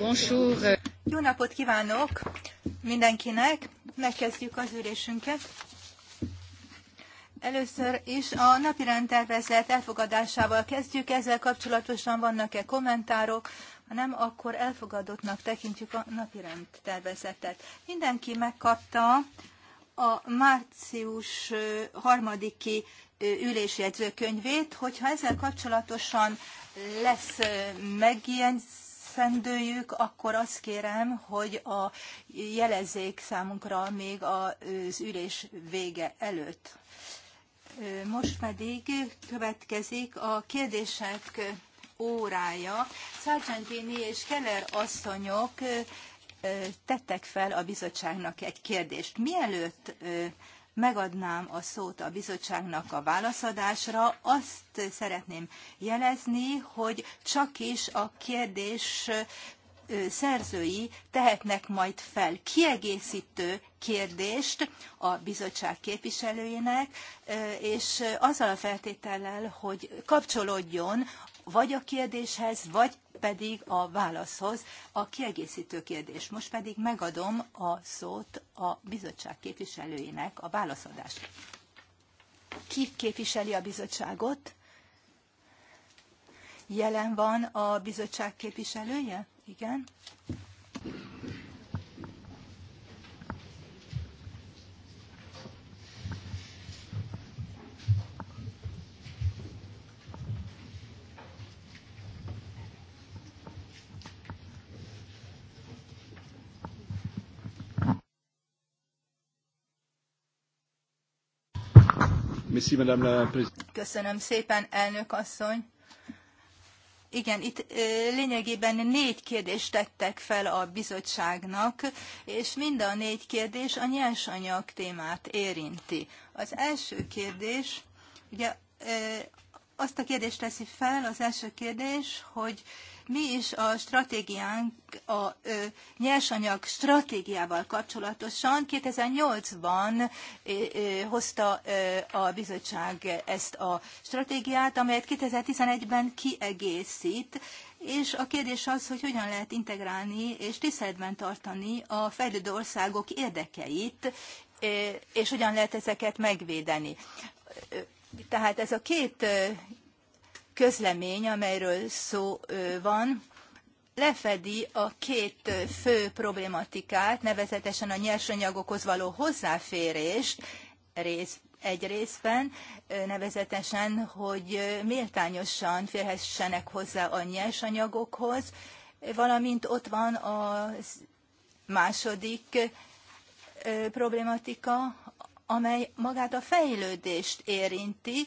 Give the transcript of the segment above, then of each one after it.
Bonjour. Jó napot kívánok mindenkinek! Megkezdjük az ülésünket. Először is a napi rendtervezet elfogadásával kezdjük. Ezzel kapcsolatosan vannak-e kommentárok? Ha nem, akkor elfogadottnak tekintjük a napi rendtervezetet. Mindenki megkapta a március harmadiki ülésjegyzőkönyvét, hogyha ezzel kapcsolatosan lesz megjegyzés, eszendőjük, akkor azt kérem, hogy a jelezzék számunkra még az ülés vége előtt. Most pedig következik a kérdések órája. Sargentini és Keller asszonyok tettek fel a bizottságnak egy kérdést. Mielőtt megadnám a szót a bizottságnak a válaszadásra. Azt szeretném jelezni, hogy csak is a kérdés szerzői tehetnek majd fel kiegészítő kérdést a bizottság képviselőjének, és azzal a feltétellel, hogy kapcsolódjon vagy a kérdéshez, vagy pedig a válaszhoz a kiegészítő kérdés. Most pedig megadom a szót a bizottság képviselőinek a válaszadás. Ki képviseli a bizottságot? Jelen van a bizottság képviselője? Igen. Merci, Madame la Köszönöm szépen, elnök asszony. Igen, itt lényegében négy kérdést tettek fel a bizottságnak, és mind a négy kérdés a nyersanyag témát érinti. Az első kérdés ugye azt a kérdést teszi fel, az első kérdés, hogy mi is a stratégiánk a ö, nyersanyag stratégiával kapcsolatosan. 2008-ban hozta ö, a bizottság ezt a stratégiát, amelyet 2011-ben kiegészít, és a kérdés az, hogy hogyan lehet integrálni és tiszteletben tartani a fejlődő országok érdekeit, és hogyan lehet ezeket megvédeni tehát ez a két közlemény, amelyről szó van, lefedi a két fő problématikát, nevezetesen a nyersanyagokhoz való hozzáférést rész, egy részben, nevezetesen, hogy méltányosan férhessenek hozzá a nyersanyagokhoz, valamint ott van a második problématika, amely magát a fejlődést érinti,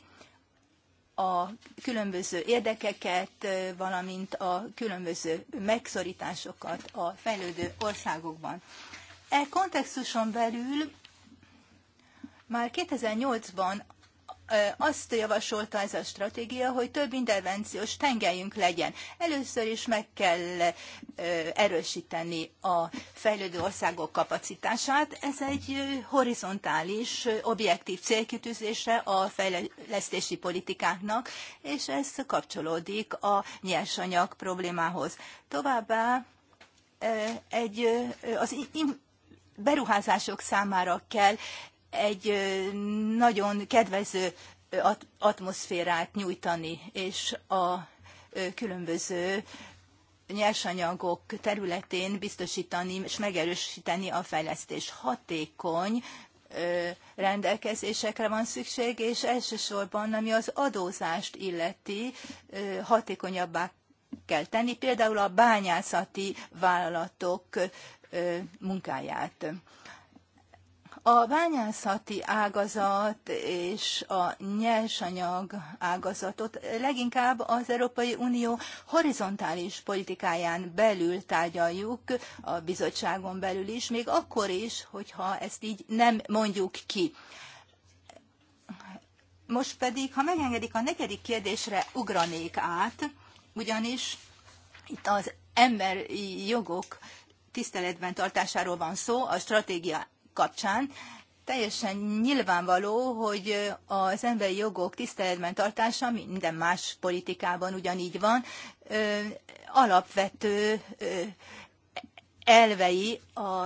a különböző érdekeket, valamint a különböző megszorításokat a fejlődő országokban. E kontextuson belül már 2008-ban azt javasolta ez a stratégia, hogy több intervenciós tengelyünk legyen. Először is meg kell erősíteni a fejlődő országok kapacitását. Ez egy horizontális, objektív célkitűzése a fejlesztési politikáknak, és ez kapcsolódik a nyersanyag problémához. Továbbá egy, az beruházások számára kell egy nagyon kedvező atmoszférát nyújtani, és a különböző nyersanyagok területén biztosítani és megerősíteni a fejlesztés. Hatékony rendelkezésekre van szükség, és elsősorban, ami az adózást illeti, hatékonyabbá kell tenni, például a bányászati vállalatok munkáját. A bányászati ágazat és a nyersanyag ágazatot leginkább az Európai Unió horizontális politikáján belül tárgyaljuk, a bizottságon belül is, még akkor is, hogyha ezt így nem mondjuk ki. Most pedig, ha megengedik, a negyedik kérdésre ugranék át, ugyanis itt az emberi jogok tiszteletben tartásáról van szó a stratégia kapcsán. Teljesen nyilvánvaló, hogy az emberi jogok tiszteletben tartása minden más politikában ugyanígy van, alapvető elvei a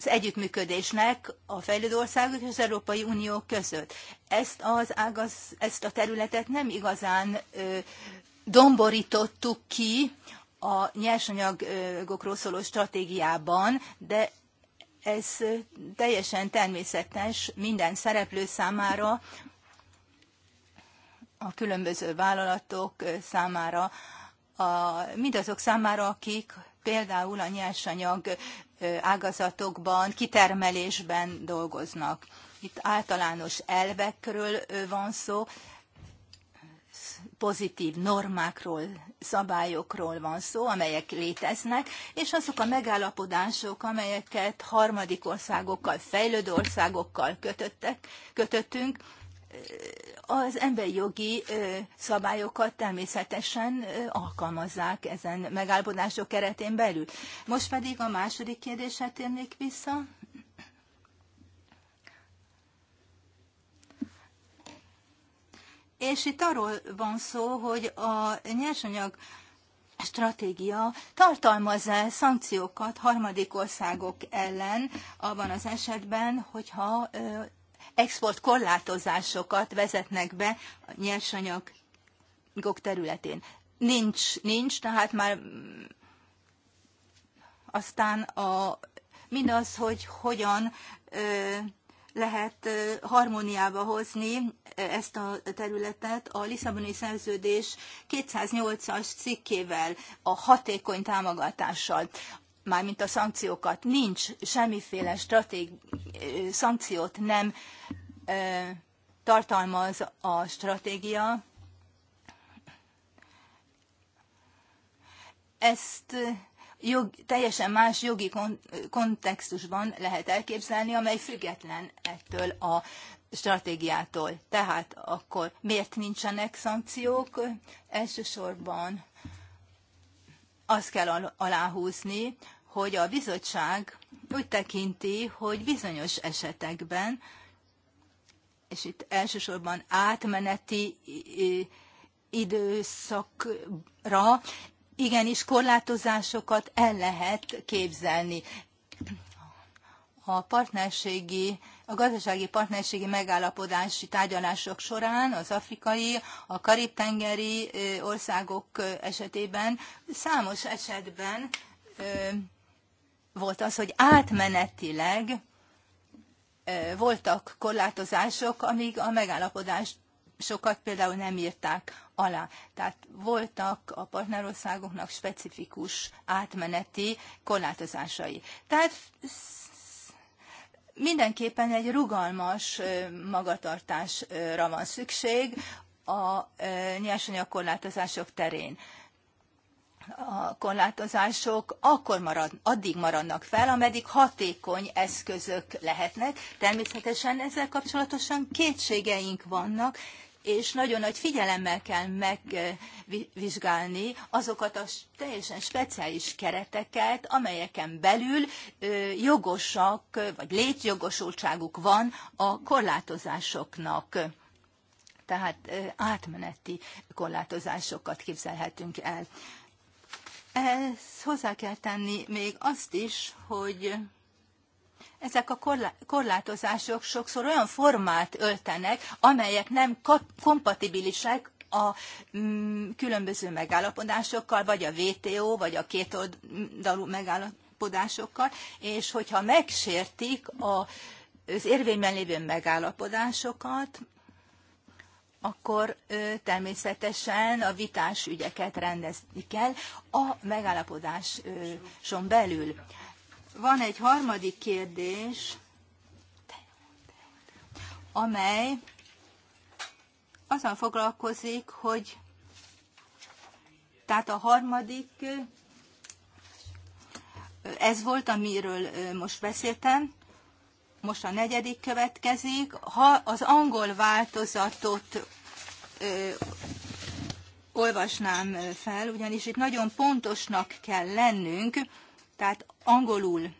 az együttműködésnek a fejlődő országok és az Európai Unió között. Ezt az ágaz, ezt a területet nem igazán ö, domborítottuk ki a nyersanyagokról szóló stratégiában, de ez teljesen természetes minden szereplő számára, a különböző vállalatok számára, a, mindazok számára, akik például a nyersanyag ágazatokban, kitermelésben dolgoznak. Itt általános elvekről van szó, pozitív normákról, szabályokról van szó, amelyek léteznek, és azok a megállapodások, amelyeket harmadik országokkal, fejlődő országokkal kötöttek, kötöttünk, az emberi jogi szabályokat természetesen alkalmazzák ezen megállapodások keretén belül. Most pedig a második kérdésre térnék vissza, És itt arról van szó, hogy a nyersanyag stratégia tartalmaz -e szankciókat harmadik országok ellen abban az esetben, hogyha exportkorlátozásokat vezetnek be a nyersanyagok területén. Nincs, nincs, tehát már mm, aztán a, mindaz, hogy hogyan lehet harmóniába hozni ezt a területet a Lisszaboni szerződés 208-as cikkével, a hatékony támogatással mármint a szankciókat. Nincs semmiféle stratég, szankciót nem tartalmaz a stratégia. Ezt jog, teljesen más jogi kontextusban lehet elképzelni, amely független ettől a stratégiától. Tehát akkor miért nincsenek szankciók? Elsősorban azt kell aláhúzni, hogy a bizottság úgy tekinti, hogy bizonyos esetekben, és itt elsősorban átmeneti időszakra igenis korlátozásokat el lehet képzelni. A partnerségi a gazdasági partnerségi megállapodási tárgyalások során az afrikai, a karib-tengeri országok esetében számos esetben volt az, hogy átmenetileg voltak korlátozások, amíg a megállapodást sokat például nem írták alá. Tehát voltak a partnerországoknak specifikus átmeneti korlátozásai. Tehát mindenképpen egy rugalmas magatartásra van szükség a nyersanyagkorlátozások terén a korlátozások akkor marad, addig maradnak fel, ameddig hatékony eszközök lehetnek. Természetesen ezzel kapcsolatosan kétségeink vannak, és nagyon nagy figyelemmel kell megvizsgálni azokat a teljesen speciális kereteket, amelyeken belül jogosak, vagy létjogosultságuk van a korlátozásoknak. Tehát átmeneti korlátozásokat képzelhetünk el. Ehhez hozzá kell tenni még azt is, hogy ezek a korlátozások sokszor olyan formát öltenek, amelyek nem kompatibilisek a mm, különböző megállapodásokkal, vagy a WTO, vagy a kétoldalú megállapodásokkal, és hogyha megsértik a, az érvényben lévő megállapodásokat, akkor természetesen a vitás ügyeket rendezni kell a megállapodáson belül. Van egy harmadik kérdés, amely azon foglalkozik, hogy tehát a harmadik, ez volt, amiről most beszéltem, most a negyedik következik. Ha az angol változatot ö, olvasnám fel, ugyanis itt nagyon pontosnak kell lennünk, tehát angolul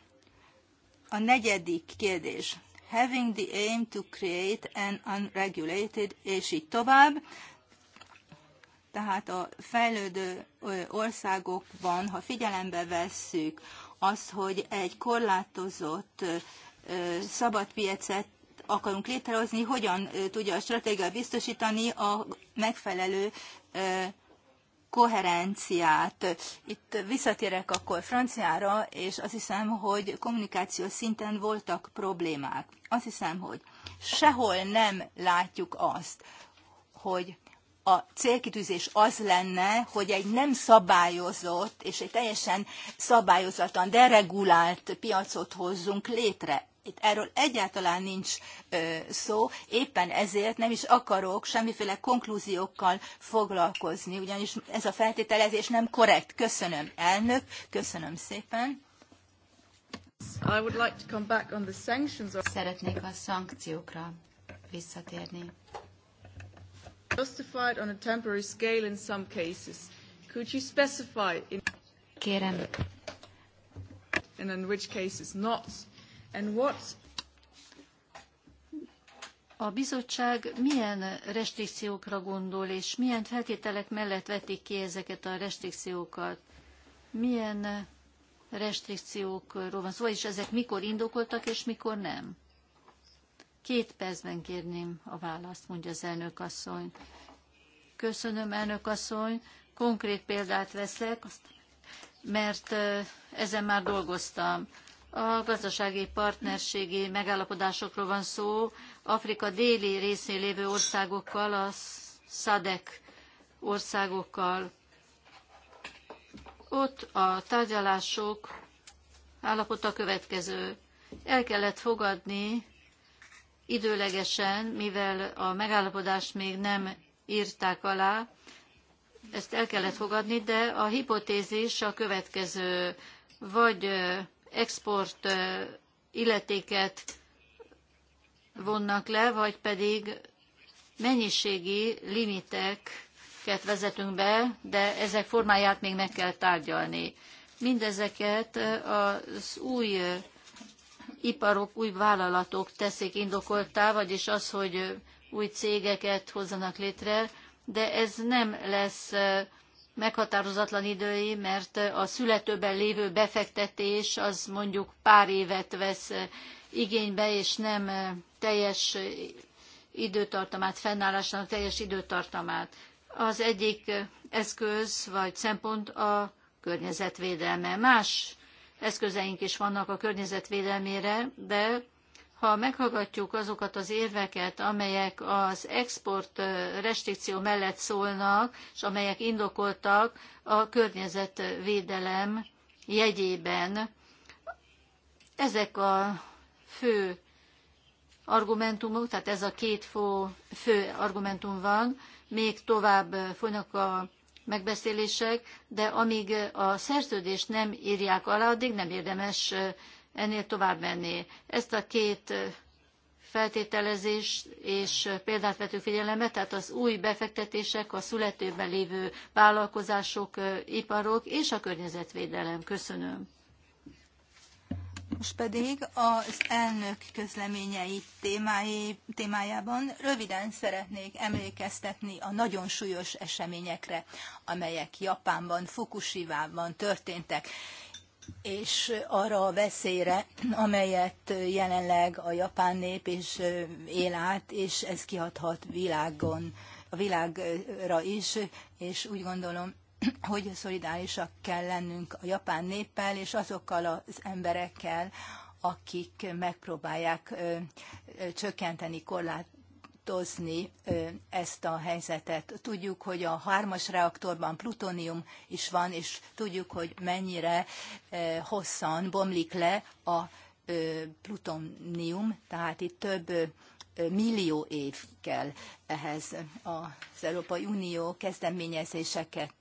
a negyedik kérdés. Having the aim to create an unregulated, és így tovább. Tehát a fejlődő országokban, ha figyelembe vesszük az, hogy egy korlátozott szabad piacet akarunk létrehozni, hogyan tudja a stratégia biztosítani a megfelelő koherenciát. Itt visszatérek akkor franciára, és azt hiszem, hogy kommunikációs szinten voltak problémák. Azt hiszem, hogy sehol nem látjuk azt, hogy a célkitűzés az lenne, hogy egy nem szabályozott és egy teljesen szabályozatlan, deregulált piacot hozzunk létre. Itt erről egyáltalán nincs ö, szó, éppen ezért nem is akarok semmiféle konklúziókkal foglalkozni, ugyanis ez a feltételezés nem korrekt. Köszönöm, elnök, köszönöm szépen. I would like to come back on the sanctions or... Szeretnék a szankciókra visszatérni. Justified on a temporary scale in some cases. Could you specify in... Kérem. And in which cases not? And what a bizottság milyen restrikciókra gondol, és milyen feltételek mellett vetik ki ezeket a restrikciókat? Milyen restrikciókról van szó, és ezek mikor indokoltak, és mikor nem? Két percben kérném a választ, mondja az elnök asszony. Köszönöm, elnök asszony. Konkrét példát veszek, mert ezen már dolgoztam. A gazdasági partnerségi megállapodásokról van szó. Afrika déli részén lévő országokkal, a SZADEK országokkal. Ott a tárgyalások állapota következő. El kellett fogadni időlegesen, mivel a megállapodást még nem írták alá, ezt el kellett fogadni, de a hipotézis a következő, vagy export illetéket vonnak le, vagy pedig mennyiségi limiteket vezetünk be, de ezek formáját még meg kell tárgyalni. Mindezeket az új iparok, új vállalatok teszik indokoltá, vagyis az, hogy új cégeket hozzanak létre, de ez nem lesz meghatározatlan idői, mert a születőben lévő befektetés az mondjuk pár évet vesz igénybe, és nem teljes időtartamát, fennállásnak teljes időtartamát. Az egyik eszköz vagy szempont a környezetvédelme. Más eszközeink is vannak a környezetvédelmére, de ha meghallgatjuk azokat az érveket, amelyek az export restrikció mellett szólnak, és amelyek indokoltak a környezetvédelem jegyében, ezek a fő argumentumok, tehát ez a két fő, fő argumentum van, még tovább folynak a megbeszélések, de amíg a szerződést nem írják alá, addig nem érdemes ennél tovább menni. Ezt a két feltételezés és példát vető figyelembe, tehát az új befektetések, a születőben lévő vállalkozások, iparok és a környezetvédelem. Köszönöm. Most pedig az elnök közleményei témái, témájában röviden szeretnék emlékeztetni a nagyon súlyos eseményekre, amelyek Japánban, Fukushima-ban történtek és arra a veszélyre, amelyet jelenleg a japán nép és él át, és ez kihathat világon, a világra is, és úgy gondolom, hogy szolidárisak kell lennünk a japán néppel és azokkal az emberekkel, akik megpróbálják csökkenteni, korlát, korlátozni ezt a helyzetet. Tudjuk, hogy a hármas reaktorban plutónium is van, és tudjuk, hogy mennyire hosszan bomlik le a plutónium, tehát itt több millió év kell ehhez. Az Európai Unió kezdeményezéseket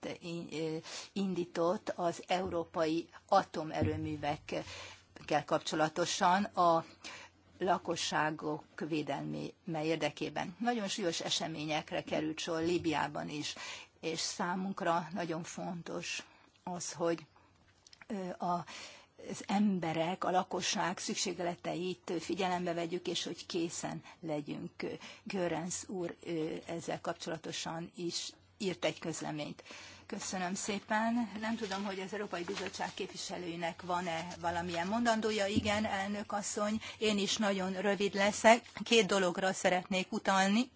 indított az európai atomerőművekkel kapcsolatosan. A lakosságok védelme érdekében. Nagyon súlyos eseményekre került sor Líbiában is, és számunkra nagyon fontos az, hogy a az emberek, a lakosság szükségleteit figyelembe vegyük, és hogy készen legyünk. Görens úr ezzel kapcsolatosan is írt egy közleményt. Köszönöm szépen. Nem tudom, hogy az Európai Bizottság képviselőinek van-e valamilyen mondandója. Igen, elnök asszony, én is nagyon rövid leszek. Két dologra szeretnék utalni.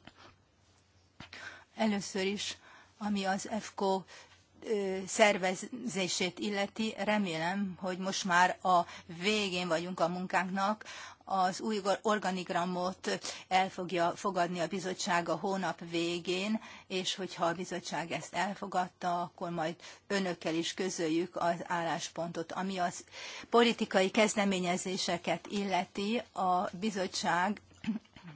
Először is, ami az EFKO szervezését illeti, remélem, hogy most már a végén vagyunk a munkánknak, az új organigramot el fogja fogadni a bizottság a hónap végén, és hogyha a bizottság ezt elfogadta, akkor majd önökkel is közöljük az álláspontot. Ami az politikai kezdeményezéseket illeti, a bizottság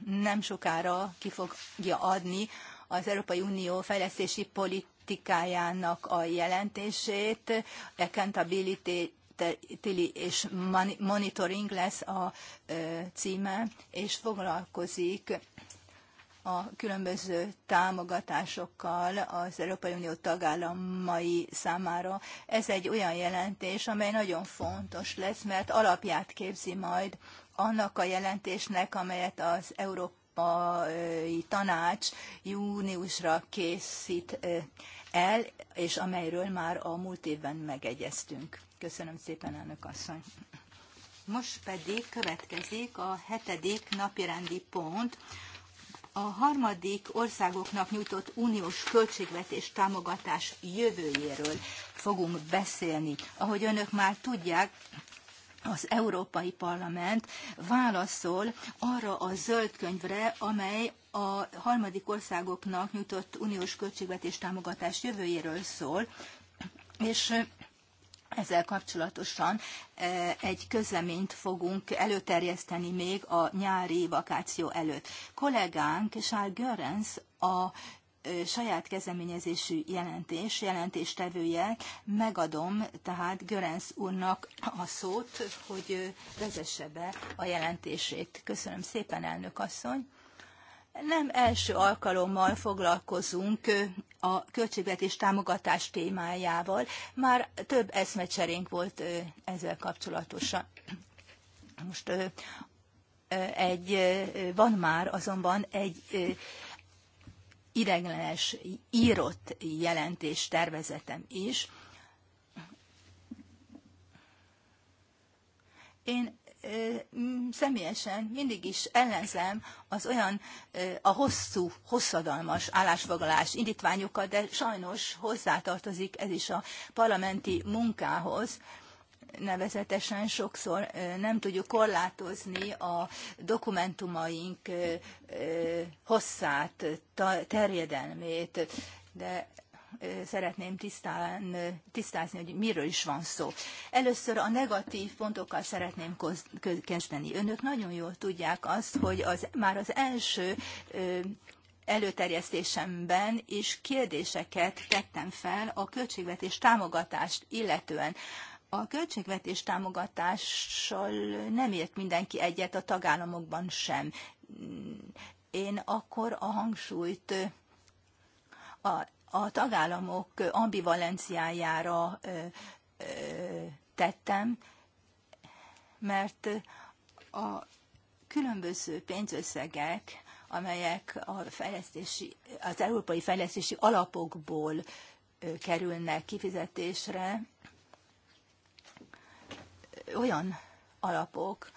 nem sokára ki fogja adni az Európai Unió fejlesztési politikájának a jelentését, accountability és monitoring lesz a címe, és foglalkozik a különböző támogatásokkal az Európai Unió tagállamai számára. Ez egy olyan jelentés, amely nagyon fontos lesz, mert alapját képzi majd annak a jelentésnek, amelyet az Európai Európai Tanács júniusra készít el, és amelyről már a múlt évben megegyeztünk. Köszönöm szépen, elnök asszony! Most pedig következik a hetedik napirendi pont, a harmadik országoknak nyújtott uniós költségvetés támogatás jövőjéről fogunk beszélni. Ahogy önök már tudják, az Európai Parlament válaszol arra a zöld könyvre, amely a harmadik országoknak nyújtott uniós költségvetés támogatás jövőjéről szól, és ezzel kapcsolatosan egy közleményt fogunk előterjeszteni még a nyári vakáció előtt. Kollégánk Charles Görens a saját kezeményezésű jelentés, jelentéstevője. Megadom tehát Görenc úrnak a szót, hogy vezesse be a jelentését. Köszönöm szépen, elnök asszony! Nem első alkalommal foglalkozunk a költségvetés támogatás témájával, már több eszmecserénk volt ezzel kapcsolatosan. Most egy, van már azonban egy ideglenes írott jelentés tervezetem is. Én személyesen mindig is ellenzem az olyan a hosszú, hosszadalmas állásfoglalás indítványokat, de sajnos hozzátartozik ez is a parlamenti munkához nevezetesen sokszor nem tudjuk korlátozni a dokumentumaink hosszát, terjedelmét, de szeretném tisztán, tisztázni, hogy miről is van szó. Először a negatív pontokkal szeretném kezdeni. Önök nagyon jól tudják azt, hogy az, már az első előterjesztésemben is kérdéseket tettem fel a költségvetés támogatást illetően. A költségvetés támogatással nem ért mindenki egyet a tagállamokban sem. Én akkor a hangsúlyt a, a tagállamok ambivalenciájára ö, ö, tettem, mert a különböző pénzösszegek, amelyek a fejlesztési, az európai fejlesztési alapokból kerülnek kifizetésre, olyan alapok,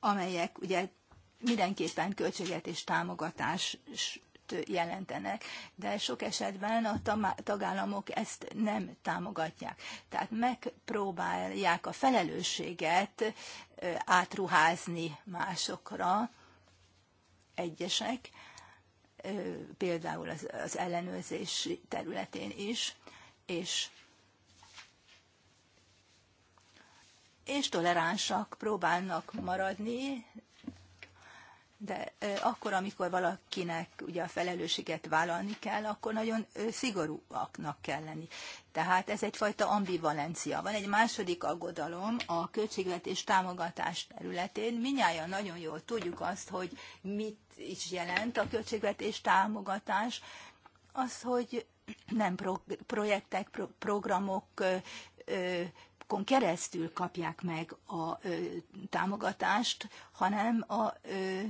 amelyek ugye mindenképpen költséget és támogatást jelentenek, de sok esetben a tagállamok ezt nem támogatják. Tehát megpróbálják a felelősséget átruházni másokra egyesek, például az, az ellenőrzés területén is, és és toleránsak próbálnak maradni, de akkor, amikor valakinek ugye a felelősséget vállalni kell, akkor nagyon szigorúaknak kell lenni. Tehát ez egyfajta ambivalencia. Van egy második aggodalom a költségvetés támogatás területén. Minnyáján nagyon jól tudjuk azt, hogy mit is jelent a költségvetés támogatás. Az, hogy nem pro- projektek, pro- programok kon keresztül kapják meg a ö, támogatást, hanem a, ö,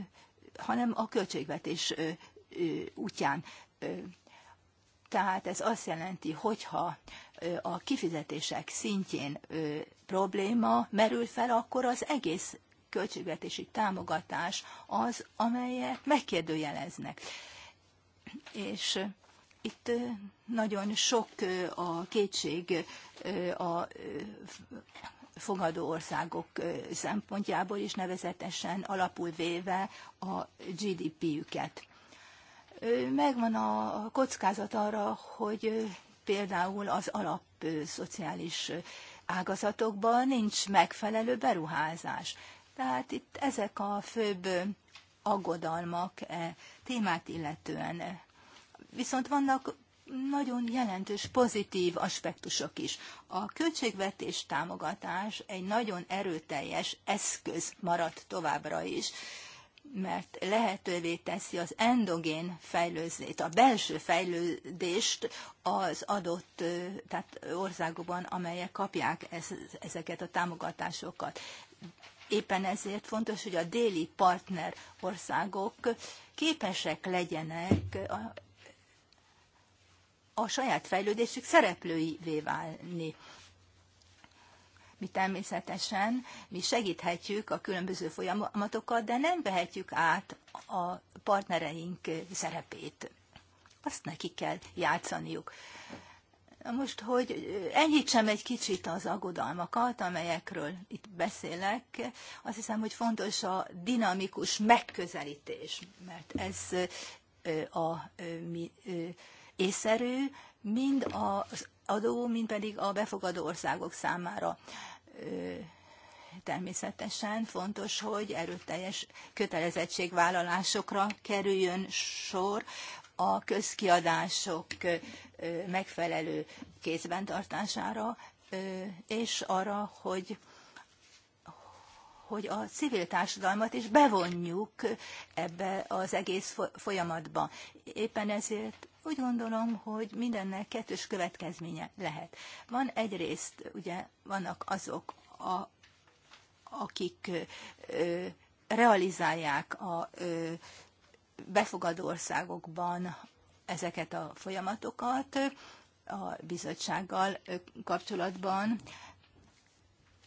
hanem a költségvetés ö, ö, útján. Ö, tehát ez azt jelenti, hogyha a kifizetések szintjén probléma merül fel, akkor az egész költségvetési támogatás az, amelyet megkérdőjeleznek. És itt nagyon sok a kétség a fogadó országok szempontjából is nevezetesen alapul véve a GDP-üket. Megvan a kockázat arra, hogy például az alap szociális ágazatokban nincs megfelelő beruházás. Tehát itt ezek a főbb aggodalmak e témát illetően viszont vannak nagyon jelentős pozitív aspektusok is. A költségvetés támogatás egy nagyon erőteljes eszköz maradt továbbra is, mert lehetővé teszi az endogén fejlőzést, a belső fejlődést az adott tehát országokban, amelyek kapják ez, ezeket a támogatásokat. Éppen ezért fontos, hogy a déli partner országok képesek legyenek a saját fejlődésük szereplőivé válni. Mi természetesen mi segíthetjük a különböző folyamatokat, de nem vehetjük át a partnereink szerepét. Azt neki kell játszaniuk. Most, hogy enyhítsem egy kicsit az aggodalmakat, amelyekről itt beszélek, azt hiszem, hogy fontos a dinamikus megközelítés, mert ez a mi észszerű, mind az adó, mind pedig a befogadó országok számára. Természetesen fontos, hogy erőteljes kötelezettségvállalásokra kerüljön sor a közkiadások megfelelő kézben tartására, és arra, hogy hogy a civil társadalmat is bevonjuk ebbe az egész folyamatba. Éppen ezért úgy gondolom, hogy mindennek kettős következménye lehet. Van egyrészt, ugye vannak azok, a, akik ö, realizálják a ö, befogadó országokban ezeket a folyamatokat a bizottsággal kapcsolatban.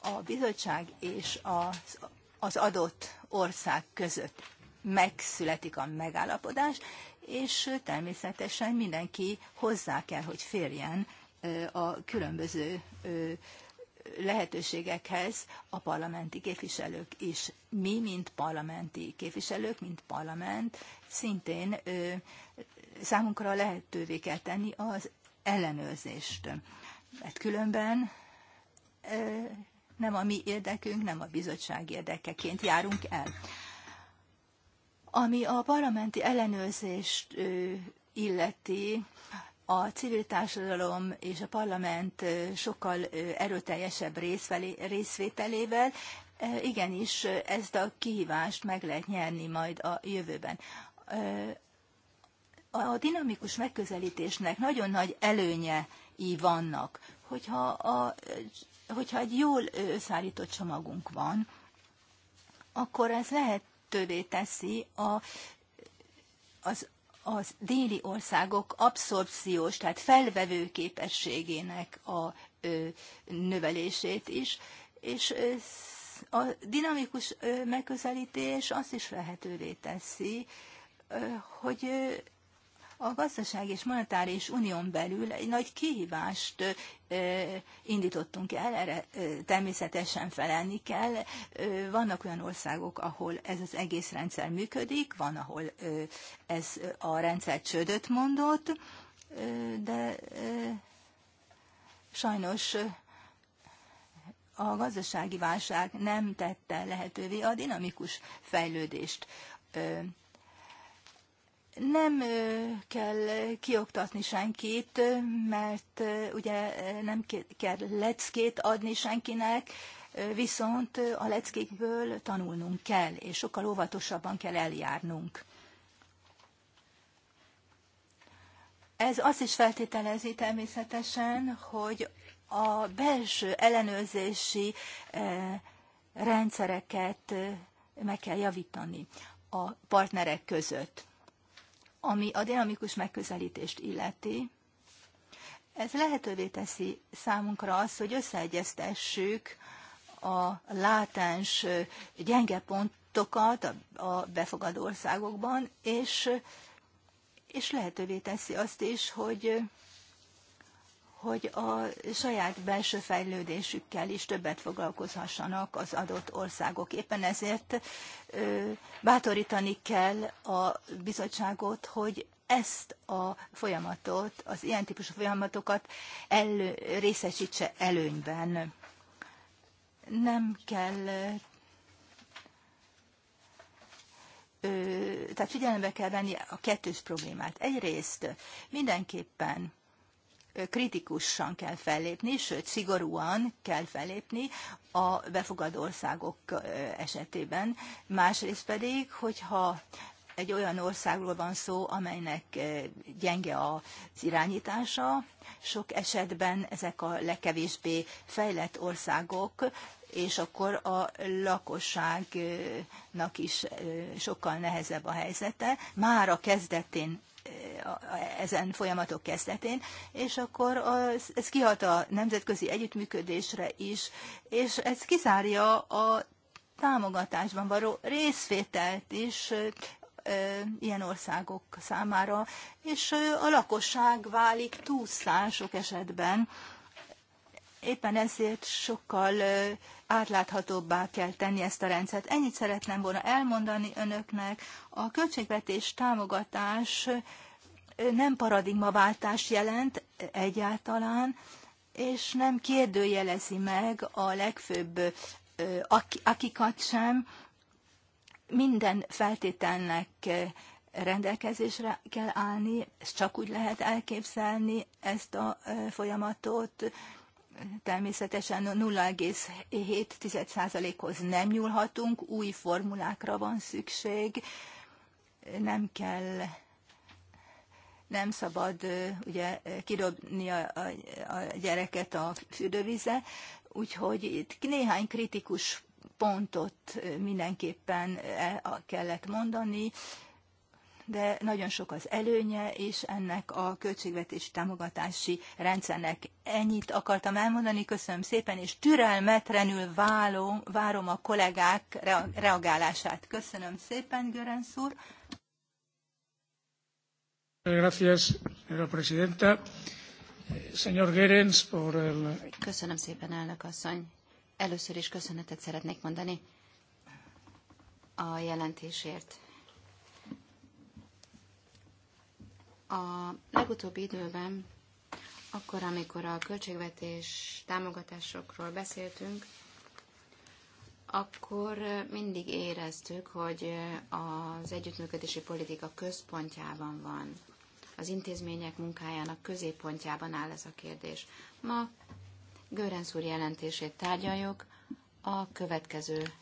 A bizottság és az, az adott ország között megszületik a megállapodás, és természetesen mindenki hozzá kell, hogy férjen a különböző lehetőségekhez a parlamenti képviselők is. Mi, mint parlamenti képviselők, mint parlament, szintén számunkra lehetővé kell tenni az ellenőrzést. Mert különben nem a mi érdekünk, nem a bizottság érdekeként járunk el. Ami a parlamenti ellenőrzést illeti, a civil társadalom és a parlament sokkal erőteljesebb részvételével igenis ezt a kihívást meg lehet nyerni majd a jövőben. A dinamikus megközelítésnek nagyon nagy előnyei vannak, hogyha, a, hogyha egy jól összeállított csomagunk van, akkor ez lehet lehetővé teszi a, az, az déli országok abszorpciós, tehát felvevő képességének a ö, növelését is, és a dinamikus megközelítés azt is lehetővé teszi, hogy a gazdaság és monetáris unión belül egy nagy kihívást indítottunk el, erre természetesen felelni kell. Vannak olyan országok, ahol ez az egész rendszer működik, van, ahol ez a rendszer csődöt mondott, de sajnos a gazdasági válság nem tette lehetővé a dinamikus fejlődést nem kell kioktatni senkit, mert ugye nem kell leckét adni senkinek, viszont a leckékből tanulnunk kell, és sokkal óvatosabban kell eljárnunk. Ez azt is feltételezi természetesen, hogy a belső ellenőrzési rendszereket meg kell javítani a partnerek között. Ami a dinamikus megközelítést illeti, ez lehetővé teszi számunkra azt, hogy összeegyeztessük a látens gyenge pontokat a befogadó országokban, és, és lehetővé teszi azt is, hogy hogy a saját belső fejlődésükkel is többet foglalkozhassanak az adott országok. Éppen ezért bátorítani kell a bizottságot, hogy ezt a folyamatot, az ilyen típusú folyamatokat elő, részesítse előnyben. Nem kell tehát figyelembe kell venni a kettős problémát. Egyrészt mindenképpen kritikusan kell fellépni, sőt, szigorúan kell fellépni a befogadó országok esetében. Másrészt pedig, hogyha egy olyan országról van szó, amelynek gyenge az irányítása. Sok esetben ezek a legkevésbé fejlett országok, és akkor a lakosságnak is sokkal nehezebb a helyzete. Már a kezdetén ezen folyamatok kezdetén, és akkor az, ez kihat a nemzetközi együttműködésre is, és ez kizárja a támogatásban való részvételt is ilyen országok számára, és a lakosság válik túlszán sok esetben Éppen ezért sokkal átláthatóbbá kell tenni ezt a rendszert. Ennyit szeretném volna elmondani önöknek. A költségvetés támogatás nem paradigmaváltás jelent egyáltalán, és nem kérdőjelezi meg a legfőbb akikat sem. Minden feltételnek rendelkezésre kell állni, ezt csak úgy lehet elképzelni ezt a folyamatot, természetesen 0,7%-hoz nem nyúlhatunk, új formulákra van szükség, nem kell nem szabad ugye kidobni a, a, a gyereket a fürdővize, úgyhogy itt néhány kritikus pontot mindenképpen el kellett mondani, de nagyon sok az előnye és ennek a költségvetési támogatási rendszernek. Ennyit akartam elmondani, köszönöm szépen, és türelmetlenül válom, várom a kollégák reagálását. Köszönöm szépen, Görenc úr. Gracias, señora presidenta. Señor por el... Köszönöm szépen, elnök asszony. Először is köszönetet szeretnék mondani a jelentésért. A legutóbbi időben, akkor, amikor a költségvetés támogatásokról beszéltünk, akkor mindig éreztük, hogy az együttműködési politika központjában van. Az intézmények munkájának középpontjában áll ez a kérdés. Ma Görenc úr jelentését tárgyaljuk, a következő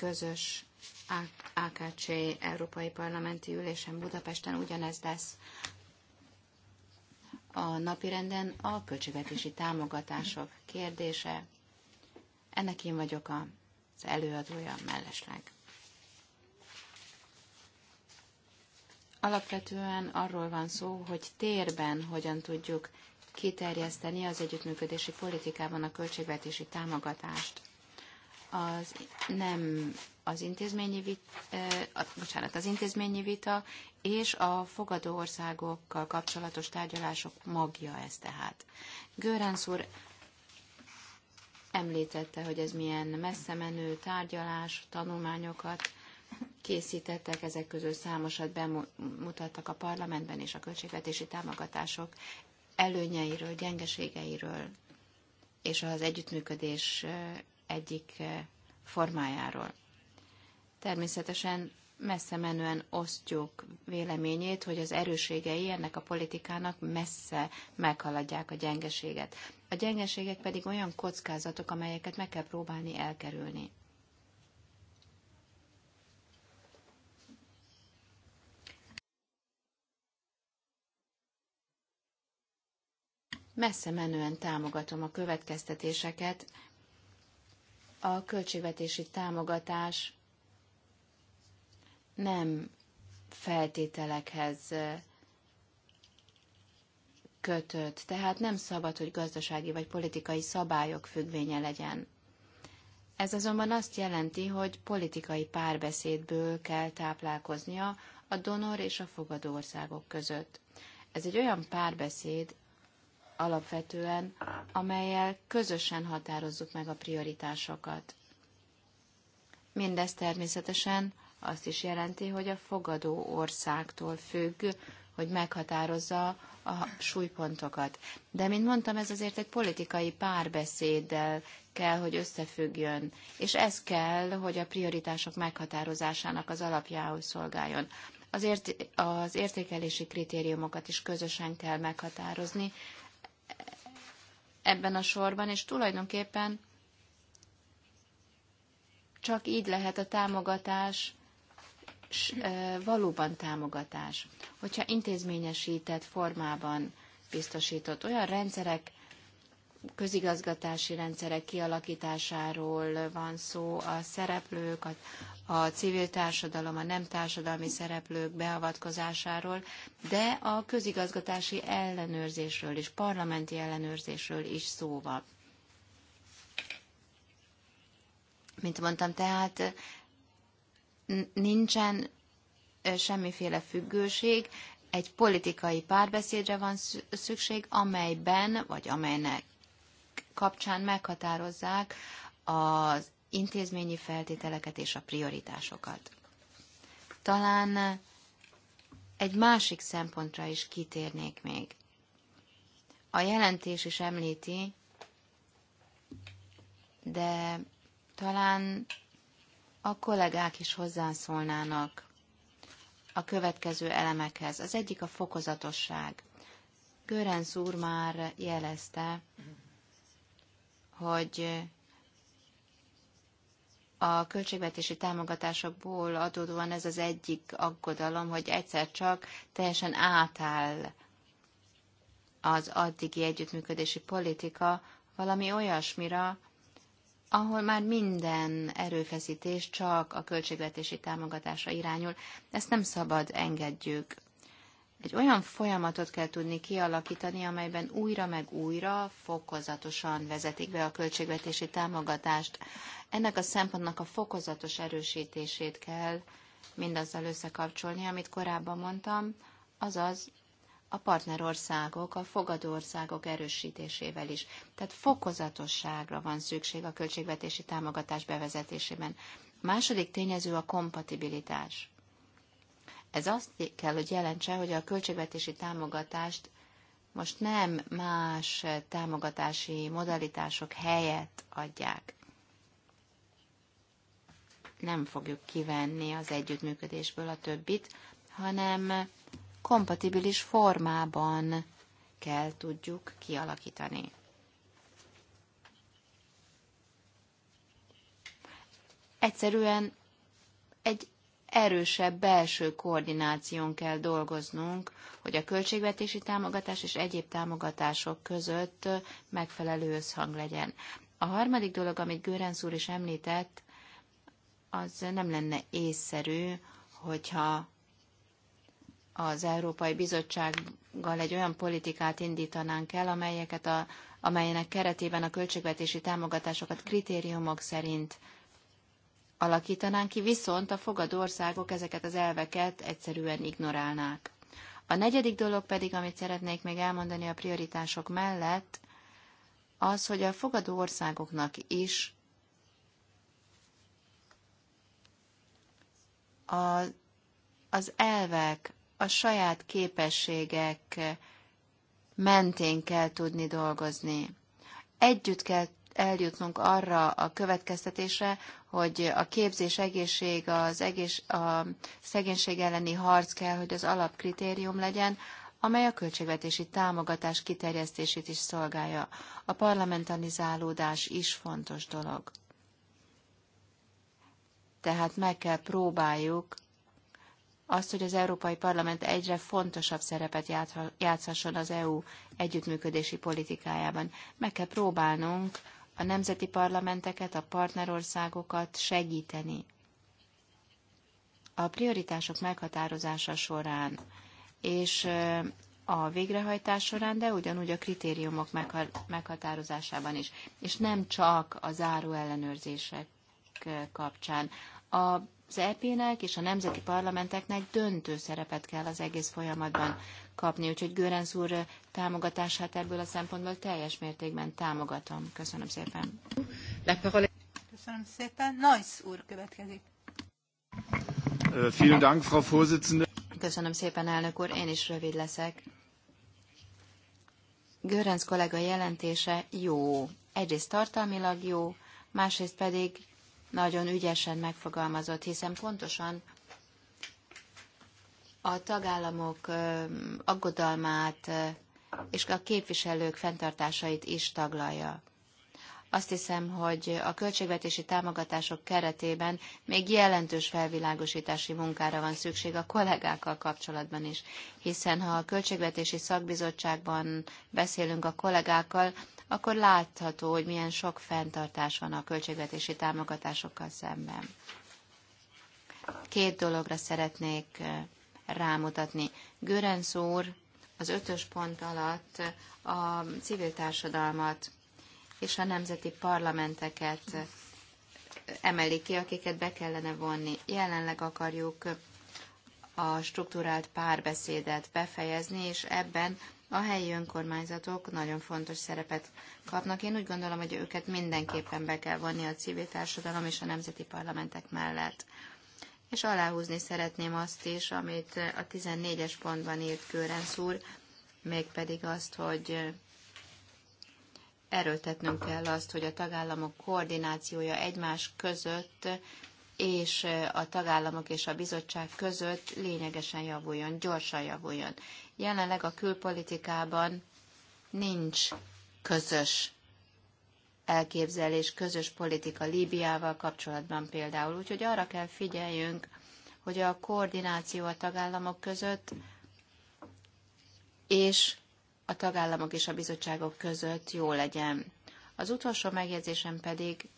közös AKC Európai Parlamenti Ülésen Budapesten ugyanez lesz a napirenden a költségvetési támogatások kérdése. Ennek én vagyok az előadója mellesleg. Alapvetően arról van szó, hogy térben hogyan tudjuk kiterjeszteni az együttműködési politikában a költségvetési támogatást az nem az intézményi vita, eh, bocsánat, az intézményi vita és a fogadó országokkal kapcsolatos tárgyalások magja ez tehát. Göránsz úr említette, hogy ez milyen messze menő tárgyalás, tanulmányokat készítettek, ezek közül számosat bemutattak a parlamentben és a költségvetési támogatások előnyeiről, gyengeségeiről és az együttműködés egyik eh, formájáról. Természetesen messze menően osztjuk véleményét, hogy az erőségei ennek a politikának messze meghaladják a gyengeséget. A gyengeségek pedig olyan kockázatok, amelyeket meg kell próbálni elkerülni. Messze menően támogatom a következtetéseket, a költségvetési támogatás nem feltételekhez kötött, tehát nem szabad, hogy gazdasági vagy politikai szabályok függvénye legyen. Ez azonban azt jelenti, hogy politikai párbeszédből kell táplálkoznia a donor és a fogadó országok között. Ez egy olyan párbeszéd, alapvetően, amelyel közösen határozzuk meg a prioritásokat. Mindez természetesen azt is jelenti, hogy a fogadó országtól függ, hogy meghatározza a súlypontokat. De, mint mondtam, ez azért egy politikai párbeszéddel kell, hogy összefüggjön, és ez kell, hogy a prioritások meghatározásának az alapjául szolgáljon. Az, ért- az értékelési kritériumokat is közösen kell meghatározni, ebben a sorban, és tulajdonképpen csak így lehet a támogatás valóban támogatás. Hogyha intézményesített formában biztosított olyan rendszerek közigazgatási rendszerek kialakításáról van szó, a szereplők, a, a civil társadalom, a nem társadalmi szereplők beavatkozásáról, de a közigazgatási ellenőrzésről és parlamenti ellenőrzésről is szó van. Mint mondtam, tehát nincsen semmiféle függőség, egy politikai párbeszédre van szükség, amelyben, vagy amelynek kapcsán meghatározzák az intézményi feltételeket és a prioritásokat. Talán egy másik szempontra is kitérnék még. A jelentés is említi, de talán a kollégák is hozzászólnának a következő elemekhez. Az egyik a fokozatosság. Görenz úr már jelezte, hogy a költségvetési támogatásokból adódóan ez az egyik aggodalom, hogy egyszer csak teljesen átáll az addigi együttműködési politika valami olyasmira, ahol már minden erőfeszítés csak a költségvetési támogatásra irányul. Ezt nem szabad engedjük egy olyan folyamatot kell tudni kialakítani, amelyben újra meg újra fokozatosan vezetik be a költségvetési támogatást. Ennek a szempontnak a fokozatos erősítését kell mindazzal összekapcsolni, amit korábban mondtam, azaz a partnerországok, a fogadóországok erősítésével is. Tehát fokozatosságra van szükség a költségvetési támogatás bevezetésében. második tényező a kompatibilitás. Ez azt kell, hogy jelentse, hogy a költségvetési támogatást most nem más támogatási modalitások helyett adják. Nem fogjuk kivenni az együttműködésből a többit, hanem kompatibilis formában kell tudjuk kialakítani. Egyszerűen egy erősebb belső koordináción kell dolgoznunk, hogy a költségvetési támogatás és egyéb támogatások között megfelelő összhang legyen. A harmadik dolog, amit Görenc úr is említett, az nem lenne észszerű, hogyha az Európai Bizottsággal egy olyan politikát indítanánk el, amelyeket a, amelynek keretében a költségvetési támogatásokat kritériumok szerint alakítanánk ki, viszont a fogadó országok ezeket az elveket egyszerűen ignorálnák. A negyedik dolog pedig, amit szeretnék még elmondani a prioritások mellett, az, hogy a fogadó országoknak is a, az elvek, a saját képességek mentén kell tudni dolgozni. Együtt kell eljutnunk arra a következtetésre, hogy a képzés, egészség, az egész, a szegénység elleni harc kell, hogy az alapkritérium legyen, amely a költségvetési támogatás kiterjesztését is szolgálja. A parlamentalizálódás is fontos dolog. Tehát meg kell próbáljuk azt, hogy az Európai Parlament egyre fontosabb szerepet játszhasson az EU együttműködési politikájában. Meg kell próbálnunk a nemzeti parlamenteket, a partnerországokat segíteni. A prioritások meghatározása során és a végrehajtás során, de ugyanúgy a kritériumok meghatározásában is. És nem csak a záró ellenőrzések kapcsán. Az EP-nek és a nemzeti parlamenteknek döntő szerepet kell az egész folyamatban kapni, úgyhogy Görenz úr támogatását ebből a szempontból teljes mértékben támogatom. Köszönöm szépen. Köszönöm szépen. Neuss úr következik. Vielen Dank, Frau Vorsitzende. Köszönöm szépen, elnök úr. Én is rövid leszek. Görenc kollega jelentése jó. Egyrészt tartalmilag jó, másrészt pedig nagyon ügyesen megfogalmazott, hiszen pontosan a tagállamok aggodalmát és a képviselők fenntartásait is taglalja. Azt hiszem, hogy a költségvetési támogatások keretében még jelentős felvilágosítási munkára van szükség a kollégákkal kapcsolatban is, hiszen ha a költségvetési szakbizottságban beszélünk a kollégákkal, akkor látható, hogy milyen sok fenntartás van a költségvetési támogatásokkal szemben. Két dologra szeretnék eh, rámutatni. Görenc úr az ötös pont alatt a civil társadalmat és a nemzeti parlamenteket emeli ki, akiket be kellene vonni. Jelenleg akarjuk a struktúrált párbeszédet befejezni, és ebben a helyi önkormányzatok nagyon fontos szerepet kapnak. Én úgy gondolom, hogy őket mindenképpen be kell vonni a civil társadalom és a nemzeti parlamentek mellett és aláhúzni szeretném azt is, amit a 14-es pontban írt Kőrenc úr, mégpedig azt, hogy erőltetnünk kell azt, hogy a tagállamok koordinációja egymás között és a tagállamok és a bizottság között lényegesen javuljon, gyorsan javuljon. Jelenleg a külpolitikában nincs közös elképzelés, közös politika Líbiával kapcsolatban például. Úgyhogy arra kell figyeljünk, hogy a koordináció a tagállamok között és a tagállamok és a bizottságok között jó legyen. Az utolsó megjegyzésem pedig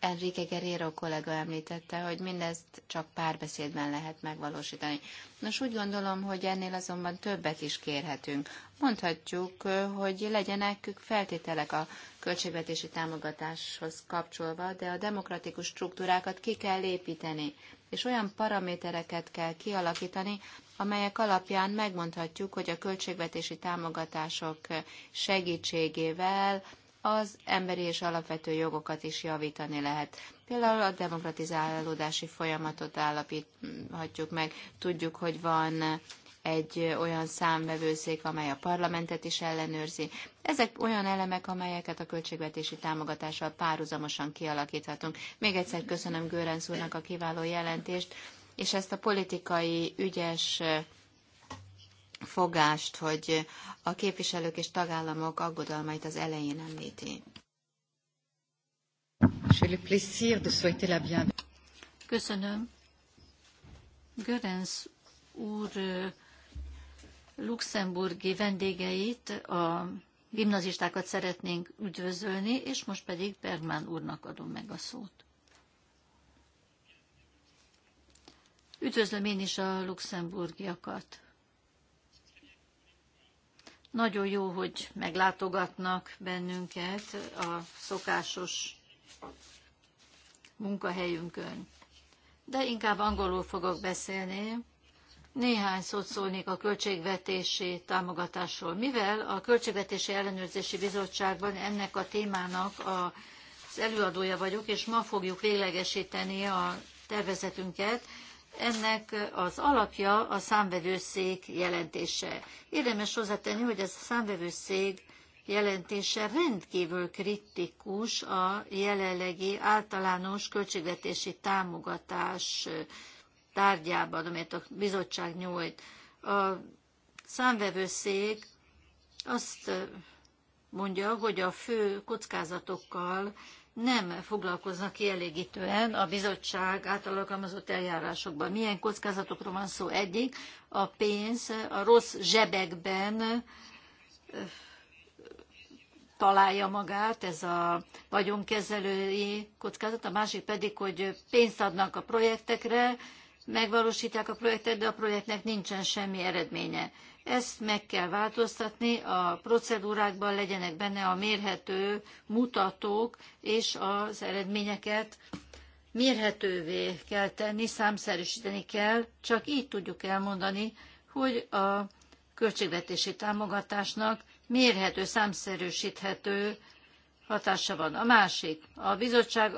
Enrique Guerrero kollega említette, hogy mindezt csak párbeszédben lehet megvalósítani. Nos, úgy gondolom, hogy ennél azonban többet is kérhetünk. Mondhatjuk, hogy legyenek feltételek a költségvetési támogatáshoz kapcsolva, de a demokratikus struktúrákat ki kell építeni, és olyan paramétereket kell kialakítani, amelyek alapján megmondhatjuk, hogy a költségvetési támogatások segítségével az emberi és alapvető jogokat is javítani lehet. Például a demokratizálódási folyamatot állapíthatjuk meg. Tudjuk, hogy van egy olyan számvevőszék, amely a parlamentet is ellenőrzi. Ezek olyan elemek, amelyeket a költségvetési támogatással párhuzamosan kialakíthatunk. Még egyszer köszönöm Görenc úrnak a kiváló jelentést, és ezt a politikai ügyes fogást, hogy a képviselők és tagállamok aggodalmait az elején említi. Köszönöm. Görenc úr luxemburgi vendégeit, a gimnazistákat szeretnénk üdvözölni, és most pedig Bergman úrnak adom meg a szót. Üdvözlöm én is a luxemburgiakat. Nagyon jó, hogy meglátogatnak bennünket a szokásos munkahelyünkön. De inkább angolul fogok beszélni. Néhány szót szólnék a költségvetési támogatásról, mivel a Költségvetési Ellenőrzési Bizottságban ennek a témának a az előadója vagyok, és ma fogjuk véglegesíteni a tervezetünket. Ennek az alapja a számvevőszék jelentése. Érdemes hozzátenni, hogy ez a számvevőszék jelentése rendkívül kritikus a jelenlegi általános költségvetési támogatás tárgyában, amelyet a bizottság nyújt. A számvevőszék azt mondja, hogy a fő kockázatokkal nem foglalkoznak kielégítően a bizottság alkalmazott eljárásokban. Milyen kockázatokról van szó? Egyik, a pénz a rossz zsebekben találja magát, ez a vagyonkezelői kockázat, a másik pedig, hogy pénzt adnak a projektekre, megvalósítják a projektet, de a projektnek nincsen semmi eredménye. Ezt meg kell változtatni, a procedúrákban legyenek benne a mérhető mutatók, és az eredményeket mérhetővé kell tenni, számszerűsíteni kell, csak így tudjuk elmondani, hogy a költségvetési támogatásnak mérhető, számszerűsíthető hatása van. A másik, a bizottság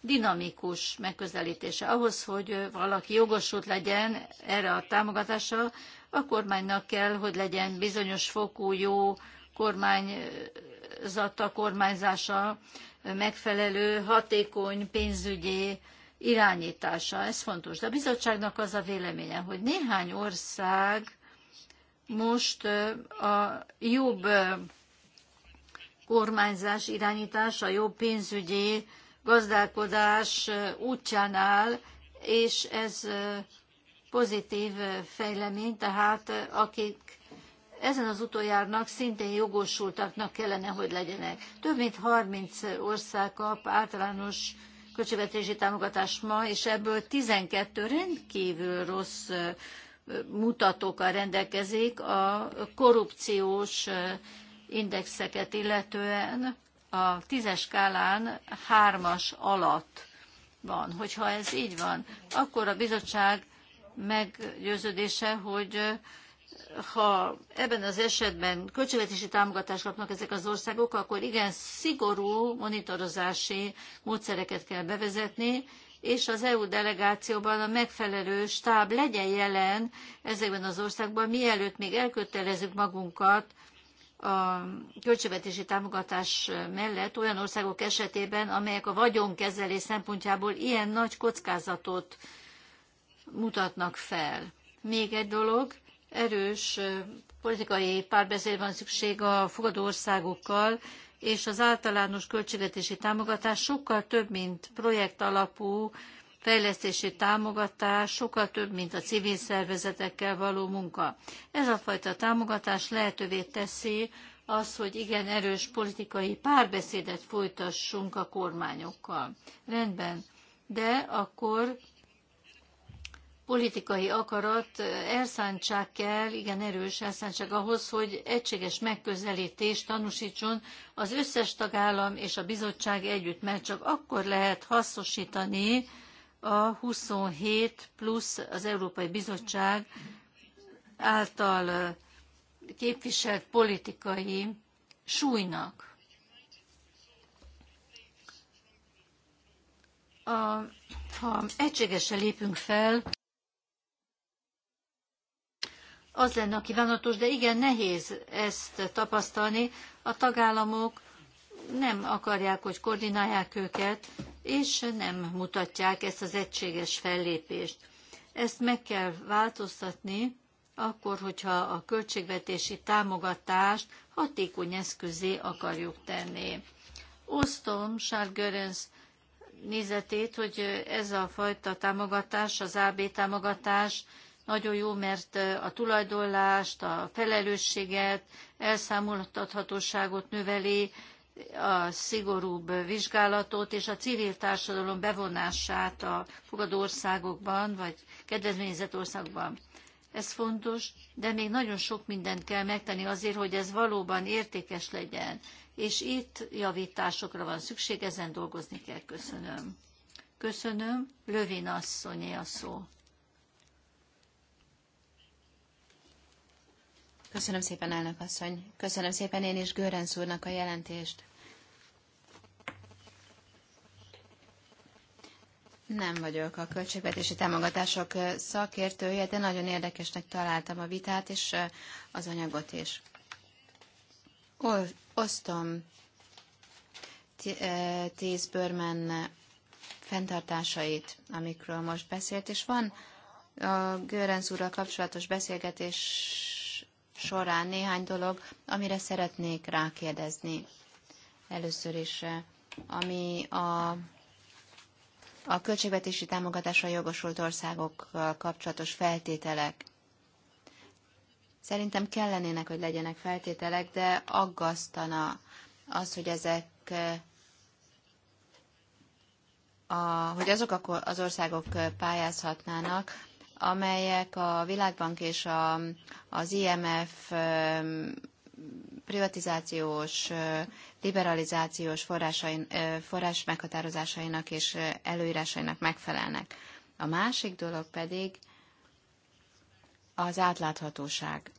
dinamikus megközelítése. Ahhoz, hogy valaki jogosult legyen erre a támogatásra, a kormánynak kell, hogy legyen bizonyos fokú jó kormányzata, kormányzása, megfelelő, hatékony pénzügyi irányítása. Ez fontos. De a bizottságnak az a véleménye, hogy néhány ország most a jobb kormányzás, irányítás, a jobb pénzügyi gazdálkodás útján áll, és ez pozitív fejlemény, tehát akik ezen az úton járnak, szintén jogosultaknak kellene, hogy legyenek. Több mint 30 ország kap általános költségvetési támogatást ma, és ebből 12 rendkívül rossz mutatókkal rendelkezik a korrupciós indexeket illetően a tízes skálán hármas alatt van. Hogyha ez így van, akkor a bizottság meggyőződése, hogy ha ebben az esetben költségvetési támogatást kapnak ezek az országok, akkor igen szigorú monitorozási módszereket kell bevezetni, és az EU delegációban a megfelelő stáb legyen jelen ezekben az országban, mielőtt még elkötelezzük magunkat a költségvetési támogatás mellett olyan országok esetében, amelyek a vagyonkezelés szempontjából ilyen nagy kockázatot mutatnak fel. Még egy dolog, erős politikai párbeszéd van szükség a fogadó országokkal, és az általános költségvetési támogatás sokkal több, mint projekt alapú fejlesztési támogatás, sokkal több, mint a civil szervezetekkel való munka. Ez a fajta támogatás lehetővé teszi az, hogy igen erős politikai párbeszédet folytassunk a kormányokkal. Rendben, de akkor politikai akarat, eh, elszántság kell, igen erős elszántság ahhoz, hogy egységes megközelítést tanúsítson az összes tagállam és a bizottság együtt, mert csak akkor lehet hasznosítani a 27 plusz az Európai Bizottság által eh, képviselt politikai súlynak. A, ha egységesen lépünk fel, az lenne a kívánatos, de igen nehéz ezt tapasztalni. A tagállamok nem akarják, hogy koordinálják őket, és nem mutatják ezt az egységes fellépést. Ezt meg kell változtatni, akkor, hogyha a költségvetési támogatást hatékony eszközé akarjuk tenni. Osztom Sárgörönsz nézetét, hogy ez a fajta támogatás, az AB támogatás nagyon jó, mert a tulajdonlást, a felelősséget, elszámoltathatóságot növeli, a szigorúbb vizsgálatot és a civil társadalom bevonását a fogadó országokban, vagy kedvezményezett országban. Ez fontos, de még nagyon sok mindent kell megtenni azért, hogy ez valóban értékes legyen. És itt javításokra van szükség, ezen dolgozni kell. Köszönöm. Köszönöm. Lövin asszonyé a szó. Köszönöm szépen, elnök asszony. Köszönöm szépen én is Görenc úrnak a jelentést. Nem vagyok a költségvetési támogatások szakértője, de nagyon érdekesnek találtam a vitát és az anyagot is. Osztom tíz bőrmen fenntartásait, amikről most beszélt, és van a Görenc úrral kapcsolatos beszélgetés során néhány dolog, amire szeretnék rákérdezni. Először is, eh, ami a a költségvetési támogatásra jogosult országokkal kapcsolatos feltételek. Szerintem kellenének, hogy legyenek feltételek, de aggasztana az, hogy ezek eh, a, hogy azok az országok eh, pályázhatnának, amelyek a Világbank és a, az IMF privatizációs, liberalizációs forrásain, forrás meghatározásainak és előírásainak megfelelnek. A másik dolog pedig az átláthatóság.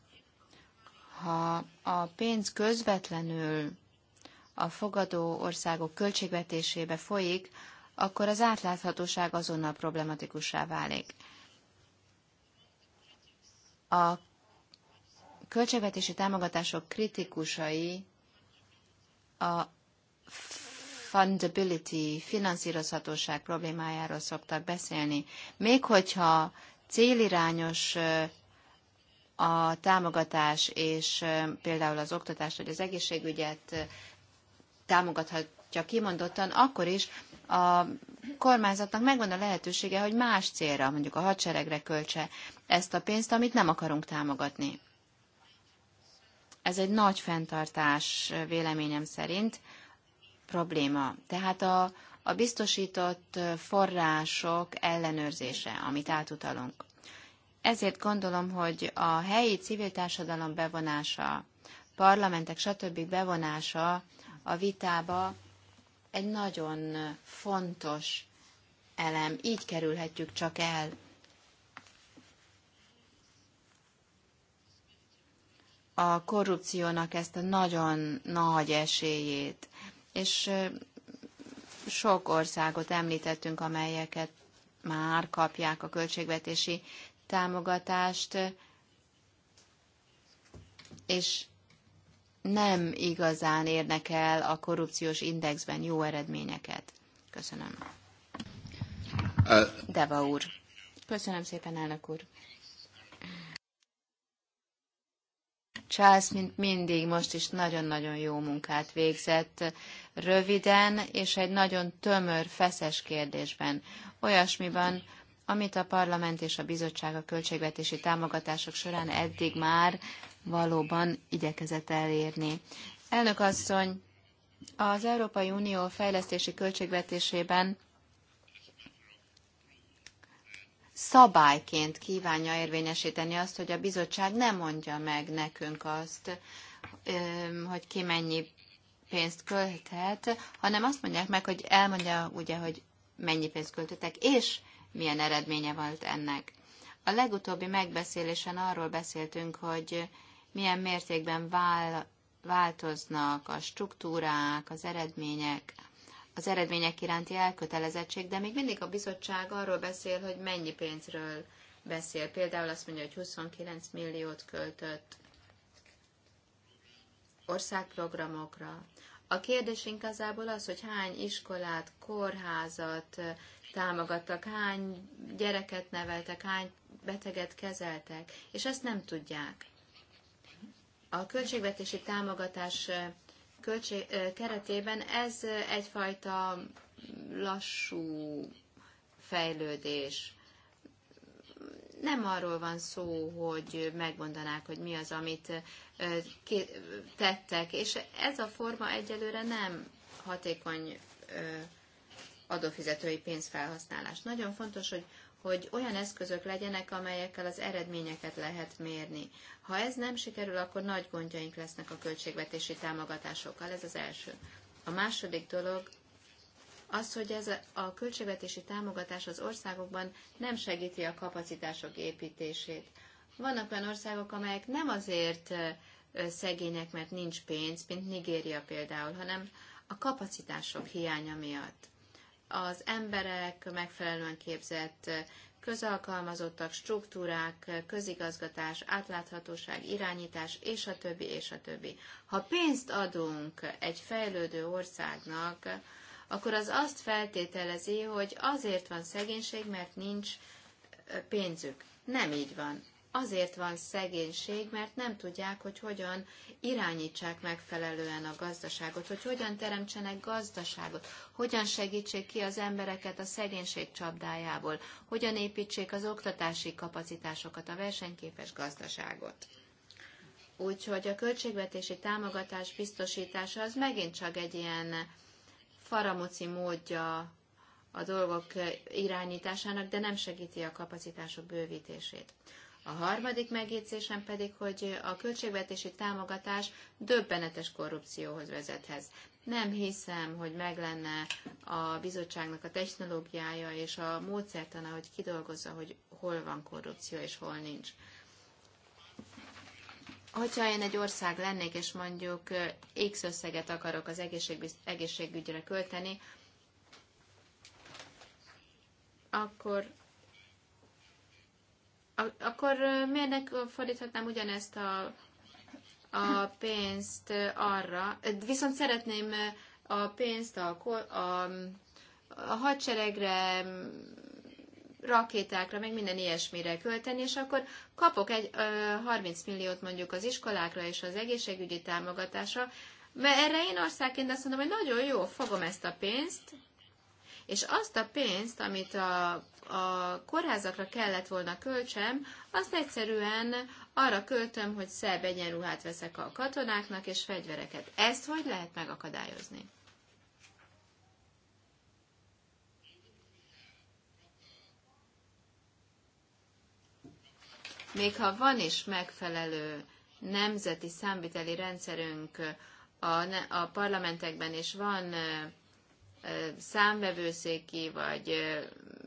Ha a pénz közvetlenül a fogadó országok költségvetésébe folyik, akkor az átláthatóság azonnal problematikussá válik. A költségvetési támogatások kritikusai a fundability, finanszírozhatóság problémájáról szoktak beszélni. Még hogyha célirányos a támogatás és például az oktatást vagy az egészségügyet támogathat, tartja kimondottan, akkor is a kormányzatnak megvan a lehetősége, hogy más célra, mondjuk a hadseregre költse ezt a pénzt, amit nem akarunk támogatni. Ez egy nagy fenntartás véleményem szerint probléma. Tehát a, a biztosított források ellenőrzése, amit átutalunk. Ezért gondolom, hogy a helyi civil társadalom bevonása, parlamentek, stb. bevonása a vitába egy nagyon fontos elem. Így kerülhetjük csak el a korrupciónak ezt a nagyon nagy esélyét. És sok országot említettünk, amelyeket már kapják a költségvetési támogatást, és nem igazán érnek el a korrupciós indexben jó eredményeket. Köszönöm. Uh, Deva úr. Köszönöm szépen, elnök úr. Charles, mint mindig, most is nagyon-nagyon jó munkát végzett, röviden és egy nagyon tömör, feszes kérdésben. van, amit a parlament és a bizottság a költségvetési támogatások során eddig már valóban igyekezett elérni. Elnök asszony, az Európai Unió fejlesztési költségvetésében szabályként kívánja érvényesíteni azt, hogy a bizottság nem mondja meg nekünk azt, hogy ki mennyi pénzt költhet, hanem azt mondják meg, hogy elmondja ugye, hogy mennyi pénzt költöttek, és milyen eredménye volt ennek. A legutóbbi megbeszélésen arról beszéltünk, hogy milyen mértékben vál, változnak a struktúrák, az eredmények, az eredmények iránti elkötelezettség, de még mindig a bizottság arról beszél, hogy mennyi pénzről beszél. Például azt mondja, hogy 29 milliót költött országprogramokra. A kérdés igazából az, hogy hány iskolát, kórházat támogattak, hány gyereket neveltek, hány beteget kezeltek, és ezt nem tudják. A költségvetési támogatás költség, keretében ez egyfajta lassú fejlődés. Nem arról van szó, hogy megmondanák, hogy mi az, amit tettek, és ez a forma egyelőre nem hatékony adófizetői pénzfelhasználás. Nagyon fontos, hogy hogy olyan eszközök legyenek, amelyekkel az eredményeket lehet mérni. Ha ez nem sikerül, akkor nagy gondjaink lesznek a költségvetési támogatásokkal. Ez az első. A második dolog az, hogy ez a költségvetési támogatás az országokban nem segíti a kapacitások építését. Vannak olyan országok, amelyek nem azért szegények, mert nincs pénz, mint Nigéria például, hanem a kapacitások hiánya miatt az emberek, megfelelően képzett közalkalmazottak, struktúrák, közigazgatás, átláthatóság, irányítás, és a többi, és a többi. Ha pénzt adunk egy fejlődő országnak, akkor az azt feltételezi, hogy azért van szegénység, mert nincs pénzük. Nem így van. Azért van szegénység, mert nem tudják, hogy hogyan irányítsák megfelelően a gazdaságot, hogy hogyan teremtsenek gazdaságot, hogyan segítsék ki az embereket a szegénység csapdájából, hogyan építsék az oktatási kapacitásokat, a versenyképes gazdaságot. Úgyhogy a költségvetési támogatás biztosítása az megint csak egy ilyen faramoci módja a dolgok irányításának, de nem segíti a kapacitások bővítését. A harmadik megjegyzésem pedig, hogy a költségvetési támogatás döbbenetes korrupcióhoz vezethez. Nem hiszem, hogy meg lenne a bizottságnak a technológiája és a módszertana, hogy kidolgozza, hogy hol van korrupció és hol nincs. Hogyha én egy ország lennék, és mondjuk eh, X összeget akarok az egészségügyre költeni, akkor akkor miért ne fordíthatnám ugyanezt a, a pénzt arra? Viszont szeretném a pénzt a, a, a hadseregre, rakétákra, meg minden ilyesmire költeni, és akkor kapok egy ö, 30 milliót mondjuk az iskolákra és az egészségügyi támogatásra, mert erre én országként azt mondom, hogy nagyon jó, fogom ezt a pénzt, és azt a pénzt, amit a a kórházakra kellett volna költsem, azt egyszerűen arra költöm, hogy szebb egyenruhát veszek a katonáknak és fegyvereket. Ezt hogy lehet megakadályozni? Még ha van is megfelelő nemzeti számviteli rendszerünk a, a parlamentekben, és van számvevőszéki vagy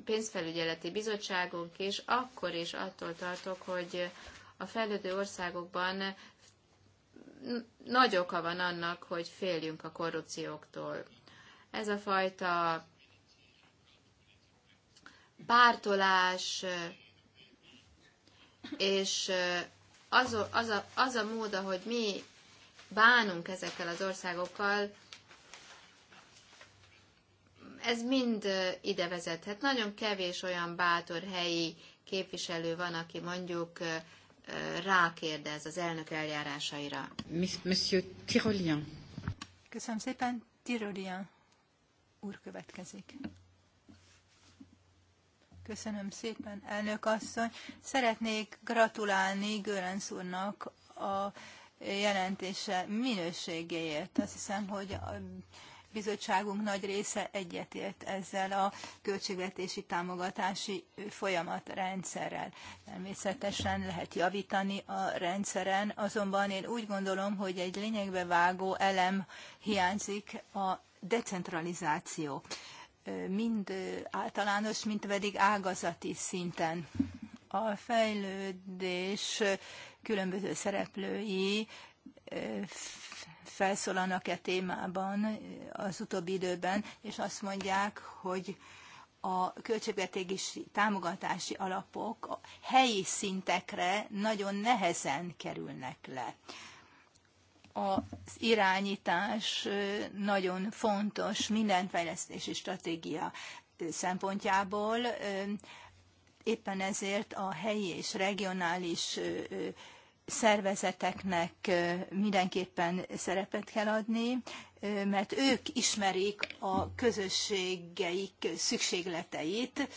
pénzfelügyeleti bizottságunk is, akkor is attól tartok, hogy a fejlődő országokban nagy oka van annak, hogy féljünk a korrupcióktól. Ez a fajta pártolás és az, az, a, az a mód, ahogy mi bánunk ezekkel az országokkal, ez mind ide vezethet. Nagyon kevés olyan bátor helyi képviselő van, aki mondjuk rákérdez az elnök eljárásaira. Monsieur Tirolien. Köszönöm szépen. Tirolien úr következik. Köszönöm szépen, elnök asszony. Szeretnék gratulálni Görenc úrnak a jelentése minőségéért. Azt hiszem, hogy a bizottságunk nagy része egyetért ezzel a költségvetési támogatási folyamatrendszerrel. Természetesen lehet javítani a rendszeren, azonban én úgy gondolom, hogy egy lényegbe vágó elem hiányzik a decentralizáció mind általános, mind pedig ágazati szinten. A fejlődés különböző szereplői felszólalnak-e témában az utóbbi időben, és azt mondják, hogy a költségvetési támogatási alapok a helyi szintekre nagyon nehezen kerülnek le. Az irányítás nagyon fontos minden fejlesztési stratégia szempontjából, éppen ezért a helyi és regionális szervezeteknek mindenképpen szerepet kell adni, mert ők ismerik a közösségeik szükségleteit,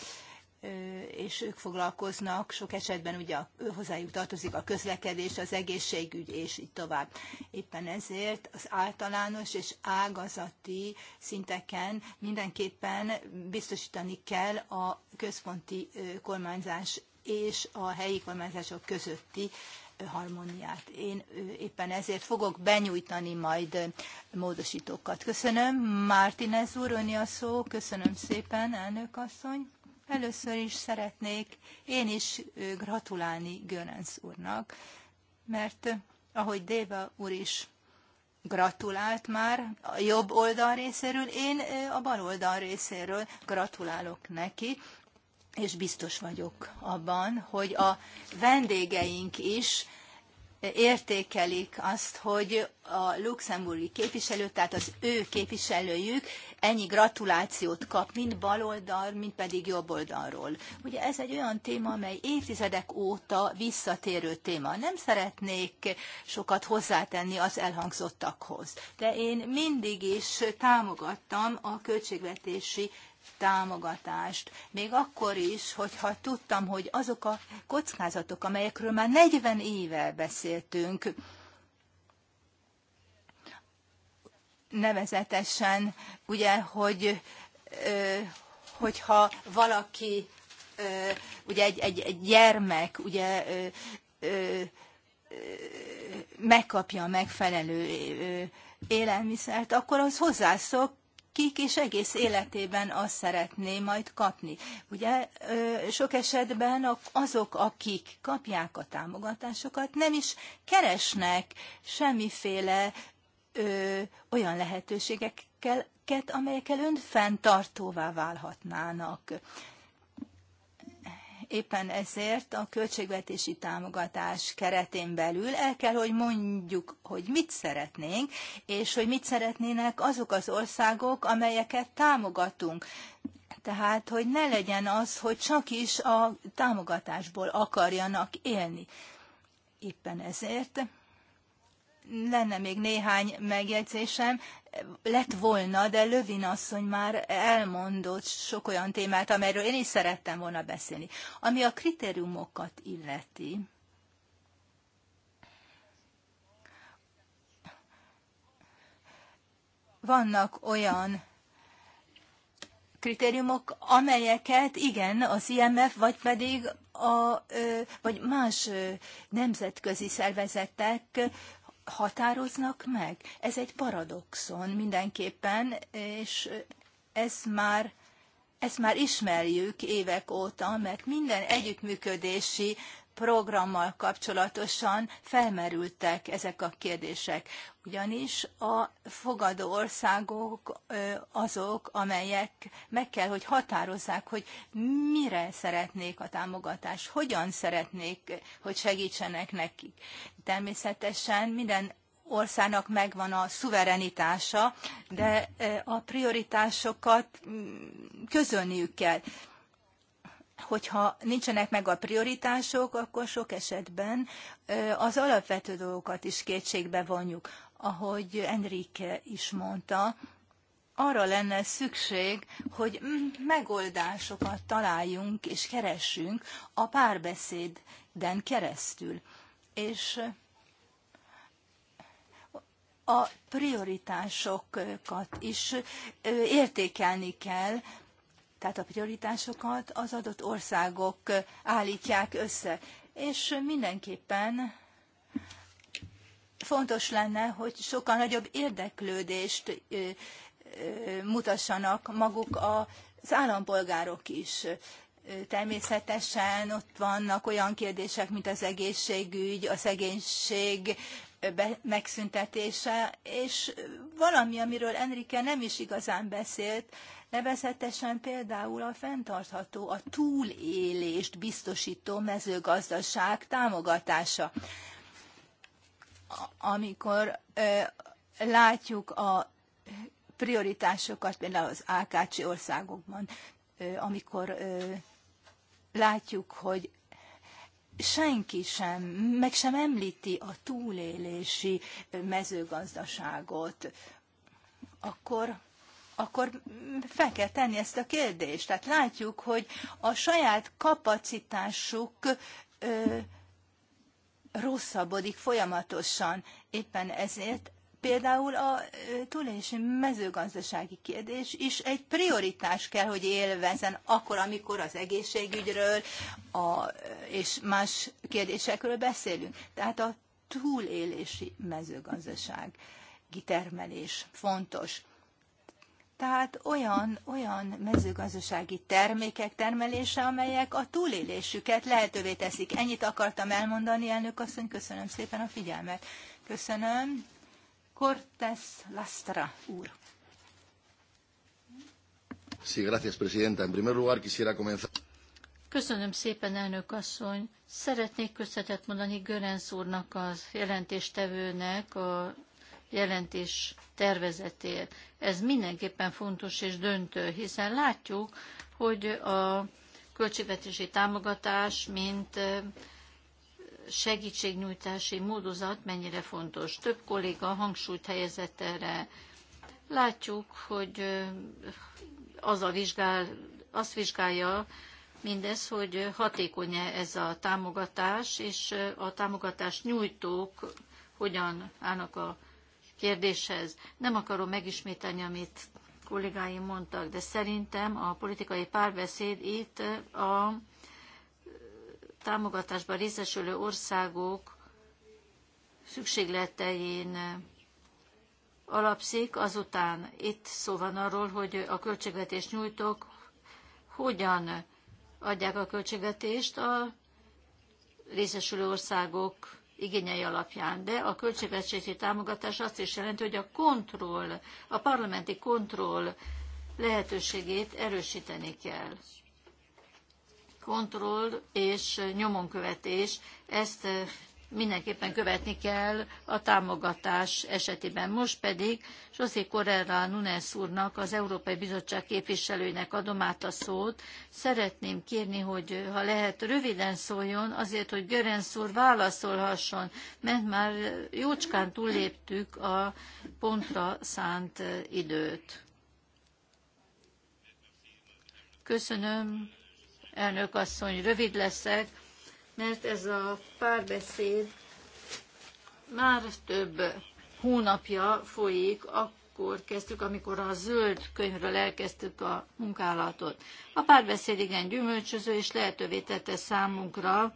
és ők foglalkoznak, sok esetben ugye hozzájuk tartozik a közlekedés, az egészségügy, és így tovább. Éppen ezért az általános és ágazati szinteken mindenképpen biztosítani kell a központi kormányzás és a helyi kormányzások közötti harmóniát. Én éppen ezért fogok benyújtani majd módosítókat. Köszönöm. Martinez úr, öni a szó. Köszönöm szépen, elnök asszony. Először is szeretnék én is gratulálni Görenc úrnak, mert ahogy Déva úr is gratulált már a jobb oldal részéről, én a bal oldal részéről gratulálok neki és biztos vagyok abban, hogy a vendégeink is értékelik azt, hogy a luxemburgi képviselő, tehát az ő képviselőjük ennyi gratulációt kap, mind baloldal, mind pedig jobboldalról. Ugye ez egy olyan téma, amely évtizedek óta visszatérő téma. Nem szeretnék sokat hozzátenni az elhangzottakhoz, de én mindig is támogattam a költségvetési támogatást, még akkor is, hogyha tudtam, hogy azok a kockázatok, amelyekről már 40 éve beszéltünk, nevezetesen, ugye, hogy hogyha valaki, ugye egy, egy, egy gyermek, ugye megkapja a megfelelő élelmiszert, akkor az hozzászok kik, és egész életében azt szeretné majd kapni. Ugye sok esetben azok, akik kapják a támogatásokat, nem is keresnek semmiféle ö, olyan lehetőségeket, amelyekkel önfenntartóvá válhatnának éppen ezért a költségvetési támogatás keretén belül el kell, hogy mondjuk, hogy mit szeretnénk, és hogy mit szeretnének azok az országok, amelyeket támogatunk. Tehát, hogy ne legyen az, hogy csak is a támogatásból akarjanak élni. Éppen ezért lenne még néhány megjegyzésem, lett volna, de Lövin asszony már elmondott sok olyan témát, amelyről én is szerettem volna beszélni. Ami a kritériumokat illeti, vannak olyan kritériumok, amelyeket igen, az IMF, vagy pedig a, vagy más nemzetközi szervezetek határoznak meg. Ez egy paradoxon mindenképpen, és ez már ezt már ismerjük évek óta, mert minden együttműködési programmal kapcsolatosan felmerültek ezek a kérdések, ugyanis a fogadó országok azok, amelyek meg kell, hogy határozzák, hogy mire szeretnék a támogatást, hogyan szeretnék, hogy segítsenek nekik. Természetesen minden országnak megvan a szuverenitása, de a prioritásokat mm, közölniük kell hogyha nincsenek meg a prioritások, akkor sok esetben az alapvető dolgokat is kétségbe vonjuk. Ahogy Enrique is mondta, arra lenne szükség, hogy megoldásokat találjunk és keressünk a párbeszédden keresztül. És a prioritásokat is értékelni kell, tehát a prioritásokat az adott országok állítják össze. És mindenképpen fontos lenne, hogy sokkal nagyobb érdeklődést mutassanak maguk az állampolgárok is. Természetesen ott vannak olyan kérdések, mint az egészségügy, a szegénység megszüntetése, és valami, amiről Enrique nem is igazán beszélt, nevezetesen például a fenntartható, a túlélést biztosító mezőgazdaság támogatása. Amikor látjuk a prioritásokat, például az Ákácsi országokban, amikor látjuk, hogy senki sem, meg sem említi a túlélési mezőgazdaságot, akkor akkor fel kell tenni ezt a kérdést. Tehát látjuk, hogy a saját kapacitásuk ö, rosszabbodik folyamatosan. Éppen ezért például a túlélési mezőgazdasági kérdés is egy prioritás kell, hogy élvezen akkor, amikor az egészségügyről a, és más kérdésekről beszélünk. Tehát a túlélési mezőgazdaság kitermelés fontos. Tehát olyan, olyan mezőgazdasági termékek termelése, amelyek a túlélésüket lehetővé teszik. Ennyit akartam elmondani, elnök asszony, köszönöm szépen a figyelmet. Köszönöm. Cortés Lastra Sí, gracias, presidenta. En primer lugar, quisiera comenzar... Köszönöm szépen, elnök asszony. Szeretnék köszönetet mondani Görenc úrnak, az jelentéstevőnek a jelentés tervezetért. Ez mindenképpen fontos és döntő, hiszen látjuk, hogy a költségvetési támogatás, mint segítségnyújtási módozat mennyire fontos. Több kolléga hangsúlyt helyezett erre. Látjuk, hogy az a vizsgál, azt vizsgálja mindez, hogy hatékony -e ez a támogatás, és a támogatás nyújtók hogyan állnak a kérdéshez. Nem akarom megismételni, amit kollégáim mondtak, de szerintem a politikai párbeszéd itt a támogatásban részesülő országok szükségletein alapszik, azután itt szó van arról, hogy a költségvetés nyújtók hogyan adják a költségvetést a részesülő országok igényei alapján, de a költségvetési támogatás azt is jelenti, hogy a kontroll, a parlamenti kontroll lehetőségét erősíteni kell kontroll és nyomonkövetés. Ezt eh, mindenképpen követni kell a támogatás esetében. Most pedig José Correra Nunes úrnak, az Európai Bizottság képviselőinek adom át a szót. Szeretném kérni, hogy ha lehet röviden szóljon, azért, hogy Görenc úr válaszolhasson, mert már jócskán túlléptük a pontra szánt eh, időt. Köszönöm, elnök asszony, rövid leszek, mert ez a párbeszéd már több hónapja folyik, akkor kezdtük, amikor a zöld könyvről elkezdtük a munkálatot. A párbeszéd igen gyümölcsöző, és lehetővé tette számunkra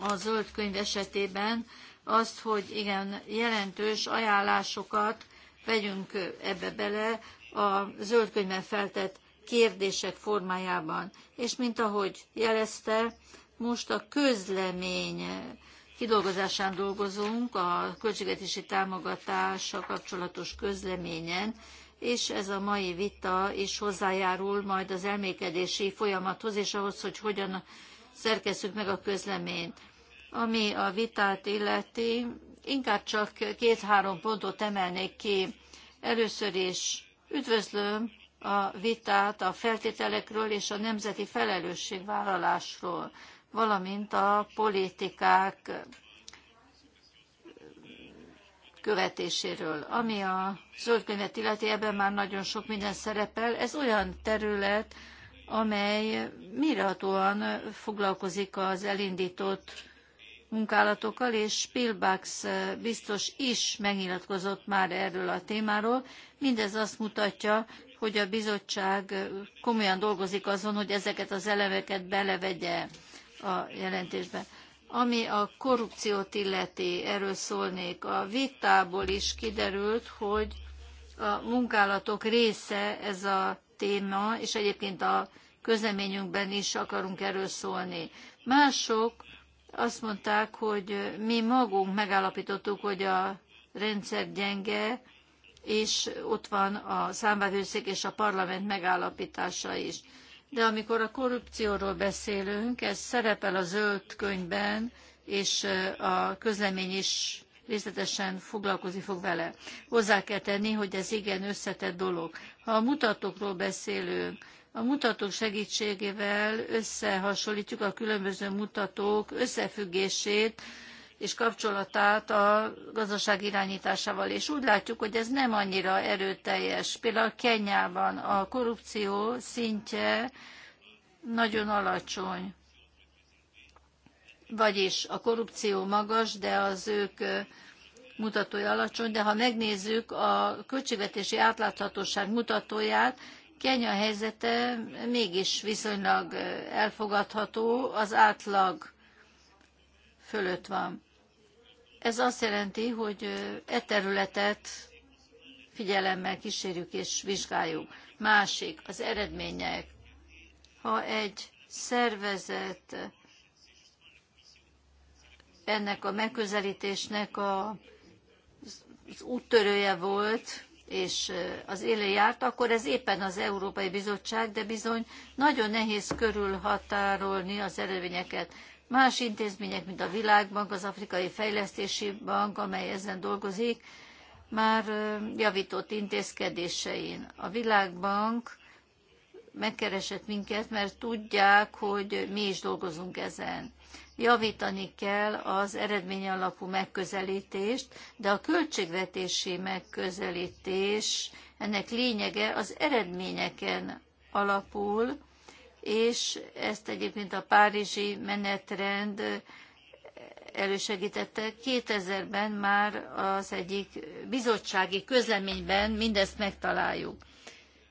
a zöld könyv esetében azt, hogy igen jelentős ajánlásokat vegyünk ebbe bele a zöld könyvben feltett kérdések formájában. És mint ahogy jelezte, most a közlemény kidolgozásán dolgozunk, a költségvetési támogatással kapcsolatos közleményen, és ez a mai vita is hozzájárul majd az elmékedési folyamathoz, és ahhoz, hogy hogyan szerkesztjük meg a közleményt. Ami a vitát illeti, inkább csak két-három pontot emelnék ki. Először is üdvözlöm a vitát a feltételekről és a nemzeti felelősségvállalásról, valamint a politikák követéséről. Ami a zöldkönyvet illeti, ebben már nagyon sok minden szerepel. Ez olyan terület, amely mirehatóan foglalkozik az elindított munkálatokkal, és Spielbax biztos is megnyilatkozott már erről a témáról. Mindez azt mutatja, hogy a bizottság komolyan dolgozik azon, hogy ezeket az elemeket belevegye a jelentésbe. Ami a korrupciót illeti, erről szólnék, a vitából is kiderült, hogy a munkálatok része ez a téma, és egyébként a közleményünkben is akarunk erről szólni. Mások azt mondták, hogy mi magunk megállapítottuk, hogy a rendszer gyenge, és ott van a számvevőszék és a parlament megállapítása is. De amikor a korrupcióról beszélünk, ez szerepel a zöld könyvben, és a közlemény is részletesen foglalkozni fog vele. Hozzá kell tenni, hogy ez igen összetett dolog. Ha a mutatókról beszélünk, a mutatók segítségével összehasonlítjuk a különböző mutatók összefüggését és kapcsolatát a gazdaság irányításával. És úgy látjuk, hogy ez nem annyira erőteljes. Például Kenyában a korrupció szintje nagyon alacsony. Vagyis a korrupció magas, de az ők mutatója alacsony, de ha megnézzük a költségvetési átláthatóság mutatóját, Kenya helyzete mégis viszonylag elfogadható, az átlag fölött van. Ez azt jelenti, hogy e területet figyelemmel kísérjük és vizsgáljuk. Másik, az eredmények. Ha egy szervezet ennek a megközelítésnek a, az úttörője volt, és az élén járt, akkor ez éppen az Európai Bizottság, de bizony nagyon nehéz körülhatárolni az eredményeket. Más intézmények, mint a Világbank, az Afrikai Fejlesztési Bank, amely ezen dolgozik, már javított intézkedésein. A Világbank megkeresett minket, mert tudják, hogy mi is dolgozunk ezen. Javítani kell az eredmény alapú megközelítést, de a költségvetési megközelítés, ennek lényege az eredményeken alapul, és ezt egyébként a párizsi menetrend elősegítette. 2000-ben már az egyik bizottsági közleményben mindezt megtaláljuk.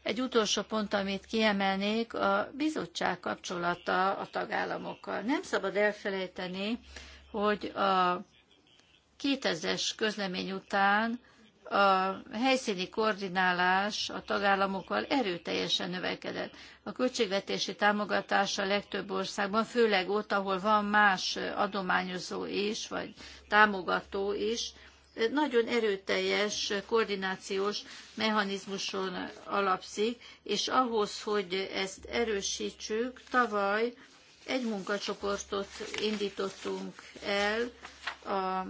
Egy utolsó pont, amit kiemelnék, a bizottság kapcsolata a tagállamokkal. Nem szabad elfelejteni, hogy a 2000-es közlemény után a helyszíni koordinálás a tagállamokkal erőteljesen növekedett. A költségvetési támogatása legtöbb országban, főleg ott, ahol van más adományozó is, vagy támogató is, nagyon erőteljes koordinációs mechanizmuson alapszik, és ahhoz, hogy ezt erősítsük, tavaly egy munkacsoportot indítottunk el a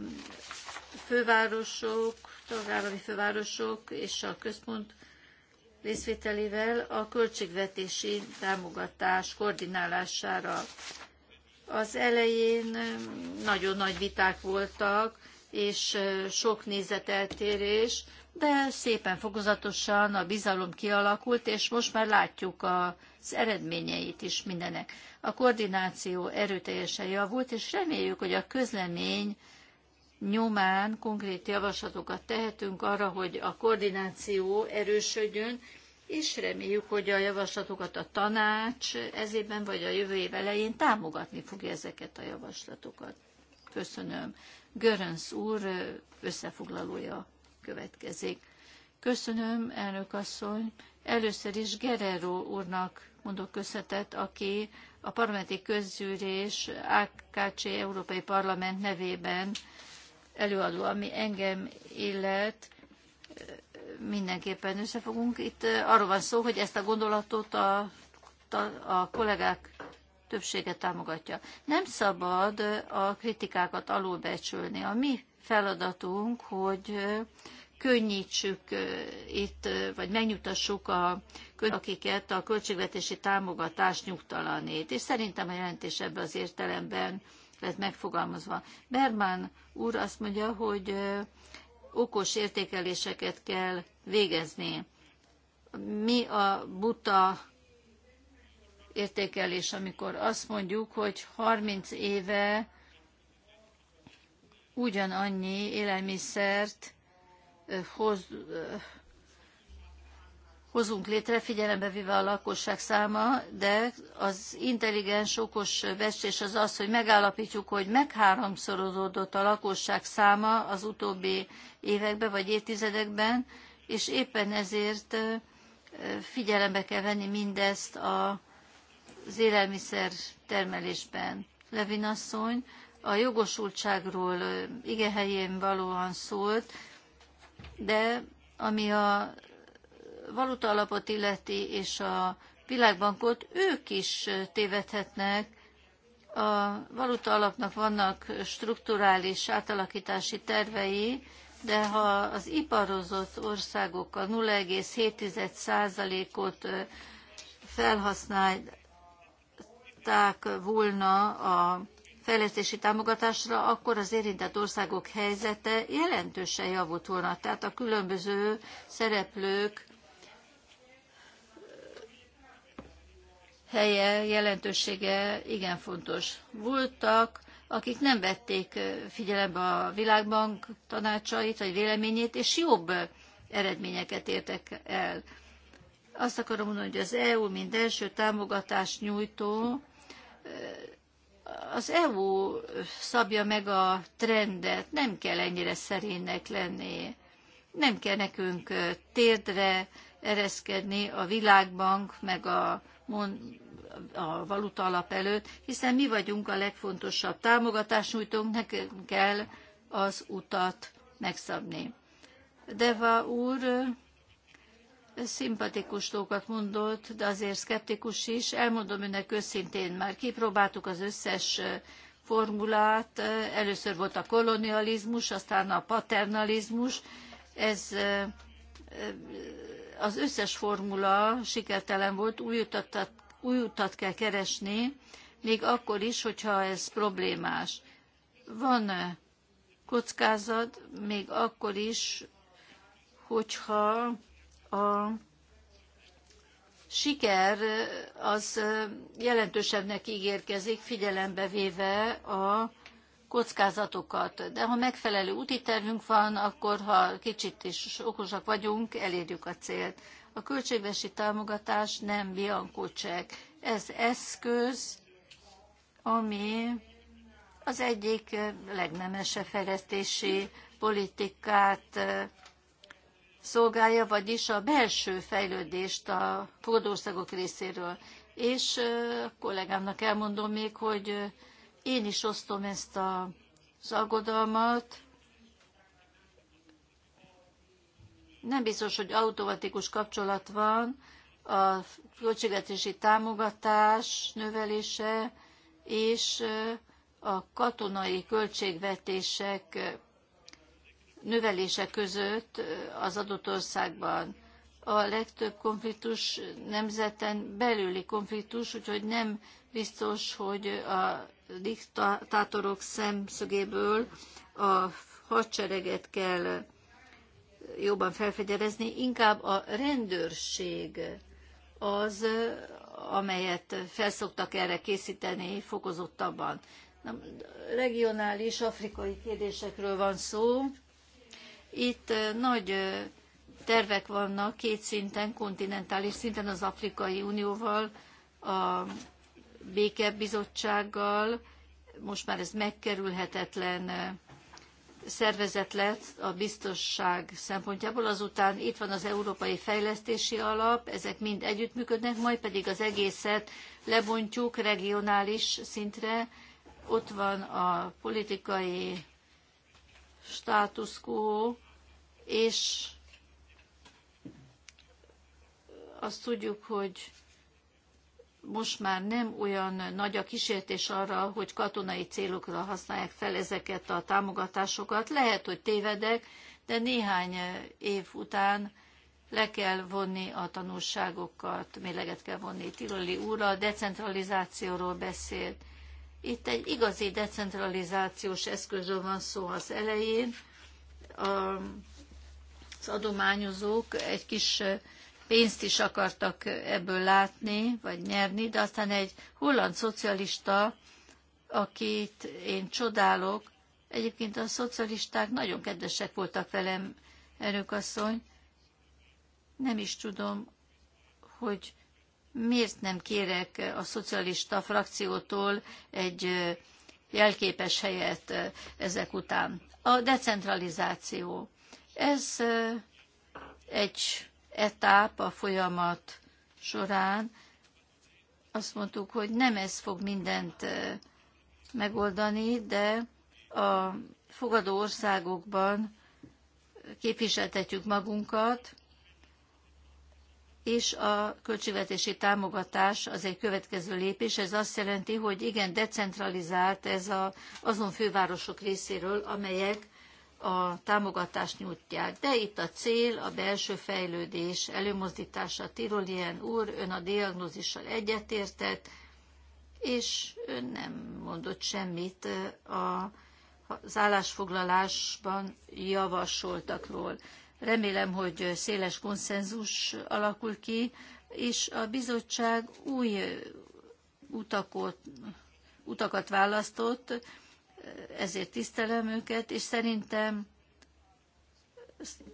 fővárosok, tagállami fővárosok és a központ részvételével a költségvetési támogatás koordinálására. Az elején nagyon nagy viták voltak, és sok nézeteltérés, de szépen fokozatosan a bizalom kialakult, és most már látjuk az eredményeit is mindenek. A koordináció erőteljesen javult, és reméljük, hogy a közlemény nyomán konkrét javaslatokat tehetünk arra, hogy a koordináció erősödjön, és reméljük, hogy a javaslatokat a tanács ezében vagy a jövő év elején támogatni fogja ezeket a javaslatokat. Köszönöm. Görönsz úr összefoglalója következik. Köszönöm, elnök asszony. Először is Guerrero úrnak mondok köszönetet, aki a parlamenti közgyűlés AKC Európai Parlament nevében előadó, ami engem illet, mindenképpen összefogunk. Itt arról van szó, hogy ezt a gondolatot a, a, a kollégák többsége támogatja. Nem szabad a kritikákat alulbecsülni. A mi feladatunk, hogy könnyítsük itt, vagy megnyugtassuk a, akiket a költségvetési támogatás nyugtalanít. És szerintem a jelentés ebben az értelemben lett megfogalmazva. Berman úr azt mondja, hogy okos értékeléseket kell végezni. Mi a buta értékelés, amikor azt mondjuk, hogy 30 éve ugyanannyi élelmiszert hoz, hozunk létre, figyelembe véve a lakosság száma, de az intelligens, okos vesztés az az, hogy megállapítjuk, hogy megháromszorozódott a lakosság száma az utóbbi években vagy évtizedekben, és éppen ezért figyelembe kell venni mindezt a, az élelmiszer termelésben. Levin asszony a jogosultságról igen helyén valóan szólt, de ami a valuta alapot illeti, és a világbankot, ők is tévedhetnek. A valuta alapnak vannak strukturális átalakítási tervei, de ha az iparozott országok a 0,7%-ot felhasználták volna a fejlesztési támogatásra, akkor az érintett országok helyzete jelentősen javult volna. Tehát a különböző szereplők helye, jelentősége igen fontos. Voltak, akik nem vették figyelembe a Világbank tanácsait vagy véleményét, és jobb eredményeket értek el. Azt akarom mondani, hogy az EU, mint első támogatás nyújtó, az EU szabja meg a trendet, nem kell ennyire szerénynek lenni. Nem kell nekünk térdre ereszkedni a Világbank meg a a valuta alap előtt, hiszen mi vagyunk a legfontosabb nyújtunk, nekünk kell az utat megszabni. Deva úr szimpatikus dolgokat mondott, de azért szkeptikus is. Elmondom önnek őszintén, már kipróbáltuk az összes formulát. Először volt a kolonializmus, aztán a paternalizmus. Ez az összes formula sikertelen volt, új utat, új utat kell keresni, még akkor is, hogyha ez problémás. Van kockázat, még akkor is, hogyha a siker az jelentősebbnek ígérkezik, figyelembe véve a kockázatokat. De ha megfelelő úti tervünk van, akkor ha kicsit is okosak vagyunk, elérjük a célt. A költségvesi támogatás nem biankócsek. Ez eszköz, ami az egyik legnemesebb fejlesztési politikát eh, szolgálja, vagyis a belső fejlődést a fogadországok részéről. És eh, a kollégámnak elmondom még, hogy eh, én is osztom ezt a, az aggodalmat. Nem biztos, hogy automatikus kapcsolat van a költségvetési támogatás növelése és a katonai költségvetések növelése között az adott országban a legtöbb konfliktus nemzeten belüli konfliktus, úgyhogy nem biztos, hogy a diktátorok szemszögéből a hadsereget kell jobban felfegyerezni, inkább a rendőrség az, amelyet felszoktak erre készíteni fokozottabban. Na, regionális afrikai kérdésekről van szó. Itt nagy tervek vannak két szinten, kontinentális szinten az Afrikai Unióval, a Békebizottsággal, most már ez megkerülhetetlen szervezet lett a biztosság szempontjából, azután itt van az Európai Fejlesztési Alap, ezek mind együttműködnek, majd pedig az egészet lebontjuk regionális szintre, ott van a politikai státusz és azt tudjuk, hogy most már nem olyan nagy a kísértés arra, hogy katonai célokra használják fel ezeket a támogatásokat. Lehet, hogy tévedek, de néhány év után le kell vonni a tanulságokat, méleget kell vonni. Tiroli úr a decentralizációról beszélt. Itt egy igazi decentralizációs eszközről van szó az elején. Az adományozók egy kis pénzt is akartak ebből látni, vagy nyerni, de aztán egy holland szocialista, akit én csodálok, egyébként a szocialisták nagyon kedvesek voltak velem, erőkasszony, nem is tudom, hogy miért nem kérek a szocialista frakciótól egy jelképes helyet ezek után. A decentralizáció. Ez egy etáp a folyamat során azt mondtuk, hogy nem ez fog mindent megoldani, de a fogadó országokban képviseltetjük magunkat, és a költségvetési támogatás az egy következő lépés. Ez azt jelenti, hogy igen, decentralizált ez a, azon fővárosok részéről, amelyek a támogatást nyújtják. De itt a cél a belső fejlődés előmozdítása. Tirolien úr, ön a diagnózissal egyetértett, és ön nem mondott semmit a, az állásfoglalásban javasoltakról. Remélem, hogy széles konszenzus alakul ki, és a bizottság új utakot, utakat választott, ezért tisztelem őket, és szerintem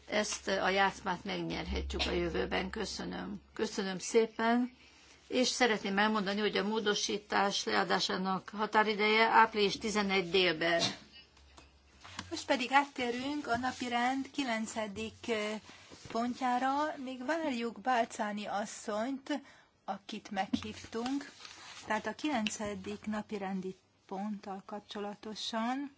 ezt a játszmát megnyerhetjük a jövőben. Köszönöm. Köszönöm szépen. És szeretném elmondani, hogy a módosítás leadásának határideje április 11 délben. Most pedig áttérünk a napirend 9. Eh, pontjára. Még várjuk Bálcáni asszonyt, akit meghívtunk. Tehát a 9. napirendi ponttal kapcsolatosan.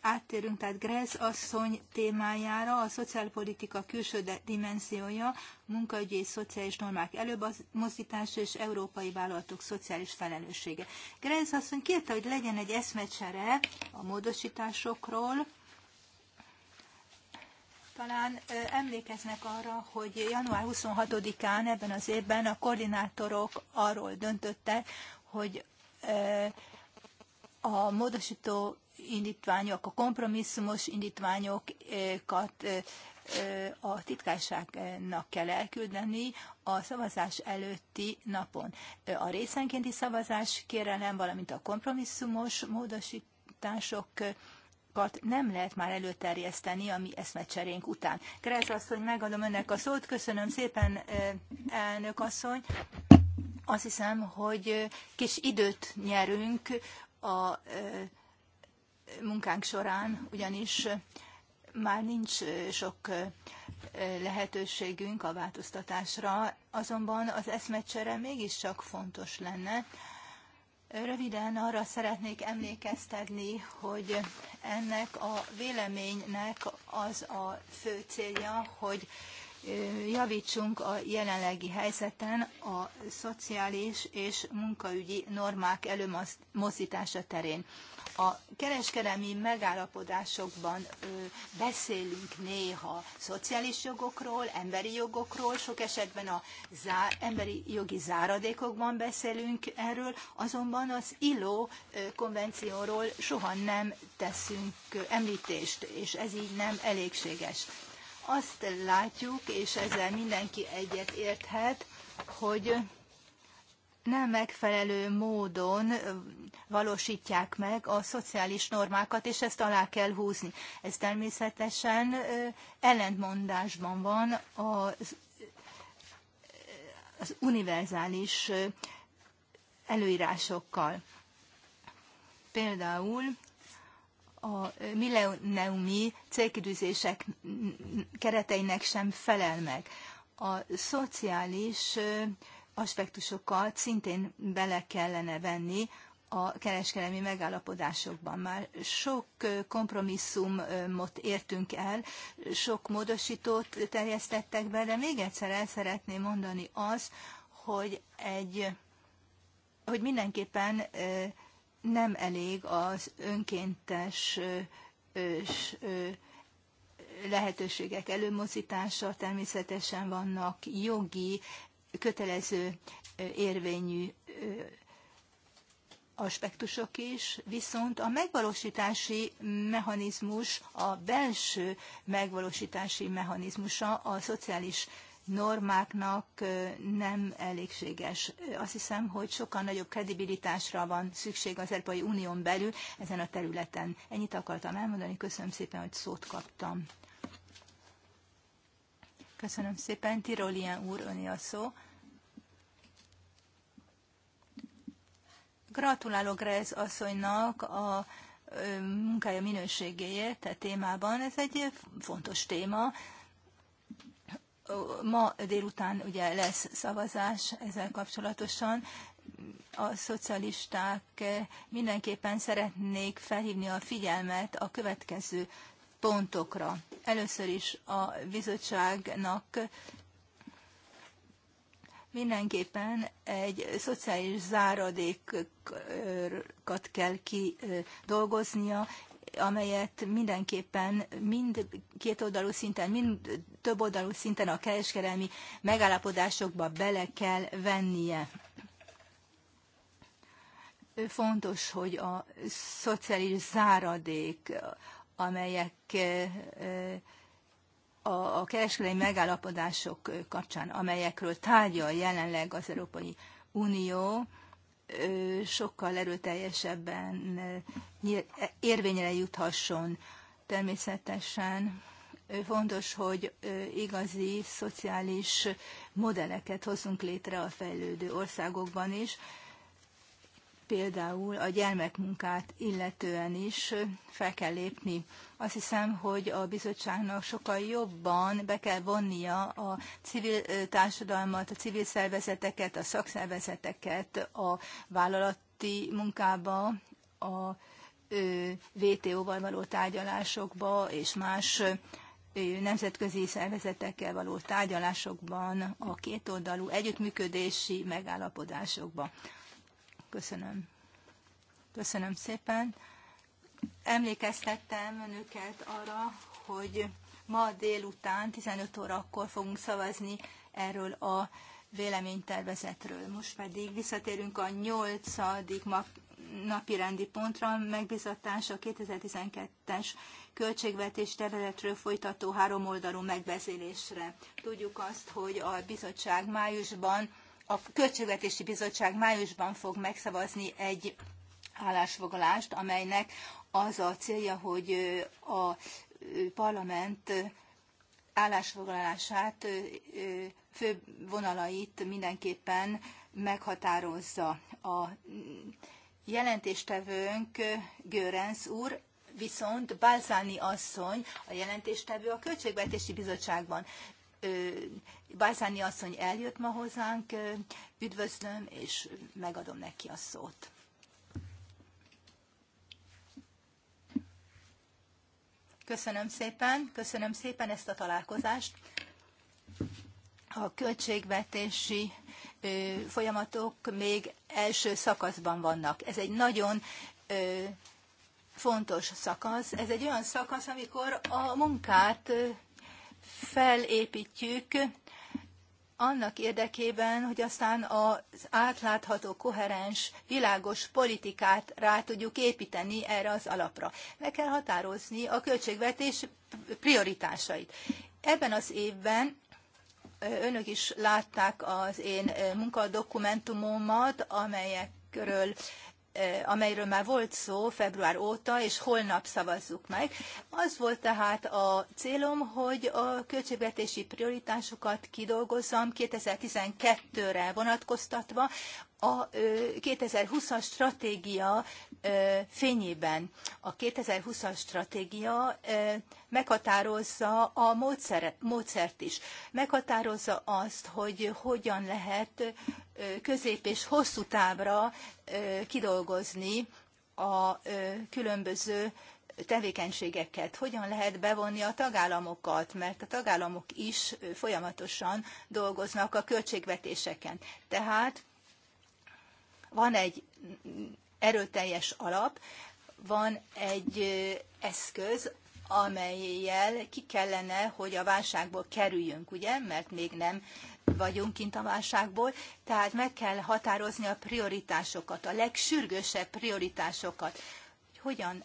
Áttérünk tehát Grez asszony témájára, a szociálpolitika külső dimenziója, munkaügyi és szociális normák előmozdítása és európai vállalatok szociális felelőssége. Grez asszony kérte, hogy legyen egy eszmecsere a módosításokról, talán emlékeznek arra, hogy január 26-án ebben az évben a koordinátorok arról döntöttek, hogy a módosító indítványok, a kompromisszumos indítványokat a titkárságnak kell elküldeni a szavazás előtti napon. A részenkénti szavazás kérelem, valamint a kompromisszumos módosítások nem lehet már előterjeszteni a mi eszmecserénk után. Kereszt asszony, megadom önnek a szót. Köszönöm szépen, elnök asszony. Azt hiszem, hogy kis időt nyerünk a munkánk során, ugyanis már nincs sok lehetőségünk a változtatásra, azonban az eszmecsere mégiscsak fontos lenne, Röviden arra szeretnék emlékeztetni, hogy ennek a véleménynek az a fő célja, hogy javítsunk a jelenlegi helyzeten a szociális és munkaügyi normák előmozdítása terén. A kereskedelmi megállapodásokban beszélünk néha szociális jogokról, emberi jogokról, sok esetben a emberi jogi záradékokban beszélünk erről, azonban az ILO konvencióról soha nem teszünk említést, és ez így nem elégséges azt látjuk, és ezzel mindenki egyet érthet, hogy nem megfelelő módon valósítják meg a szociális normákat, és ezt alá kell húzni. Ez természetesen ellentmondásban van az, az univerzális előírásokkal. Például a milleniumi célkidőzések kereteinek sem felel meg. A szociális aspektusokat szintén bele kellene venni a kereskedelmi megállapodásokban. Már sok kompromisszumot értünk el, sok módosítót terjesztettek be, de még egyszer el szeretném mondani az, hogy egy hogy mindenképpen nem elég az önkéntes lehetőségek előmozítása, természetesen vannak jogi, kötelező érvényű aspektusok is, viszont a megvalósítási mechanizmus, a belső megvalósítási mechanizmusa a szociális normáknak nem elégséges. Azt hiszem, hogy sokkal nagyobb kredibilitásra van szükség az Európai Unión belül ezen a területen. Ennyit akartam elmondani, köszönöm szépen, hogy szót kaptam. Köszönöm szépen, Tirolien úr, öné a szó. Gratulálok Rez asszonynak a munkája minőségéért a e témában. Ez egy fontos téma, ma délután ugye lesz szavazás ezzel kapcsolatosan. A szocialisták eh, mindenképpen szeretnék felhívni a figyelmet a következő pontokra. Először is a bizottságnak mindenképpen egy szociális záradékat kell kidolgoznia, amelyet mindenképpen mind két oldalú szinten, mind több oldalú szinten a kereskedelmi megállapodásokba bele kell vennie. Fontos, hogy a szociális záradék, amelyek a kereskedelmi megállapodások kapcsán, amelyekről tárgyal jelenleg az Európai Unió, sokkal erőteljesebben e, érvényre juthasson. Természetesen fontos, hogy igazi szociális modelleket hozzunk létre a fejlődő országokban is, például a gyermekmunkát illetően is fel kell lépni. Azt hiszem, hogy a bizottságnak sokkal jobban be kell vonnia a civil társadalmat, a civil szervezeteket, a szakszervezeteket a vállalati munkába, a VTO-val való tárgyalásokba és más nemzetközi szervezetekkel való tárgyalásokban, a kétoldalú együttműködési megállapodásokban. Köszönöm. Köszönöm szépen. Emlékeztettem önöket arra, hogy ma délután 15 órakor fogunk szavazni erről a véleménytervezetről. Most pedig visszatérünk a 8. napi rendi pontra, megbizatás a 2012-es költségvetés területről folytató háromoldalú megbeszélésre. Tudjuk azt, hogy a bizottság májusban a Költségvetési Bizottság májusban fog megszavazni egy állásfoglalást, amelynek az a célja, hogy a parlament állásfoglalását, fő vonalait mindenképpen meghatározza. A jelentéstevőnk Görenc úr, viszont Balzáni asszony, a jelentéstevő a Költségvetési Bizottságban. Bászáni asszony eljött ma hozzánk, üdvözlöm, és megadom neki a szót. Köszönöm szépen, köszönöm szépen ezt a találkozást. A költségvetési folyamatok még első szakaszban vannak. Ez egy nagyon fontos szakasz. Ez egy olyan szakasz, amikor a munkát felépítjük annak érdekében, hogy aztán az átlátható, koherens, világos politikát rá tudjuk építeni erre az alapra. Meg kell határozni a költségvetés prioritásait. Ebben az évben önök is látták az én munkadokumentumomat, amelyekről Eh, amelyről már volt szó február óta, és holnap szavazzuk meg. Az volt tehát a célom, hogy a költségvetési prioritásokat kidolgozzam 2012-re vonatkoztatva, a 2020-as stratégia fényében. A 2020-as stratégia meghatározza a módszer, módszert is. Meghatározza azt, hogy hogyan lehet közép és hosszú távra kidolgozni a különböző tevékenységeket, hogyan lehet bevonni a tagállamokat, mert a tagállamok is folyamatosan dolgoznak a költségvetéseken. Tehát van egy erőteljes alap, van egy eszköz, amelyel ki kellene, hogy a válságból kerüljünk, ugye, mert még nem vagyunk kint a válságból, tehát meg kell határozni a prioritásokat, a legsürgősebb prioritásokat, hogy hogyan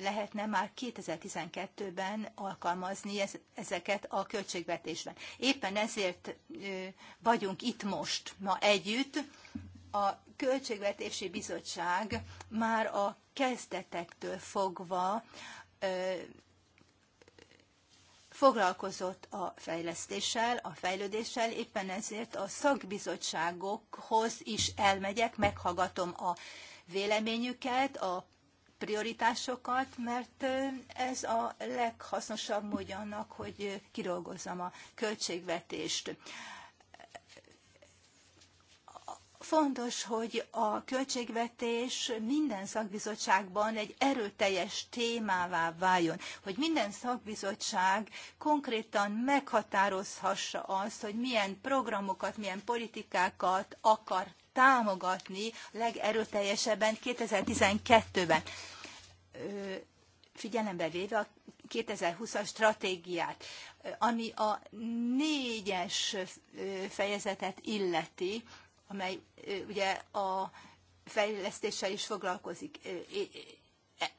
lehetne már 2012-ben alkalmazni ezeket a költségvetésben. Éppen ezért vagyunk itt most, ma együtt, a Költségvetési Bizottság már a kezdetektől fogva foglalkozott a fejlesztéssel, a fejlődéssel, éppen ezért a szakbizottságokhoz is elmegyek, meghallgatom a véleményüket, a prioritásokat, mert ez a leghasznosabb módja annak, hogy kidolgozzam a költségvetést. Fontos, hogy a költségvetés minden szakbizottságban egy erőteljes témává váljon, hogy minden szakbizottság konkrétan meghatározhassa azt, hogy milyen programokat, milyen politikákat akar támogatni legerőteljesebben 2012-ben figyelembe véve a 2020-as stratégiát, ami a négyes fejezetet illeti, amely ugye a fejlesztéssel is foglalkozik.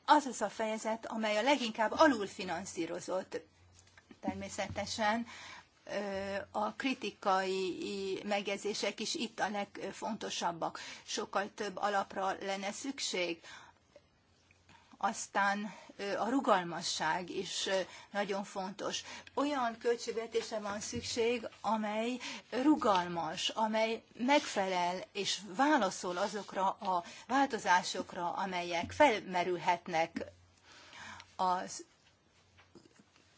Az az a fejezet, amely a leginkább alulfinanszírozott természetesen, a kritikai megjegyzések is itt a legfontosabbak. Sokkal több alapra lenne szükség aztán a rugalmasság is nagyon fontos. Olyan költségvetése van szükség, amely rugalmas, amely megfelel és válaszol azokra a változásokra, amelyek felmerülhetnek az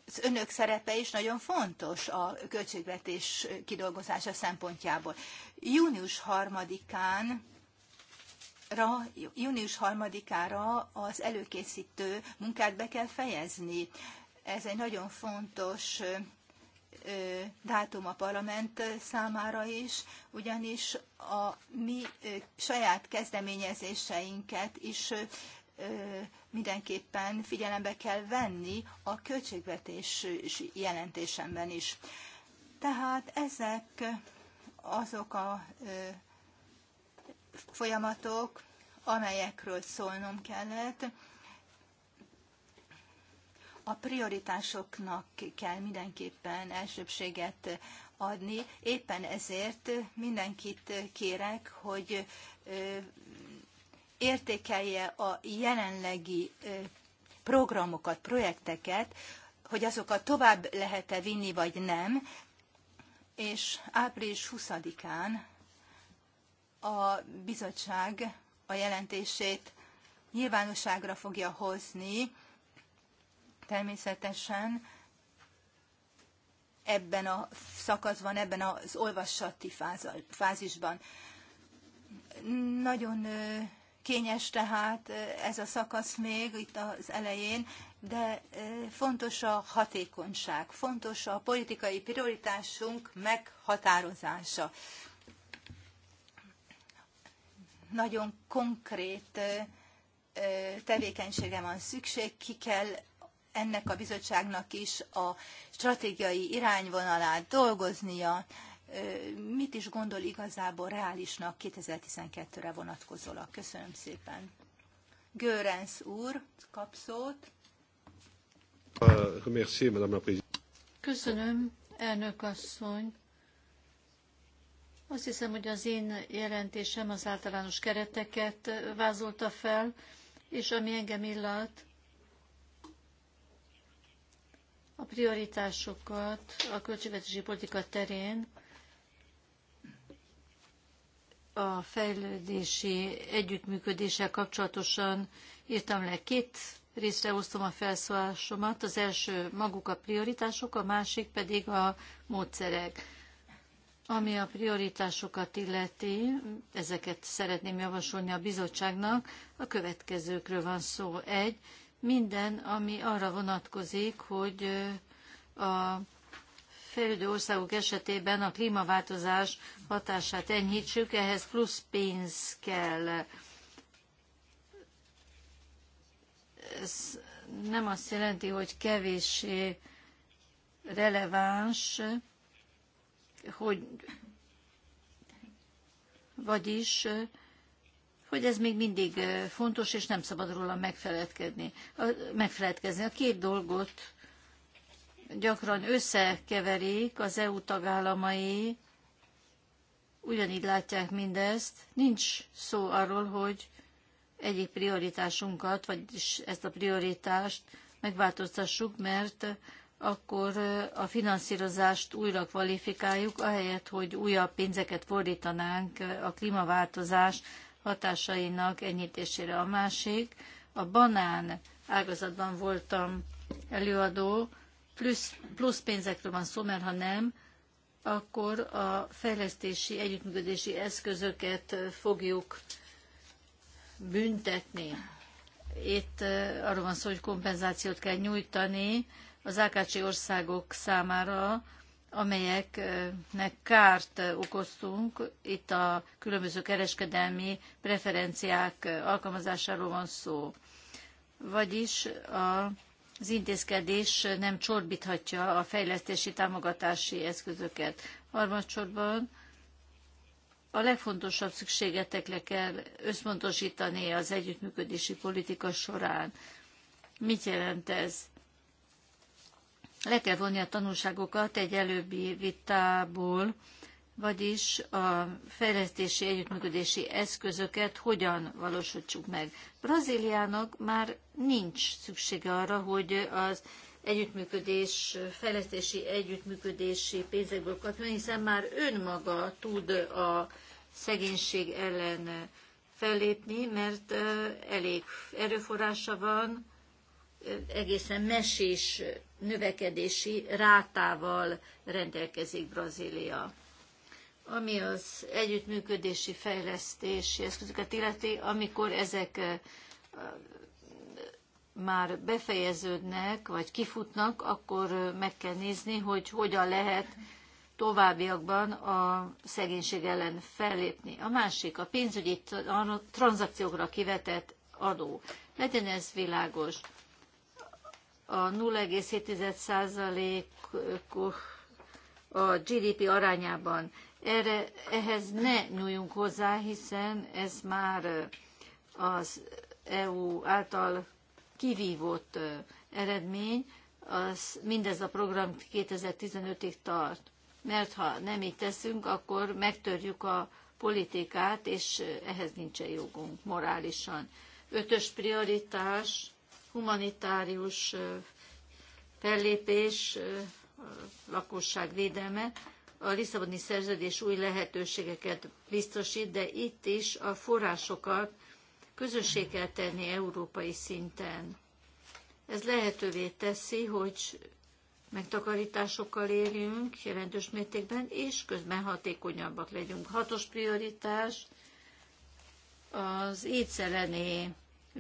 az önök szerepe is nagyon fontos a költségvetés kidolgozása szempontjából. Június harmadikán ra, június 3-ára az előkészítő munkát be kell fejezni. Ez egy nagyon fontos dátum a parlament számára is, ugyanis a mi saját kezdeményezéseinket is mindenképpen figyelembe kell venni a költségvetés jelentésemben is. Tehát ezek azok a folyamatok, amelyekről szólnom kellett. A prioritásoknak kell mindenképpen elsőbséget adni. Éppen ezért mindenkit kérek, hogy értékelje a jelenlegi programokat, projekteket, hogy azokat tovább lehet-e vinni, vagy nem, és április 20-án a bizottság a jelentését nyilvánosságra fogja hozni, természetesen ebben a szakaszban, ebben az olvasati fázisban. Nagyon kényes tehát ez a szakasz még itt az elején, de fontos a hatékonyság, fontos a politikai prioritásunk meghatározása nagyon konkrét tevékenységre van szükség, ki kell ennek a bizottságnak is a stratégiai irányvonalát dolgoznia. Mit is gondol igazából reálisnak 2012-re vonatkozólag? Köszönöm szépen. Görens úr, kap szót. Köszönöm, elnök asszony. Azt hiszem, hogy az én jelentésem az általános kereteket vázolta fel, és ami engem illat, a prioritásokat a költségvetési politika terén a fejlődési együttműködéssel kapcsolatosan írtam le két részre osztom a felszólásomat. Az első maguk a prioritások, a másik pedig a módszerek. Ami a prioritásokat illeti, ezeket szeretném javasolni a bizottságnak, a következőkről van szó. Egy, minden, ami arra vonatkozik, hogy a fejlődő országok esetében a klímaváltozás hatását enyhítsük, ehhez plusz pénz kell. Ez nem azt jelenti, hogy kevéssé releváns, hogy vagyis hogy ez még mindig eh, fontos, és nem szabad róla megfeledkezni. megfeledkezni. A két dolgot gyakran összekeverik az EU tagállamai, ugyanígy látják mindezt. Nincs szó arról, hogy egyik prioritásunkat, vagyis ezt a prioritást megváltoztassuk, mert akkor a finanszírozást újra kvalifikáljuk, ahelyett, hogy újabb pénzeket fordítanánk a klímaváltozás hatásainak enyhítésére. A másik, a banán ágazatban voltam előadó, plusz, plusz pénzekről van szó, mert ha nem, akkor a fejlesztési, együttműködési eszközöket fogjuk büntetni. Itt arról van szó, hogy kompenzációt kell nyújtani az Ákácsi országok számára, amelyeknek kárt okoztunk. Itt a különböző kereskedelmi preferenciák alkalmazásáról van szó. Vagyis a az intézkedés nem csorbíthatja a fejlesztési támogatási eszközöket. Harmadsorban a legfontosabb szükségetekre kell összpontosítani az együttműködési politika során. Mit jelent ez? le kell vonni a tanulságokat egy előbbi vitából, vagyis a fejlesztési együttműködési eszközöket hogyan valósítsuk meg. Brazíliának már nincs szüksége arra, hogy az együttműködés, fejlesztési együttműködési pénzekből kapjon, hiszen már önmaga tud a szegénység ellen fellépni, mert elég erőforrása van, egészen mesés növekedési rátával rendelkezik Brazília. Ami az együttműködési fejlesztési eszközöket illeti, amikor ezek eh, már befejeződnek, vagy kifutnak, akkor eh, meg kell nézni, hogy hogyan lehet továbbiakban a szegénység ellen fellépni. A másik, a pénzügyi tranzakciókra kivetett adó. Legyen ez világos a 0,7% a GDP arányában. Erre, ehhez ne nyúljunk hozzá, hiszen ez már az EU által kivívott eredmény, az, mindez a program 2015-ig tart. Mert ha nem így teszünk, akkor megtörjük a politikát, és ehhez nincsen jogunk morálisan. Ötös prioritás humanitárius fellépés, lakosság védelme, a Lisszaboni szerződés új lehetőségeket biztosít, de itt is a forrásokat közössé kell tenni európai szinten. Ez lehetővé teszi, hogy megtakarításokkal érjünk jelentős mértékben, és közben hatékonyabbak legyünk. Hatos prioritás az étszerené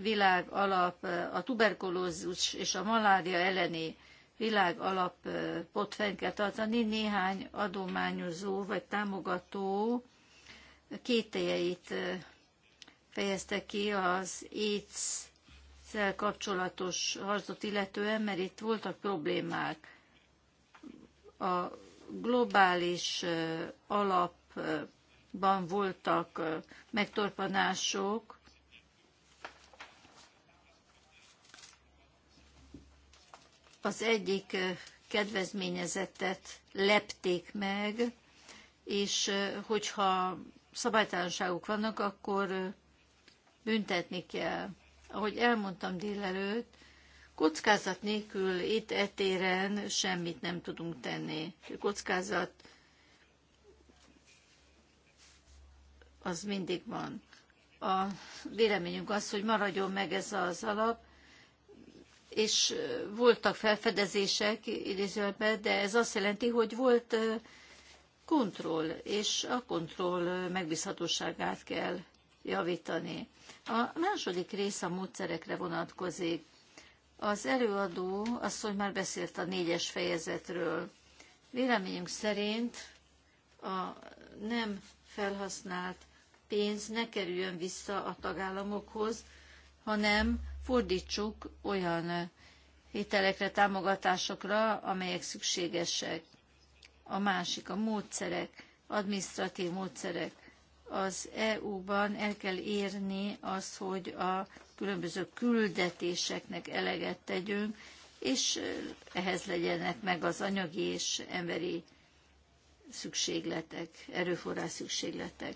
világ alap, a tuberkulózus és a malária elleni világ alapot fenn kell tartani, néhány adományozó vagy támogató kételjeit fejezte ki az AIDS kapcsolatos harcot illetően, mert itt voltak problémák. A globális alapban voltak megtorpanások, az egyik kedvezményezettet lepték meg, és hogyha szabálytalanságok vannak, akkor büntetni kell. Ahogy elmondtam délelőtt, kockázat nélkül itt etéren semmit nem tudunk tenni. Kockázat az mindig van. A véleményünk az, hogy maradjon meg ez az alap, és voltak felfedezések, idézőben, de ez azt jelenti, hogy volt kontroll, és a kontroll megbízhatóságát kell javítani. A második rész a módszerekre vonatkozik. Az előadó hogy már beszélt a négyes fejezetről. Véleményünk szerint a nem felhasznált pénz ne kerüljön vissza a tagállamokhoz, hanem fordítsuk olyan hitelekre, támogatásokra, amelyek szükségesek. A másik, a módszerek, administratív módszerek. Az EU-ban el kell érni az, hogy a különböző küldetéseknek eleget tegyünk, és ehhez legyenek meg az anyagi és emberi szükségletek, erőforrás szükségletek.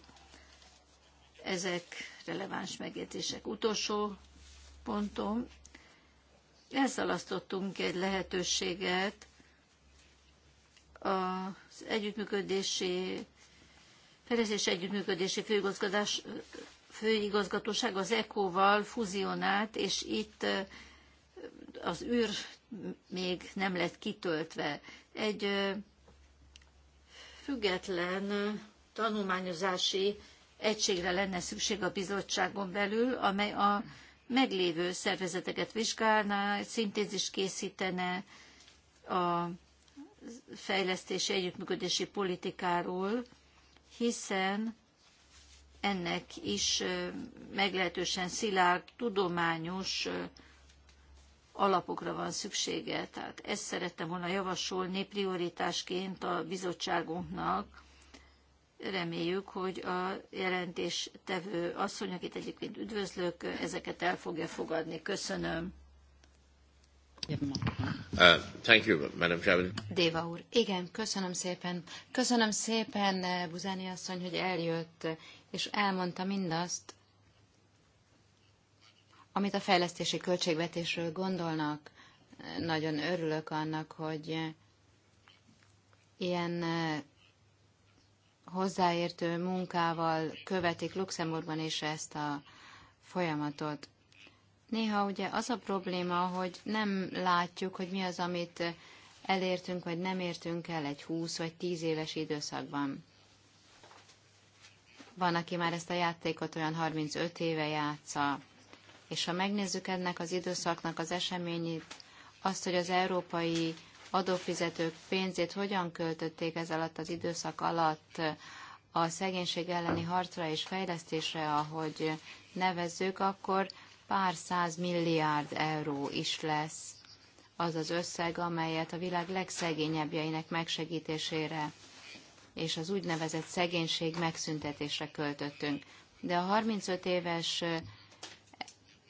Ezek releváns megjegyzések. Utolsó pontom, elszalasztottunk egy lehetőséget az együttműködési, fejlesztés együttműködési főigazgatás, főigazgatóság az ECO-val fuzionált, és itt az űr még nem lett kitöltve. Egy független tanulmányozási egységre lenne szükség a bizottságon belül, amely a meglévő szervezeteket vizsgálná, szintézis készítene a fejlesztési együttműködési politikáról, hiszen ennek is meglehetősen szilárd tudományos alapokra van szüksége. Tehát ezt szerettem volna javasolni prioritásként a bizottságunknak Reméljük, hogy a jelentés tevő asszony, akit egyébként üdvözlök, ezeket el fogja fogadni. Köszönöm. Uh, thank you, Madam Chairman. Déva úr. Igen, köszönöm szépen. Köszönöm szépen, uh, Buzáni asszony, hogy eljött, és elmondta mindazt, amit a fejlesztési költségvetésről gondolnak. Nagyon örülök annak, hogy ilyen uh, hozzáértő munkával követik Luxemburgban is ezt a folyamatot. Néha ugye az a probléma, hogy nem látjuk, hogy mi az, amit elértünk, vagy nem értünk el egy 20 vagy 10 éves időszakban. Van, aki már ezt a játékot olyan 35 éve játsza. És ha megnézzük ennek az időszaknak az eseményét, azt, hogy az európai adófizetők pénzét hogyan költötték ez alatt az időszak alatt a szegénység elleni harcra és fejlesztésre, ahogy nevezzük, akkor pár száz milliárd euró is lesz az az összeg, amelyet a világ legszegényebbjeinek megsegítésére és az úgynevezett szegénység megszüntetésre költöttünk. De a 35 éves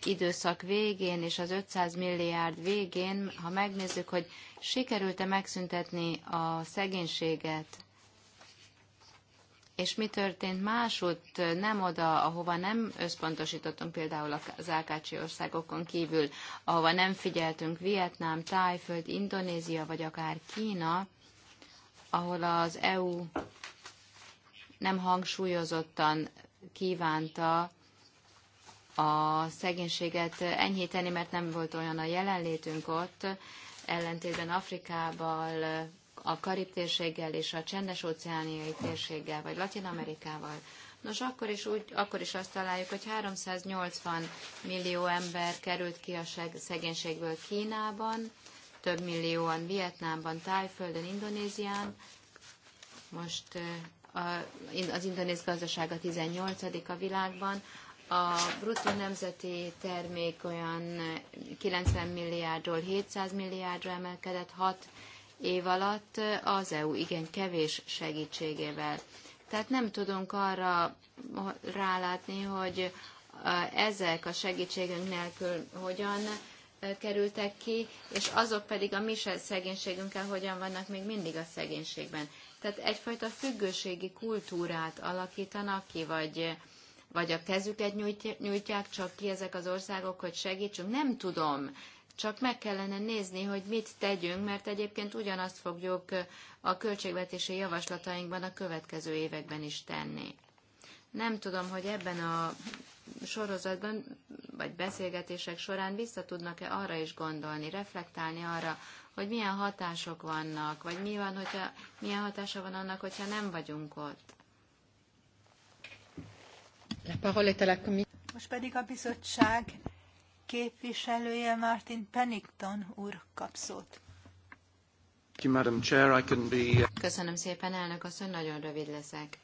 időszak végén és az 500 milliárd végén, ha megnézzük, hogy sikerült-e megszüntetni a szegénységet, és mi történt másút nem oda, ahova nem összpontosítottunk, például az Ákácsi országokon kívül, ahova nem figyeltünk, Vietnám, Tájföld, Indonézia vagy akár Kína, ahol az EU nem hangsúlyozottan kívánta a szegénységet enyhíteni, mert nem volt olyan a jelenlétünk ott, ellentétben Afrikával, a Karib térséggel és a csendes óceániai térséggel, vagy Latin Amerikával. Nos, akkor is, úgy, akkor is azt találjuk, hogy 380 millió ember került ki a szegénységből Kínában, több millióan Vietnámban, Tájföldön, Indonézián. Most az indonéz gazdasága 18. a világban a bruttó nemzeti termék olyan 90 milliárdról 700 milliárdra emelkedett 6 év alatt az EU igen kevés segítségével. Tehát nem tudunk arra rálátni, hogy ezek a segítségünk nélkül hogyan kerültek ki, és azok pedig a mi szegénységünkkel hogyan vannak még mindig a szegénységben. Tehát egyfajta függőségi kultúrát alakítanak ki, vagy vagy a kezüket nyújtják csak ki ezek az országok, hogy segítsünk. Nem tudom, csak meg kellene nézni, hogy mit tegyünk, mert egyébként ugyanazt fogjuk a költségvetési javaslatainkban a következő években is tenni. Nem tudom, hogy ebben a sorozatban, vagy beszélgetések során visszatudnak e arra is gondolni, reflektálni arra, hogy milyen hatások vannak, vagy mi van, hogyha, milyen hatása van annak, hogyha nem vagyunk ott. Most pedig a bizottság képviselője Martin Pennington úr kap szót. Uh, Köszönöm szépen, elnök asszony, nagyon rövid leszek.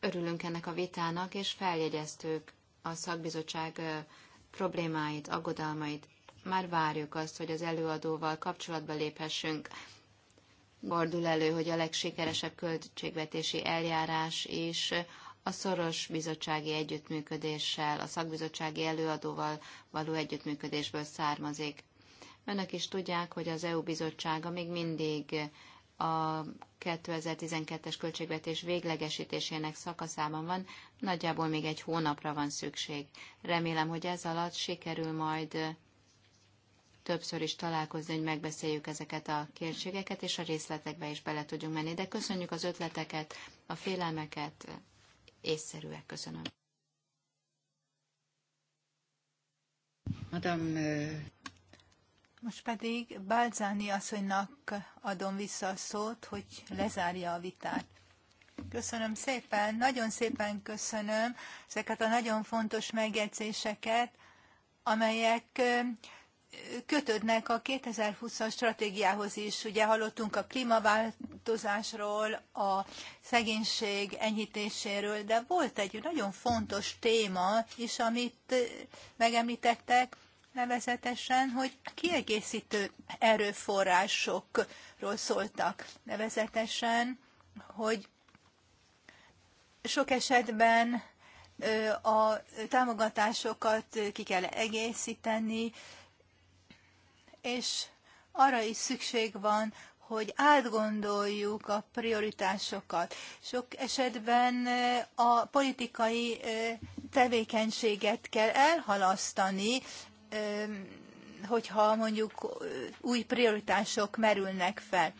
Örülünk ennek a vitának, és feljegyeztük a szakbizottság uh, problémáit, aggodalmait. Már várjuk azt, hogy az előadóval kapcsolatba léphessünk gordul elő, hogy a legsikeresebb költségvetési eljárás is a szoros bizottsági együttműködéssel, a szakbizottsági előadóval való együttműködésből származik. Önök is tudják, hogy az EU bizottsága még mindig a 2012-es költségvetés véglegesítésének szakaszában van, nagyjából még egy hónapra van szükség. Remélem, hogy ez alatt sikerül majd többször is találkozni, hogy megbeszéljük ezeket a kérdéseket és a részletekbe is bele tudjunk menni. De köszönjük az ötleteket, a félelmeket, észszerűek köszönöm. Madam, Most pedig Bálzáni asszonynak adom vissza a szót, hogy lezárja a vitát. Köszönöm szépen, nagyon szépen köszönöm ezeket a nagyon fontos megjegyzéseket, amelyek kötődnek a 2020-as stratégiához is. Ugye hallottunk a klímaváltozásról, a szegénység enyhítéséről, de volt egy nagyon fontos téma is, amit megemlítettek, nevezetesen, hogy kiegészítő erőforrásokról szóltak. Nevezetesen, hogy sok esetben a támogatásokat ki kell egészíteni, és arra is szükség van, hogy átgondoljuk a prioritásokat. Sok esetben a politikai tevékenységet kell elhalasztani, hogyha mondjuk új prioritások merülnek fel.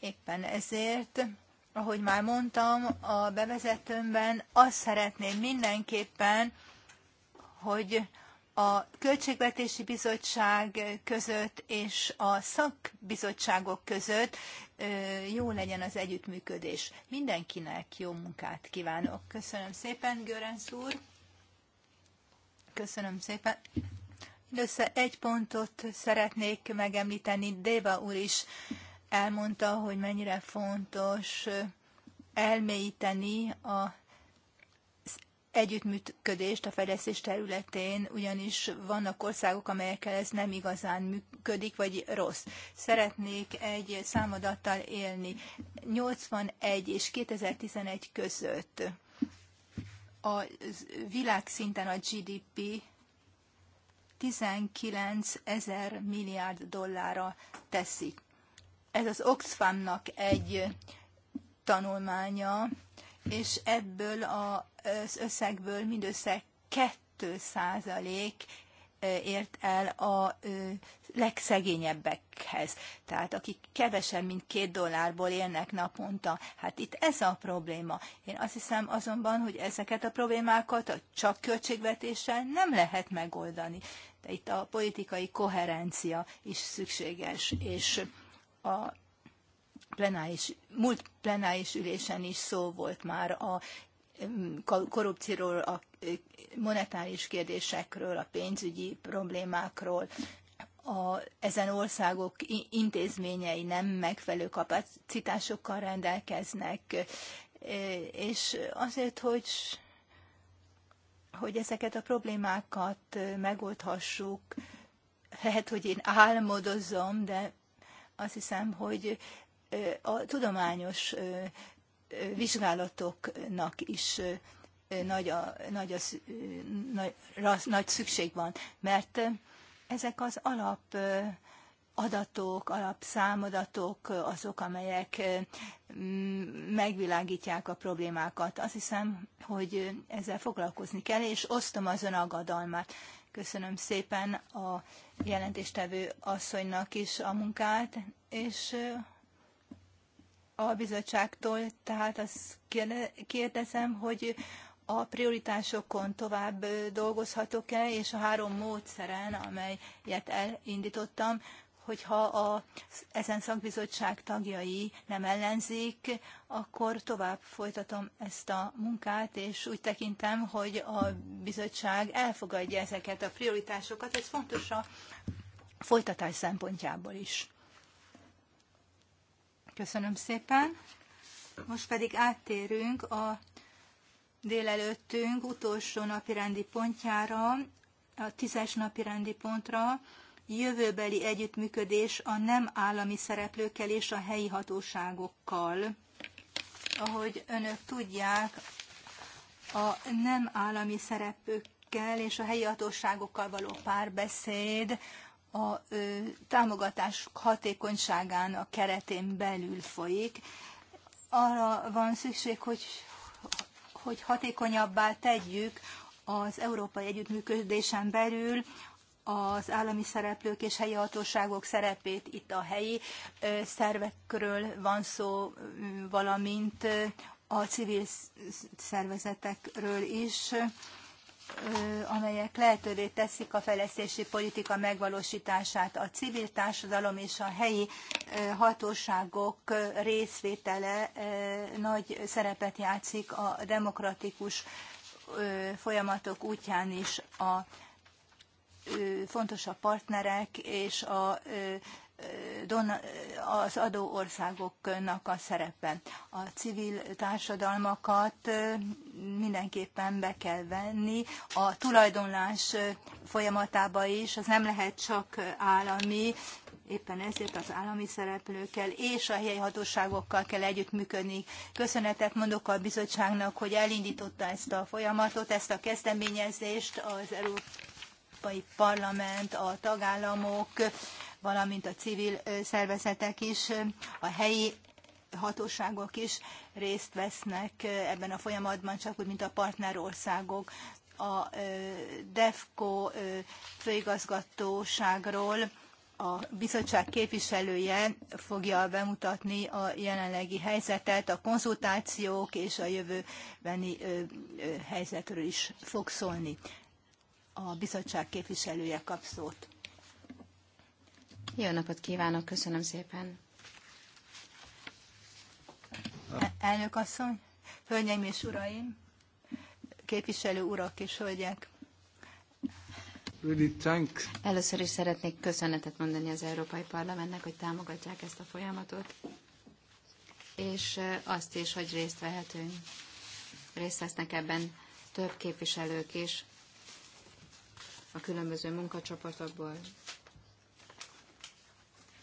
Éppen ezért, ahogy már mondtam a bevezetőmben, azt szeretném mindenképpen, hogy a Költségvetési Bizottság között és a szakbizottságok között jó legyen az együttműködés. Mindenkinek jó munkát kívánok. Köszönöm szépen, Görenc úr. Köszönöm szépen. Mindössze egy pontot szeretnék megemlíteni. Déva úr is elmondta, hogy mennyire fontos elmélyíteni a együttműködést a fejlesztés területén, ugyanis vannak országok, amelyekkel ez nem igazán működik, vagy rossz. Szeretnék egy számadattal élni. 81 és 2011 között a világszinten a GDP 19 ezer milliárd dollárra teszi. Ez az Oxfamnak egy tanulmánya, és ebből a az összegből mindössze 2 százalék ért el a legszegényebbekhez. Tehát akik kevesebb, mint két dollárból élnek naponta. Hát itt ez a probléma. Én azt hiszem azonban, hogy ezeket a problémákat a csak költségvetéssel nem lehet megoldani. De itt a politikai koherencia is szükséges, és a plenáris, múlt plenáris ülésen is szó volt már a korrupcióról, a monetáris kérdésekről, a pénzügyi problémákról, a, ezen országok intézményei nem megfelelő kapacitásokkal rendelkeznek, és azért, hogy hogy ezeket a problémákat megoldhassuk, lehet, hogy én álmodozom, de azt hiszem, hogy a tudományos vizsgálatoknak is nagy, a, nagy, a nagy, nagy szükség van, mert ezek az alap adatok, alapszámadatok azok, amelyek megvilágítják a problémákat. Azt hiszem, hogy ezzel foglalkozni kell, és osztom az ön aggodalmát. Köszönöm szépen a jelentéstevő asszonynak is a munkát, és a bizottságtól, tehát azt kérdezem, hogy a prioritásokon tovább dolgozhatok-e, és a három módszeren, amelyet elindítottam, hogyha a, ezen szakbizottság tagjai nem ellenzik, akkor tovább folytatom ezt a munkát, és úgy tekintem, hogy a bizottság elfogadja ezeket a prioritásokat. Ez fontos a folytatás szempontjából is. Köszönöm szépen. Most pedig áttérünk a délelőttünk utolsó napirendi pontjára, a tízes napirendi pontra, jövőbeli együttműködés a nem állami szereplőkkel és a helyi hatóságokkal. Ahogy önök tudják, a nem állami szereplőkkel és a helyi hatóságokkal való párbeszéd a támogatás hatékonyságán a keretén belül folyik. Arra van szükség, hogy, hogy hatékonyabbá tegyük az európai együttműködésen belül az állami szereplők és helyi hatóságok szerepét itt a helyi szervekről van szó, valamint a civil szervezetekről is amelyek lehetővé teszik a fejlesztési politika megvalósítását. A civil társadalom és a helyi hatóságok részvétele nagy szerepet játszik a demokratikus folyamatok útján is. A fontos a partnerek és a az adó országoknak a szerepe. A civil társadalmakat mindenképpen be kell venni. A tulajdonlás folyamatába is, az nem lehet csak állami, éppen ezért az állami szereplőkkel és a helyi hatóságokkal kell együttműködni. Köszönetet mondok a bizottságnak, hogy elindította ezt a folyamatot, ezt a kezdeményezést az Európai Parlament, a tagállamok, valamint a civil szervezetek is, a helyi hatóságok is részt vesznek ebben a folyamatban, csak úgy, mint a partnerországok. A DEFCO főigazgatóságról a bizottság képviselője fogja bemutatni a jelenlegi helyzetet, a konzultációk és a jövőbeni helyzetről is fog szólni. A bizottság képviselője kap szót. Jó napot kívánok, köszönöm szépen. Elnök asszony, hölgyeim és uraim, képviselő urak és hölgyek. Really thanks. Először is szeretnék köszönetet mondani az Európai Parlamentnek, hogy támogatják ezt a folyamatot, és azt is, hogy részt vehetünk. Részt vesznek ebben több képviselők is a különböző munkacsoportokból,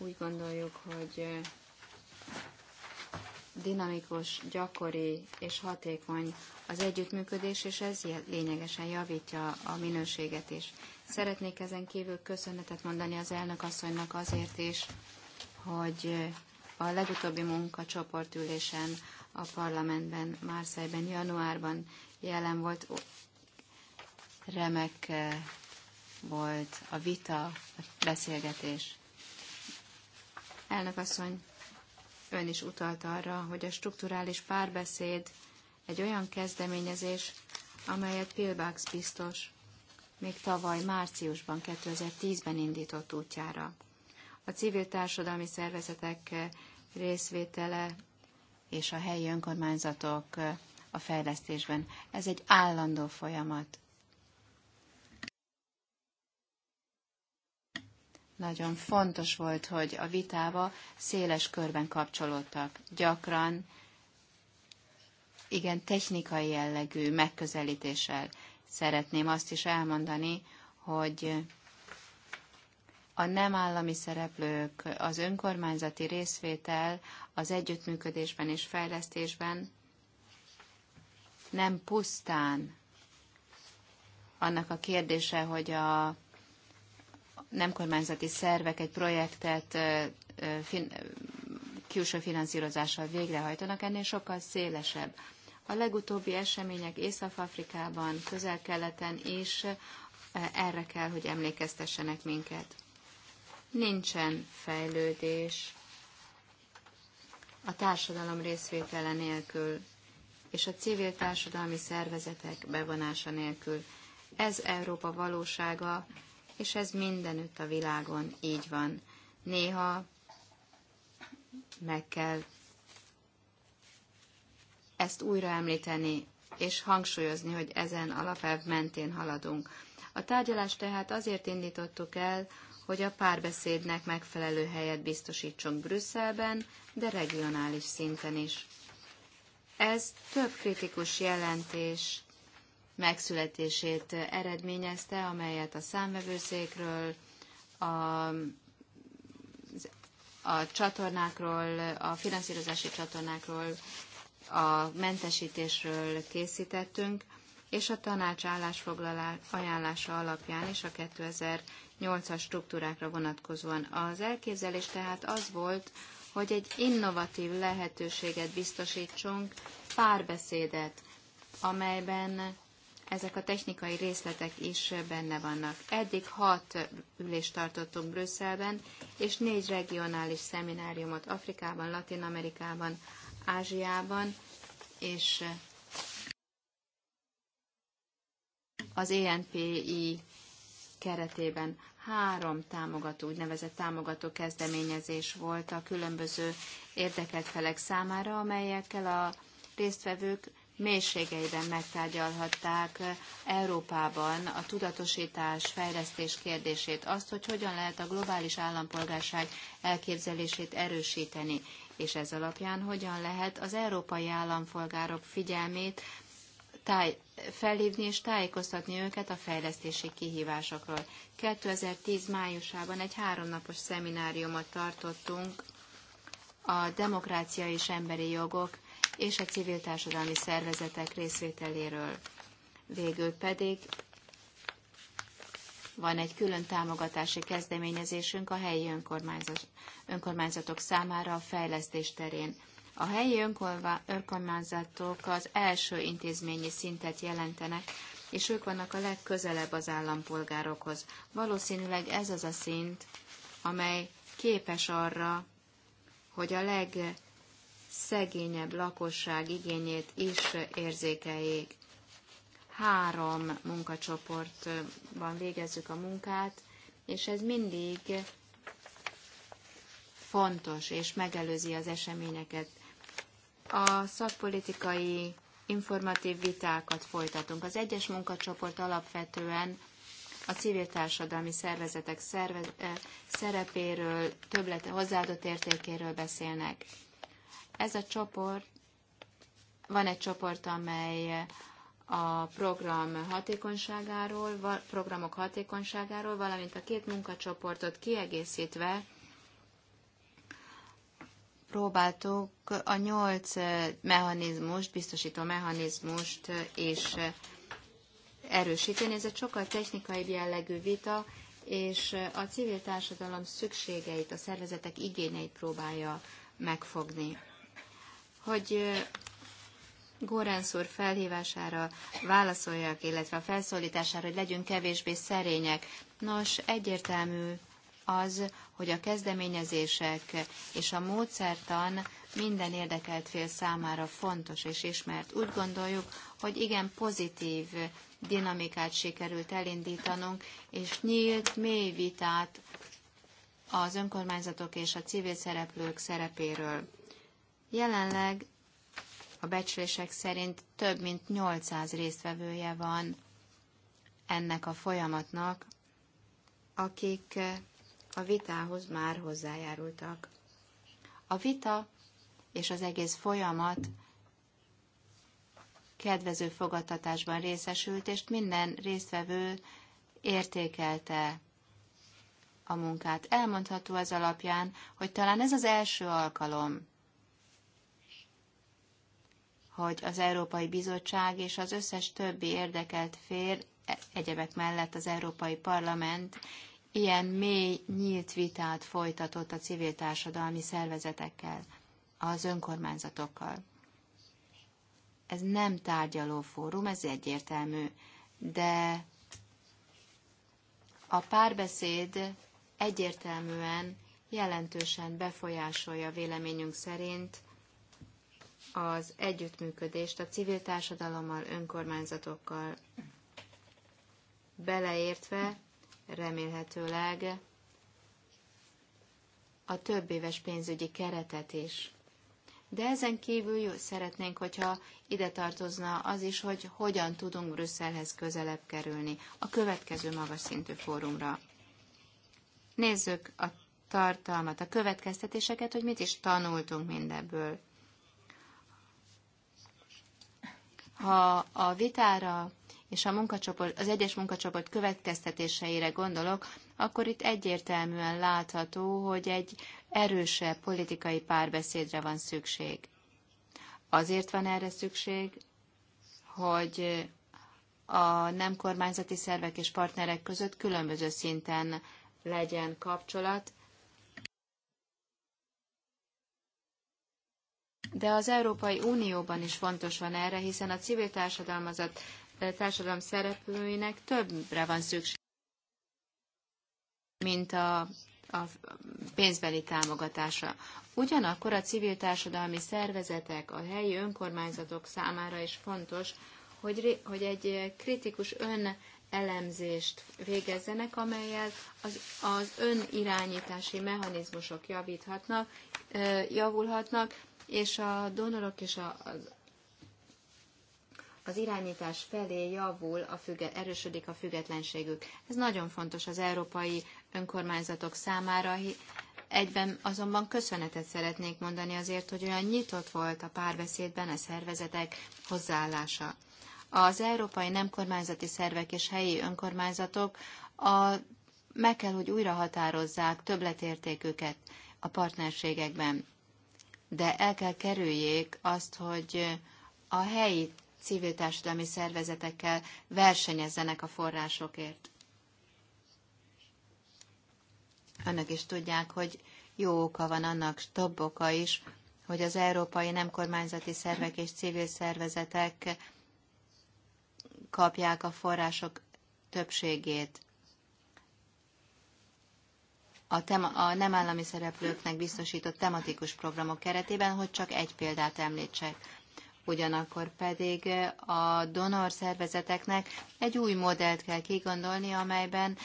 úgy gondoljuk, hogy dinamikus, gyakori és hatékony az együttműködés, és ez lényegesen javítja a minőséget is. Szeretnék ezen kívül köszönetet mondani az elnök asszonynak azért is, hogy a legutóbbi munkacsoportülésen a parlamentben, Márszájban, januárban jelen volt. Remek volt a vita, a beszélgetés. Elnök asszony, ön is utalt arra, hogy a strukturális párbeszéd egy olyan kezdeményezés, amelyet Pilbax biztos még tavaly márciusban, 2010-ben indított útjára. A civil társadalmi szervezetek részvétele és a helyi önkormányzatok a fejlesztésben. Ez egy állandó folyamat. Nagyon fontos volt, hogy a vitába széles körben kapcsolódtak. Gyakran igen technikai jellegű megközelítéssel szeretném azt is elmondani, hogy a nem állami szereplők, az önkormányzati részvétel az együttműködésben és fejlesztésben nem pusztán annak a kérdése, hogy a nem kormányzati szervek egy projektet külső finanszírozással végrehajtanak, ennél sokkal szélesebb. A legutóbbi események Észak-Afrikában, Közel-Keleten is erre kell, hogy emlékeztessenek minket. Nincsen fejlődés a társadalom részvétele nélkül és a civil társadalmi szervezetek bevonása nélkül. Ez Európa valósága, és ez mindenütt a világon így van. Néha meg kell ezt újra említeni, és hangsúlyozni, hogy ezen alapelv mentén haladunk. A tárgyalást tehát azért indítottuk el, hogy a párbeszédnek megfelelő helyet biztosítsunk Brüsszelben, de regionális szinten is. Ez több kritikus jelentés megszületését eredményezte, amelyet a számvevőszékről, a, a csatornákról, a finanszírozási csatornákról, a mentesítésről készítettünk, és a tanács állásfoglalás ajánlása alapján is a 2008-as struktúrákra vonatkozóan. Az elképzelés tehát az volt, hogy egy innovatív lehetőséget biztosítsunk, párbeszédet, amelyben ezek a technikai részletek is benne vannak. Eddig hat ülést tartottunk Brüsszelben, és négy regionális szemináriumot Afrikában, Latin Amerikában, Ázsiában, és az ENPI keretében három támogató, úgynevezett támogató kezdeményezés volt a különböző érdekelt felek számára, amelyekkel a résztvevők mélységeiben megtárgyalhatták Európában a tudatosítás, fejlesztés kérdését, azt, hogy hogyan lehet a globális állampolgárság elképzelését erősíteni, és ez alapján hogyan lehet az európai állampolgárok figyelmét táj, felhívni és tájékoztatni őket a fejlesztési kihívásokról. 2010 májusában egy háromnapos szemináriumot tartottunk a demokrácia és emberi jogok és a civil társadalmi szervezetek részvételéről. Végül pedig van egy külön támogatási kezdeményezésünk a helyi önkormányzatok számára a fejlesztés terén. A helyi önkormányzatok az első intézményi szintet jelentenek, és ők vannak a legközelebb az állampolgárokhoz. Valószínűleg ez az a szint, amely képes arra, hogy a leg szegényebb lakosság igényét is érzékeljék. Három munkacsoportban végezzük a munkát, és ez mindig fontos, és megelőzi az eseményeket. A szakpolitikai informatív vitákat folytatunk. Az egyes munkacsoport alapvetően a civil társadalmi szervezetek szervez, eh, szerepéről, többlet, hozzáadott értékéről beszélnek. Ez a csoport, van egy csoport, amely a program hatékonyságáról, programok hatékonyságáról, valamint a két munkacsoportot kiegészítve próbáltuk a nyolc mechanizmust, biztosító mechanizmust és erősíteni. Ez egy sokkal technikai jellegű vita, és a civil társadalom szükségeit, a szervezetek igényeit próbálja megfogni hogy Górenc úr felhívására válaszoljak, illetve a felszólítására, hogy legyünk kevésbé szerények. Nos, egyértelmű az, hogy a kezdeményezések és a módszertan minden érdekelt fél számára fontos és ismert. Úgy gondoljuk, hogy igen pozitív dinamikát sikerült elindítanunk, és nyílt, mély vitát az önkormányzatok és a civil szereplők szerepéről. Jelenleg a becslések szerint több mint 800 résztvevője van ennek a folyamatnak, akik a vitához már hozzájárultak. A vita és az egész folyamat kedvező fogadtatásban részesült, és minden résztvevő értékelte a munkát. Elmondható ez alapján, hogy talán ez az első alkalom, hogy az Európai Bizottság és az összes többi érdekelt fér, e- egyebek mellett az Európai Parlament ilyen mély, nyílt vitát folytatott a civil társadalmi szervezetekkel, az önkormányzatokkal. Ez nem tárgyaló fórum, ez egyértelmű, de a párbeszéd egyértelműen jelentősen befolyásolja véleményünk szerint az együttműködést a civil társadalommal, önkormányzatokkal beleértve remélhetőleg a több éves pénzügyi keretet is. De ezen kívül jó, szeretnénk, hogyha ide tartozna az is, hogy hogyan tudunk Brüsszelhez közelebb kerülni a következő magas szintű fórumra. Nézzük a tartalmat, a következtetéseket, hogy mit is tanultunk mindebből. Ha a vitára és a munkacsoport, az egyes munkacsoport következtetéseire gondolok, akkor itt egyértelműen látható, hogy egy erősebb politikai párbeszédre van szükség. Azért van erre szükség, hogy a nem kormányzati szervek és partnerek között különböző szinten legyen kapcsolat, De az Európai Unióban is fontos van erre, hiszen a civil társadalmazat, társadalom szereplőinek többre van szükség, mint a, a pénzbeli támogatása. Ugyanakkor a civil társadalmi szervezetek, a helyi önkormányzatok számára is fontos, hogy, hogy egy kritikus önelemzést végezzenek, amelyel az, az önirányítási mechanizmusok javíthatnak, javulhatnak, és a donorok és az, az irányítás felé javul, a füge, erősödik a függetlenségük. Ez nagyon fontos az európai önkormányzatok számára, Egyben azonban köszönetet szeretnék mondani azért, hogy olyan nyitott volt a párbeszédben a szervezetek hozzáállása. Az európai nemkormányzati szervek és helyi önkormányzatok a, meg kell, hogy újra határozzák többletértéküket a partnerségekben de el kell kerüljék azt, hogy a helyi civil társadalmi szervezetekkel versenyezzenek a forrásokért. Önök is tudják, hogy jó oka van annak, több oka is, hogy az európai nem kormányzati szervek és civil szervezetek kapják a források többségét a, tema, a nem állami szereplőknek biztosított tematikus programok keretében, hogy csak egy példát említsek. Ugyanakkor pedig a donor szervezeteknek egy új modellt kell kigondolni, amelyben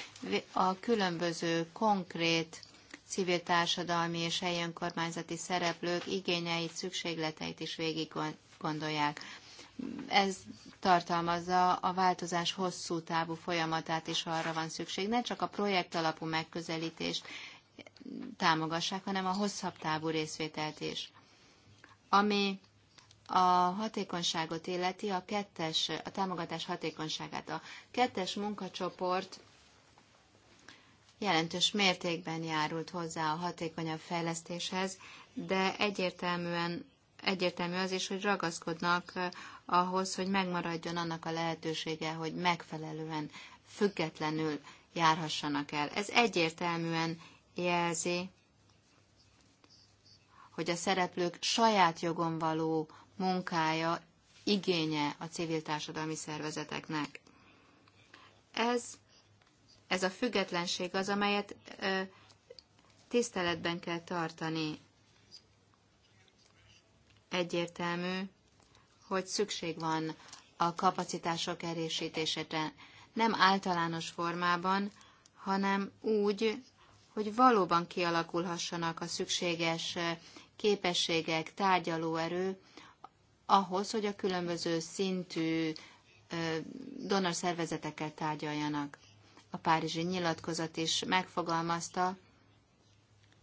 a különböző konkrét civil társadalmi és helyi önkormányzati szereplők igényeit, szükségleteit is végig gondolják ez tartalmazza a változás hosszú távú folyamatát, és arra van szükség. Ne csak a projekt alapú megközelítést támogassák, hanem a hosszabb távú részvételt is. Ami a hatékonyságot illeti, a kettes, a támogatás hatékonyságát. A kettes munkacsoport jelentős mértékben járult hozzá a hatékonyabb fejlesztéshez, de egyértelműen egyértelmű az is, hogy ragaszkodnak ahhoz, hogy megmaradjon annak a lehetősége, hogy megfelelően, függetlenül járhassanak el. Ez egyértelműen jelzi, hogy a szereplők saját jogon való munkája igénye a civil társadalmi szervezeteknek. Ez, ez a függetlenség az, amelyet ö, tiszteletben kell tartani. Egyértelmű, hogy szükség van a kapacitások erősítésére. Nem általános formában, hanem úgy, hogy valóban kialakulhassanak a szükséges képességek, tárgyalóerő ahhoz, hogy a különböző szintű donor szervezetekkel tárgyaljanak. A Párizsi nyilatkozat is megfogalmazta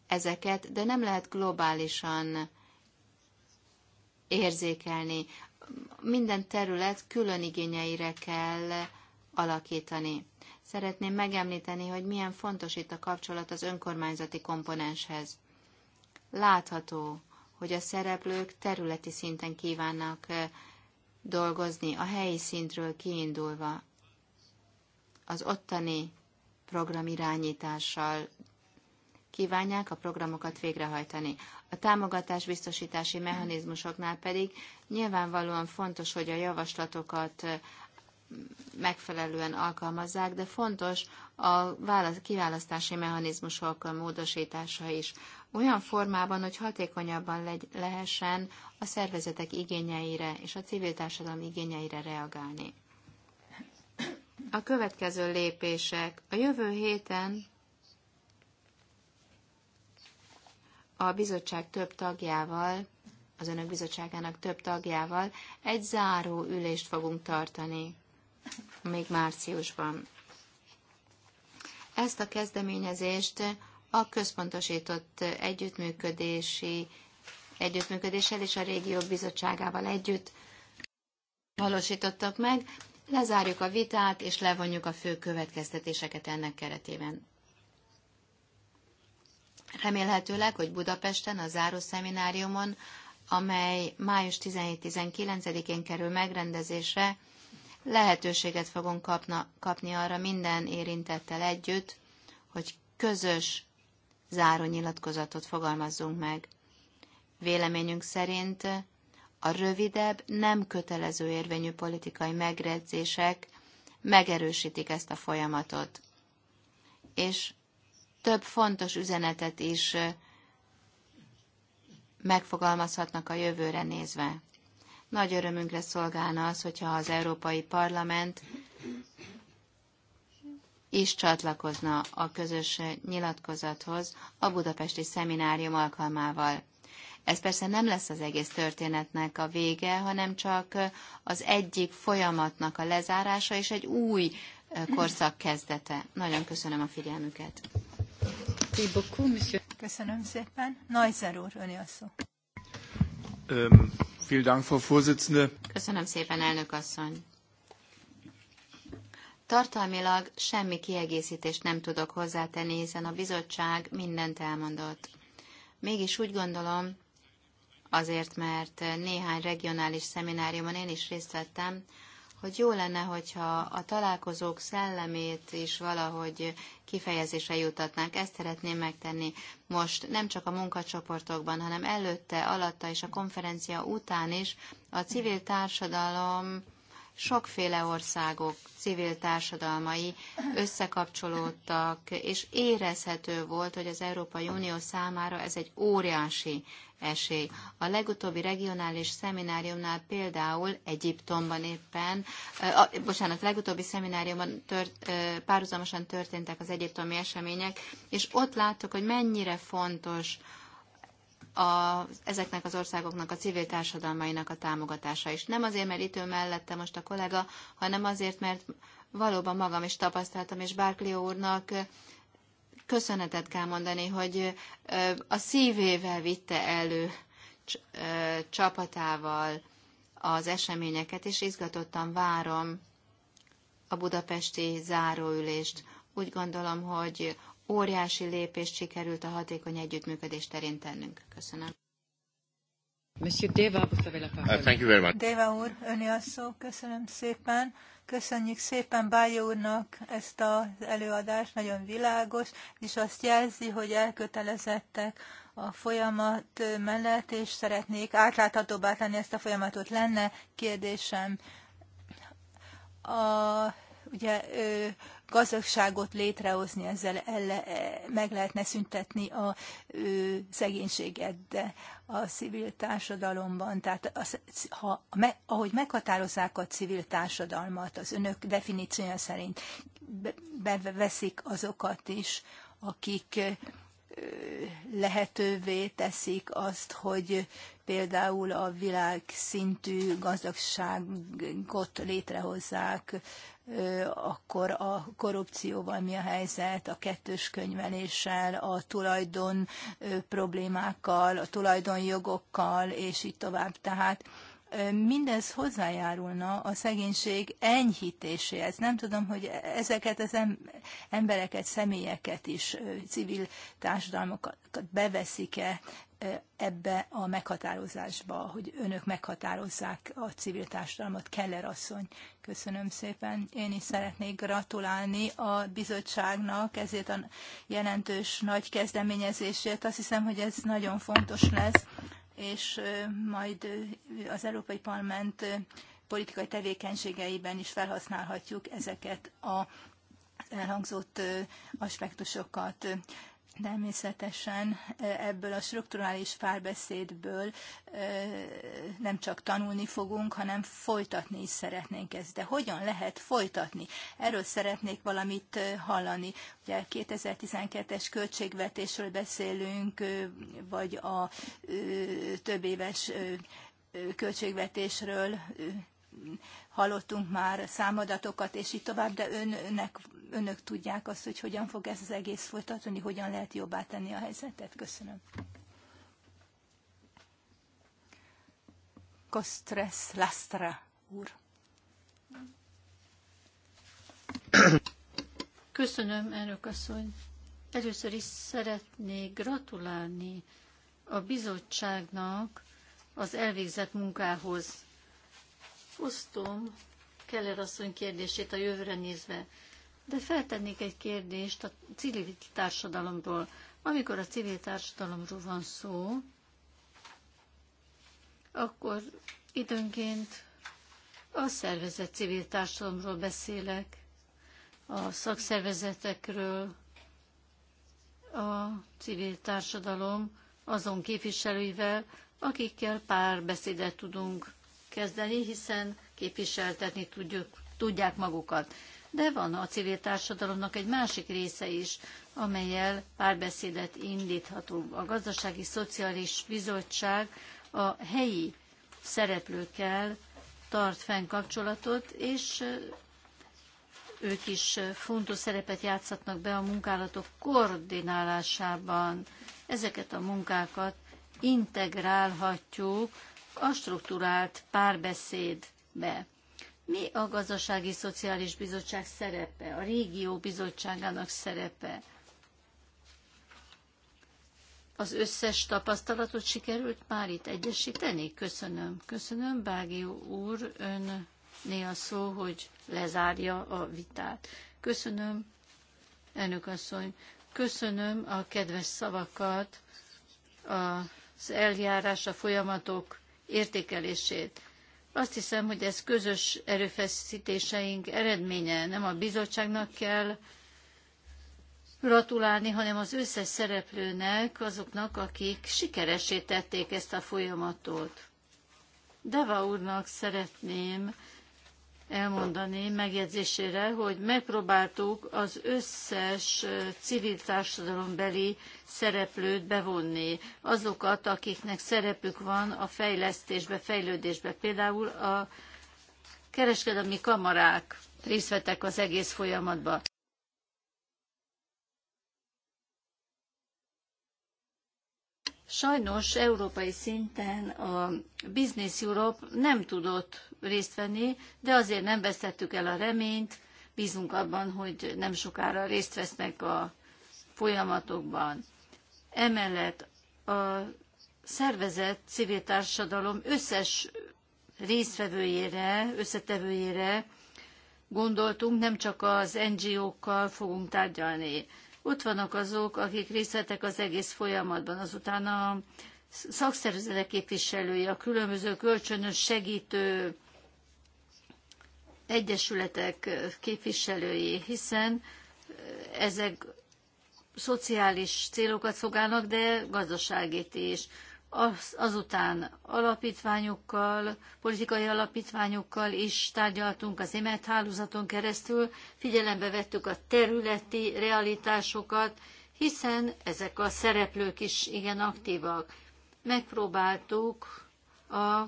ezeket, de nem lehet globálisan érzékelni minden terület külön igényeire kell alakítani. Szeretném megemlíteni, hogy milyen fontos itt a kapcsolat az önkormányzati komponenshez. Látható, hogy a szereplők területi szinten kívánnak dolgozni, a helyi szintről kiindulva, az ottani programirányítással kívánják a programokat végrehajtani. A támogatás biztosítási mechanizmusoknál pedig nyilvánvalóan fontos, hogy a javaslatokat megfelelően alkalmazzák, de fontos a kiválasztási mechanizmusok módosítása is. Olyan formában, hogy hatékonyabban legy, lehessen a szervezetek igényeire és a civil társadalom igényeire reagálni. A következő lépések. A jövő héten a bizottság több tagjával, az önök bizottságának több tagjával egy záró ülést fogunk tartani még márciusban. Ezt a kezdeményezést a központosított együttműködési együttműködéssel és a régiók bizottságával együtt valósítottak meg. Lezárjuk a vitát, és levonjuk a fő következtetéseket ennek keretében. Remélhetőleg, hogy Budapesten a záró szemináriumon, amely május 17-19-én kerül megrendezésre, lehetőséget fogunk kapna, kapni arra minden érintettel együtt, hogy közös záró nyilatkozatot fogalmazzunk meg. Véleményünk szerint a rövidebb, nem kötelező érvényű politikai megredzések megerősítik ezt a folyamatot, és több fontos üzenetet is megfogalmazhatnak a jövőre nézve. Nagy örömünkre szolgálna az, hogyha az Európai Parlament is csatlakozna a közös nyilatkozathoz a budapesti szeminárium alkalmával. Ez persze nem lesz az egész történetnek a vége, hanem csak az egyik folyamatnak a lezárása és egy új korszak kezdete. Nagyon köszönöm a figyelmüket. Merci beaucoup, monsieur. Köszönöm szépen. Neuser úr, öné a szó. Um, vielen Dank, Frau Vorsitzende. Köszönöm szépen, elnök asszony. Tartalmilag semmi kiegészítést nem tudok hozzátenni, hiszen a bizottság mindent elmondott. Mégis úgy gondolom, azért, mert néhány regionális szemináriumon én is részt vettem, hogy jó lenne, hogyha a találkozók szellemét is valahogy kifejezésre jutatnánk. Ezt szeretném megtenni most nem csak a munkacsoportokban, hanem előtte, alatta és a konferencia után is a civil társadalom sokféle országok civil társadalmai összekapcsolódtak, és érezhető volt, hogy az Európai Unió számára ez egy óriási esély. A legutóbbi regionális szemináriumnál például Egyiptomban éppen, a, bocsánat, legutóbbi szemináriumban tört, párhuzamosan történtek az egyiptomi események, és ott láttuk, hogy mennyire fontos a, ezeknek az országoknak, a civil társadalmainak a támogatása is. Nem azért, mert itt ő mellette most a kollega, hanem azért, mert valóban magam is tapasztaltam, és Barclay úrnak köszönetet kell mondani, hogy a szívével vitte elő csapatával az eseményeket, és izgatottan várom a budapesti záróülést. Úgy gondolom, hogy óriási lépést sikerült a hatékony együttműködés terén tennünk. Köszönöm. Monsieur Deva, vous avez la parole. Uh, thank you very much. Deva úr, öné a szó. Köszönöm szépen. Köszönjük szépen Bája úrnak ezt az előadást, nagyon világos, és azt jelzi, hogy elkötelezettek a folyamat mellett, és szeretnék átláthatóbbá tenni ezt a folyamatot. Lenne kérdésem, a, ugye gazdagságot létrehozni, ezzel elle, meg lehetne szüntetni a ö, szegénységet de a civil társadalomban. Tehát az, ha, me, ahogy meghatározzák a civil társadalmat, az önök definíciója szerint beveszik azokat is, akik lehetővé teszik azt, hogy például a világszintű gazdagságot létrehozzák, akkor a korrupcióval mi a helyzet, a kettős könyveléssel, a tulajdon problémákkal, a tulajdonjogokkal, és így tovább. Tehát mindez hozzájárulna a szegénység enyhítéséhez. Nem tudom, hogy ezeket az embereket, személyeket is, civil társadalmakat beveszik-e ebbe a meghatározásba, hogy önök meghatározzák a civil társadalmat. Keller asszony, köszönöm szépen. Én is szeretnék gratulálni a bizottságnak ezért a jelentős nagy kezdeményezésért. Azt hiszem, hogy ez nagyon fontos lesz, és majd az Európai Parlament politikai tevékenységeiben is felhasználhatjuk ezeket a elhangzott aspektusokat. Természetesen e, ebből a strukturális párbeszédből e, nem csak tanulni fogunk, hanem folytatni is szeretnénk ezt. De hogyan lehet folytatni? Erről szeretnék valamit e, hallani. Ugye 2012-es költségvetésről beszélünk, vagy a több éves költségvetésről hallottunk már számadatokat, és így tovább, de önnek önök tudják azt, hogy hogyan fog ez az egész folytatni, hogyan lehet jobbá tenni a helyzetet. Köszönöm. Kostres Lastra úr. Köszönöm, elnök asszony. Először is szeretnék gratulálni a bizottságnak az elvégzett munkához. Osztom Keller asszony kérdését a jövőre nézve de feltennék egy kérdést a civil társadalomról. Amikor a civil társadalomról van szó, akkor időnként a szervezet civil társadalomról beszélek, a szakszervezetekről, a civil társadalom azon képviselőivel, akikkel pár beszédet tudunk kezdeni, hiszen képviseltetni tudjuk, tudják magukat de van a civil társadalomnak egy másik része is, amelyel párbeszédet indíthatunk. A Gazdasági Szociális Bizottság a helyi szereplőkkel tart fenn kapcsolatot, és ők is fontos szerepet játszhatnak be a munkálatok koordinálásában. Ezeket a munkákat integrálhatjuk a struktúrált párbeszédbe mi a Gazdasági Szociális Bizottság szerepe, a Régió Bizottságának szerepe. Az összes tapasztalatot sikerült már itt egyesíteni? Köszönöm. Köszönöm, Bági úr, ön néha szó, hogy lezárja a vitát. Köszönöm, elnök asszony, köszönöm a kedves szavakat, az eljárás, a folyamatok értékelését. Azt hiszem, hogy ez közös erőfeszítéseink eredménye. Nem a bizottságnak kell gratulálni, hanem az összes szereplőnek, azoknak, akik sikeresé tették ezt a folyamatot. Deva úrnak szeretném elmondani megjegyzésére, hogy megpróbáltuk az összes civil társadalombeli szereplőt bevonni. Azokat, akiknek szerepük van a fejlesztésbe, fejlődésbe. Például a kereskedelmi kamarák részt vettek az egész folyamatban. Sajnos európai szinten a Business Europe nem tudott részt venni, de azért nem vesztettük el a reményt, bízunk abban, hogy nem sokára részt vesznek a folyamatokban. Emellett a szervezett civil társadalom összes résztvevőjére, összetevőjére gondoltunk, nem csak az NGO-kkal fogunk tárgyalni. Ott vannak azok, akik részt vettek az egész folyamatban. Azután a szakszervezetek képviselői, a különböző kölcsönös segítő egyesületek képviselői, hiszen eh, ezek szociális célokat szolgálnak, de gazdaságét is az, azután alapítványokkal, politikai alapítványokkal is tárgyaltunk az EMET hálózaton keresztül, figyelembe vettük a területi realitásokat, hiszen ezek a szereplők is igen aktívak. Megpróbáltuk a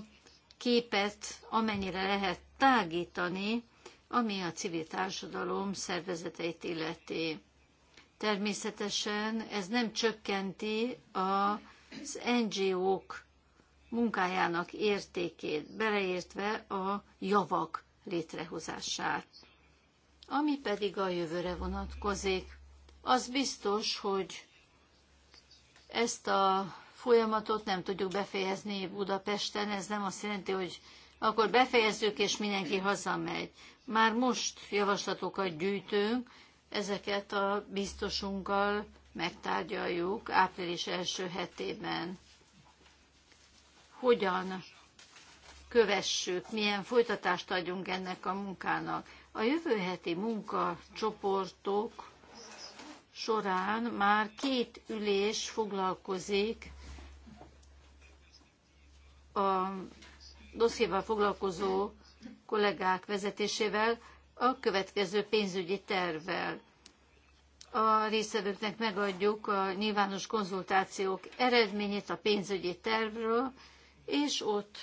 képet amennyire lehet tágítani, ami a civil társadalom szervezeteit illeti. Természetesen ez nem csökkenti a az NGO-k munkájának értékét, beleértve a javak létrehozását. Ami pedig a jövőre vonatkozik, az biztos, hogy ezt a folyamatot nem tudjuk befejezni Budapesten, ez nem azt jelenti, hogy akkor befejezzük, és mindenki hazamegy. Már most javaslatokat gyűjtünk, ezeket a biztosunkkal megtárgyaljuk április első hetében, hogyan kövessük, milyen folytatást adjunk ennek a munkának. A jövő heti munkacsoportok során már két ülés foglalkozik a dosszéval foglalkozó kollégák vezetésével a következő pénzügyi tervvel a részvevőknek megadjuk a nyilvános konzultációk eredményét a pénzügyi tervről, és ott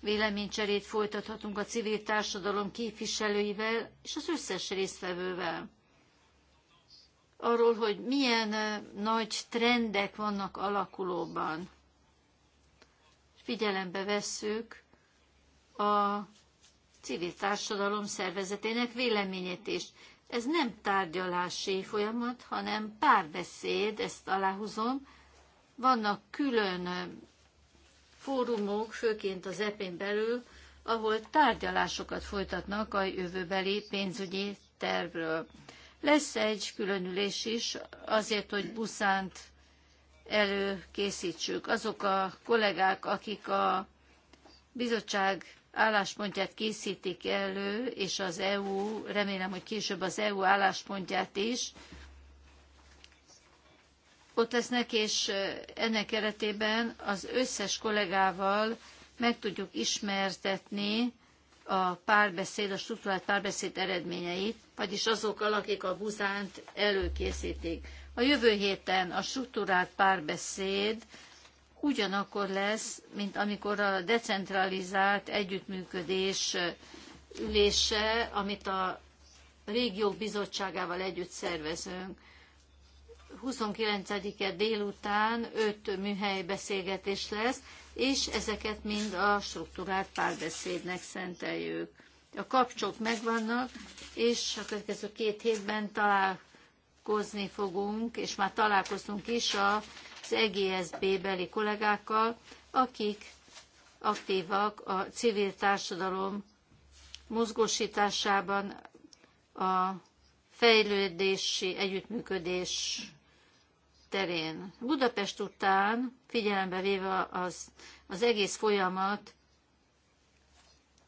véleménycserét folytathatunk a civil társadalom képviselőivel és az összes résztvevővel. Arról, hogy milyen nagy trendek vannak alakulóban. Figyelembe vesszük a civil társadalom szervezetének véleményét is. Ez nem tárgyalási folyamat, hanem párbeszéd, ezt aláhúzom. Vannak külön fórumok, főként az EP-n belül, ahol tárgyalásokat folytatnak a jövőbeli pénzügyi tervről. Lesz egy különülés is azért, hogy Buszánt előkészítsük. Azok a kollégák, akik a bizottság álláspontját készítik elő, és az EU, remélem, hogy később az EU álláspontját is, ott lesznek, és ennek keretében az összes kollégával meg tudjuk ismertetni a párbeszéd, a struktúrált párbeszéd eredményeit, vagyis azokkal, akik a buzánt előkészítik. A jövő héten a struktúrált párbeszéd ugyanakkor lesz, mint amikor a decentralizált együttműködés ülése, amit a régiók bizottságával együtt szervezünk. 29-e délután 5 műhely beszélgetés lesz, és ezeket mind a struktúrált párbeszédnek szenteljük. A kapcsok megvannak, és a következő két hétben találkozni fogunk, és már találkoztunk is a az EGSB beli kollégákkal, akik aktívak a civil társadalom mozgósításában, a fejlődési együttműködés terén. Budapest után, figyelembe véve az, az egész folyamat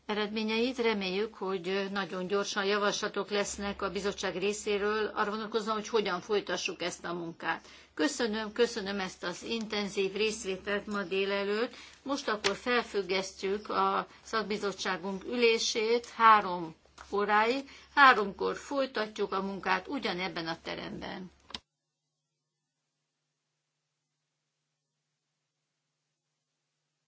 eredményeit, reméljük, hogy nagyon gyorsan javaslatok lesznek a bizottság részéről arra vonatkozóan, hogy hogyan folytassuk ezt a munkát. Köszönöm, köszönöm ezt az intenzív részvételt ma délelőtt. Most akkor felfüggesztjük a szakbizottságunk ülését három óráig. Háromkor folytatjuk a munkát ugyanebben a teremben.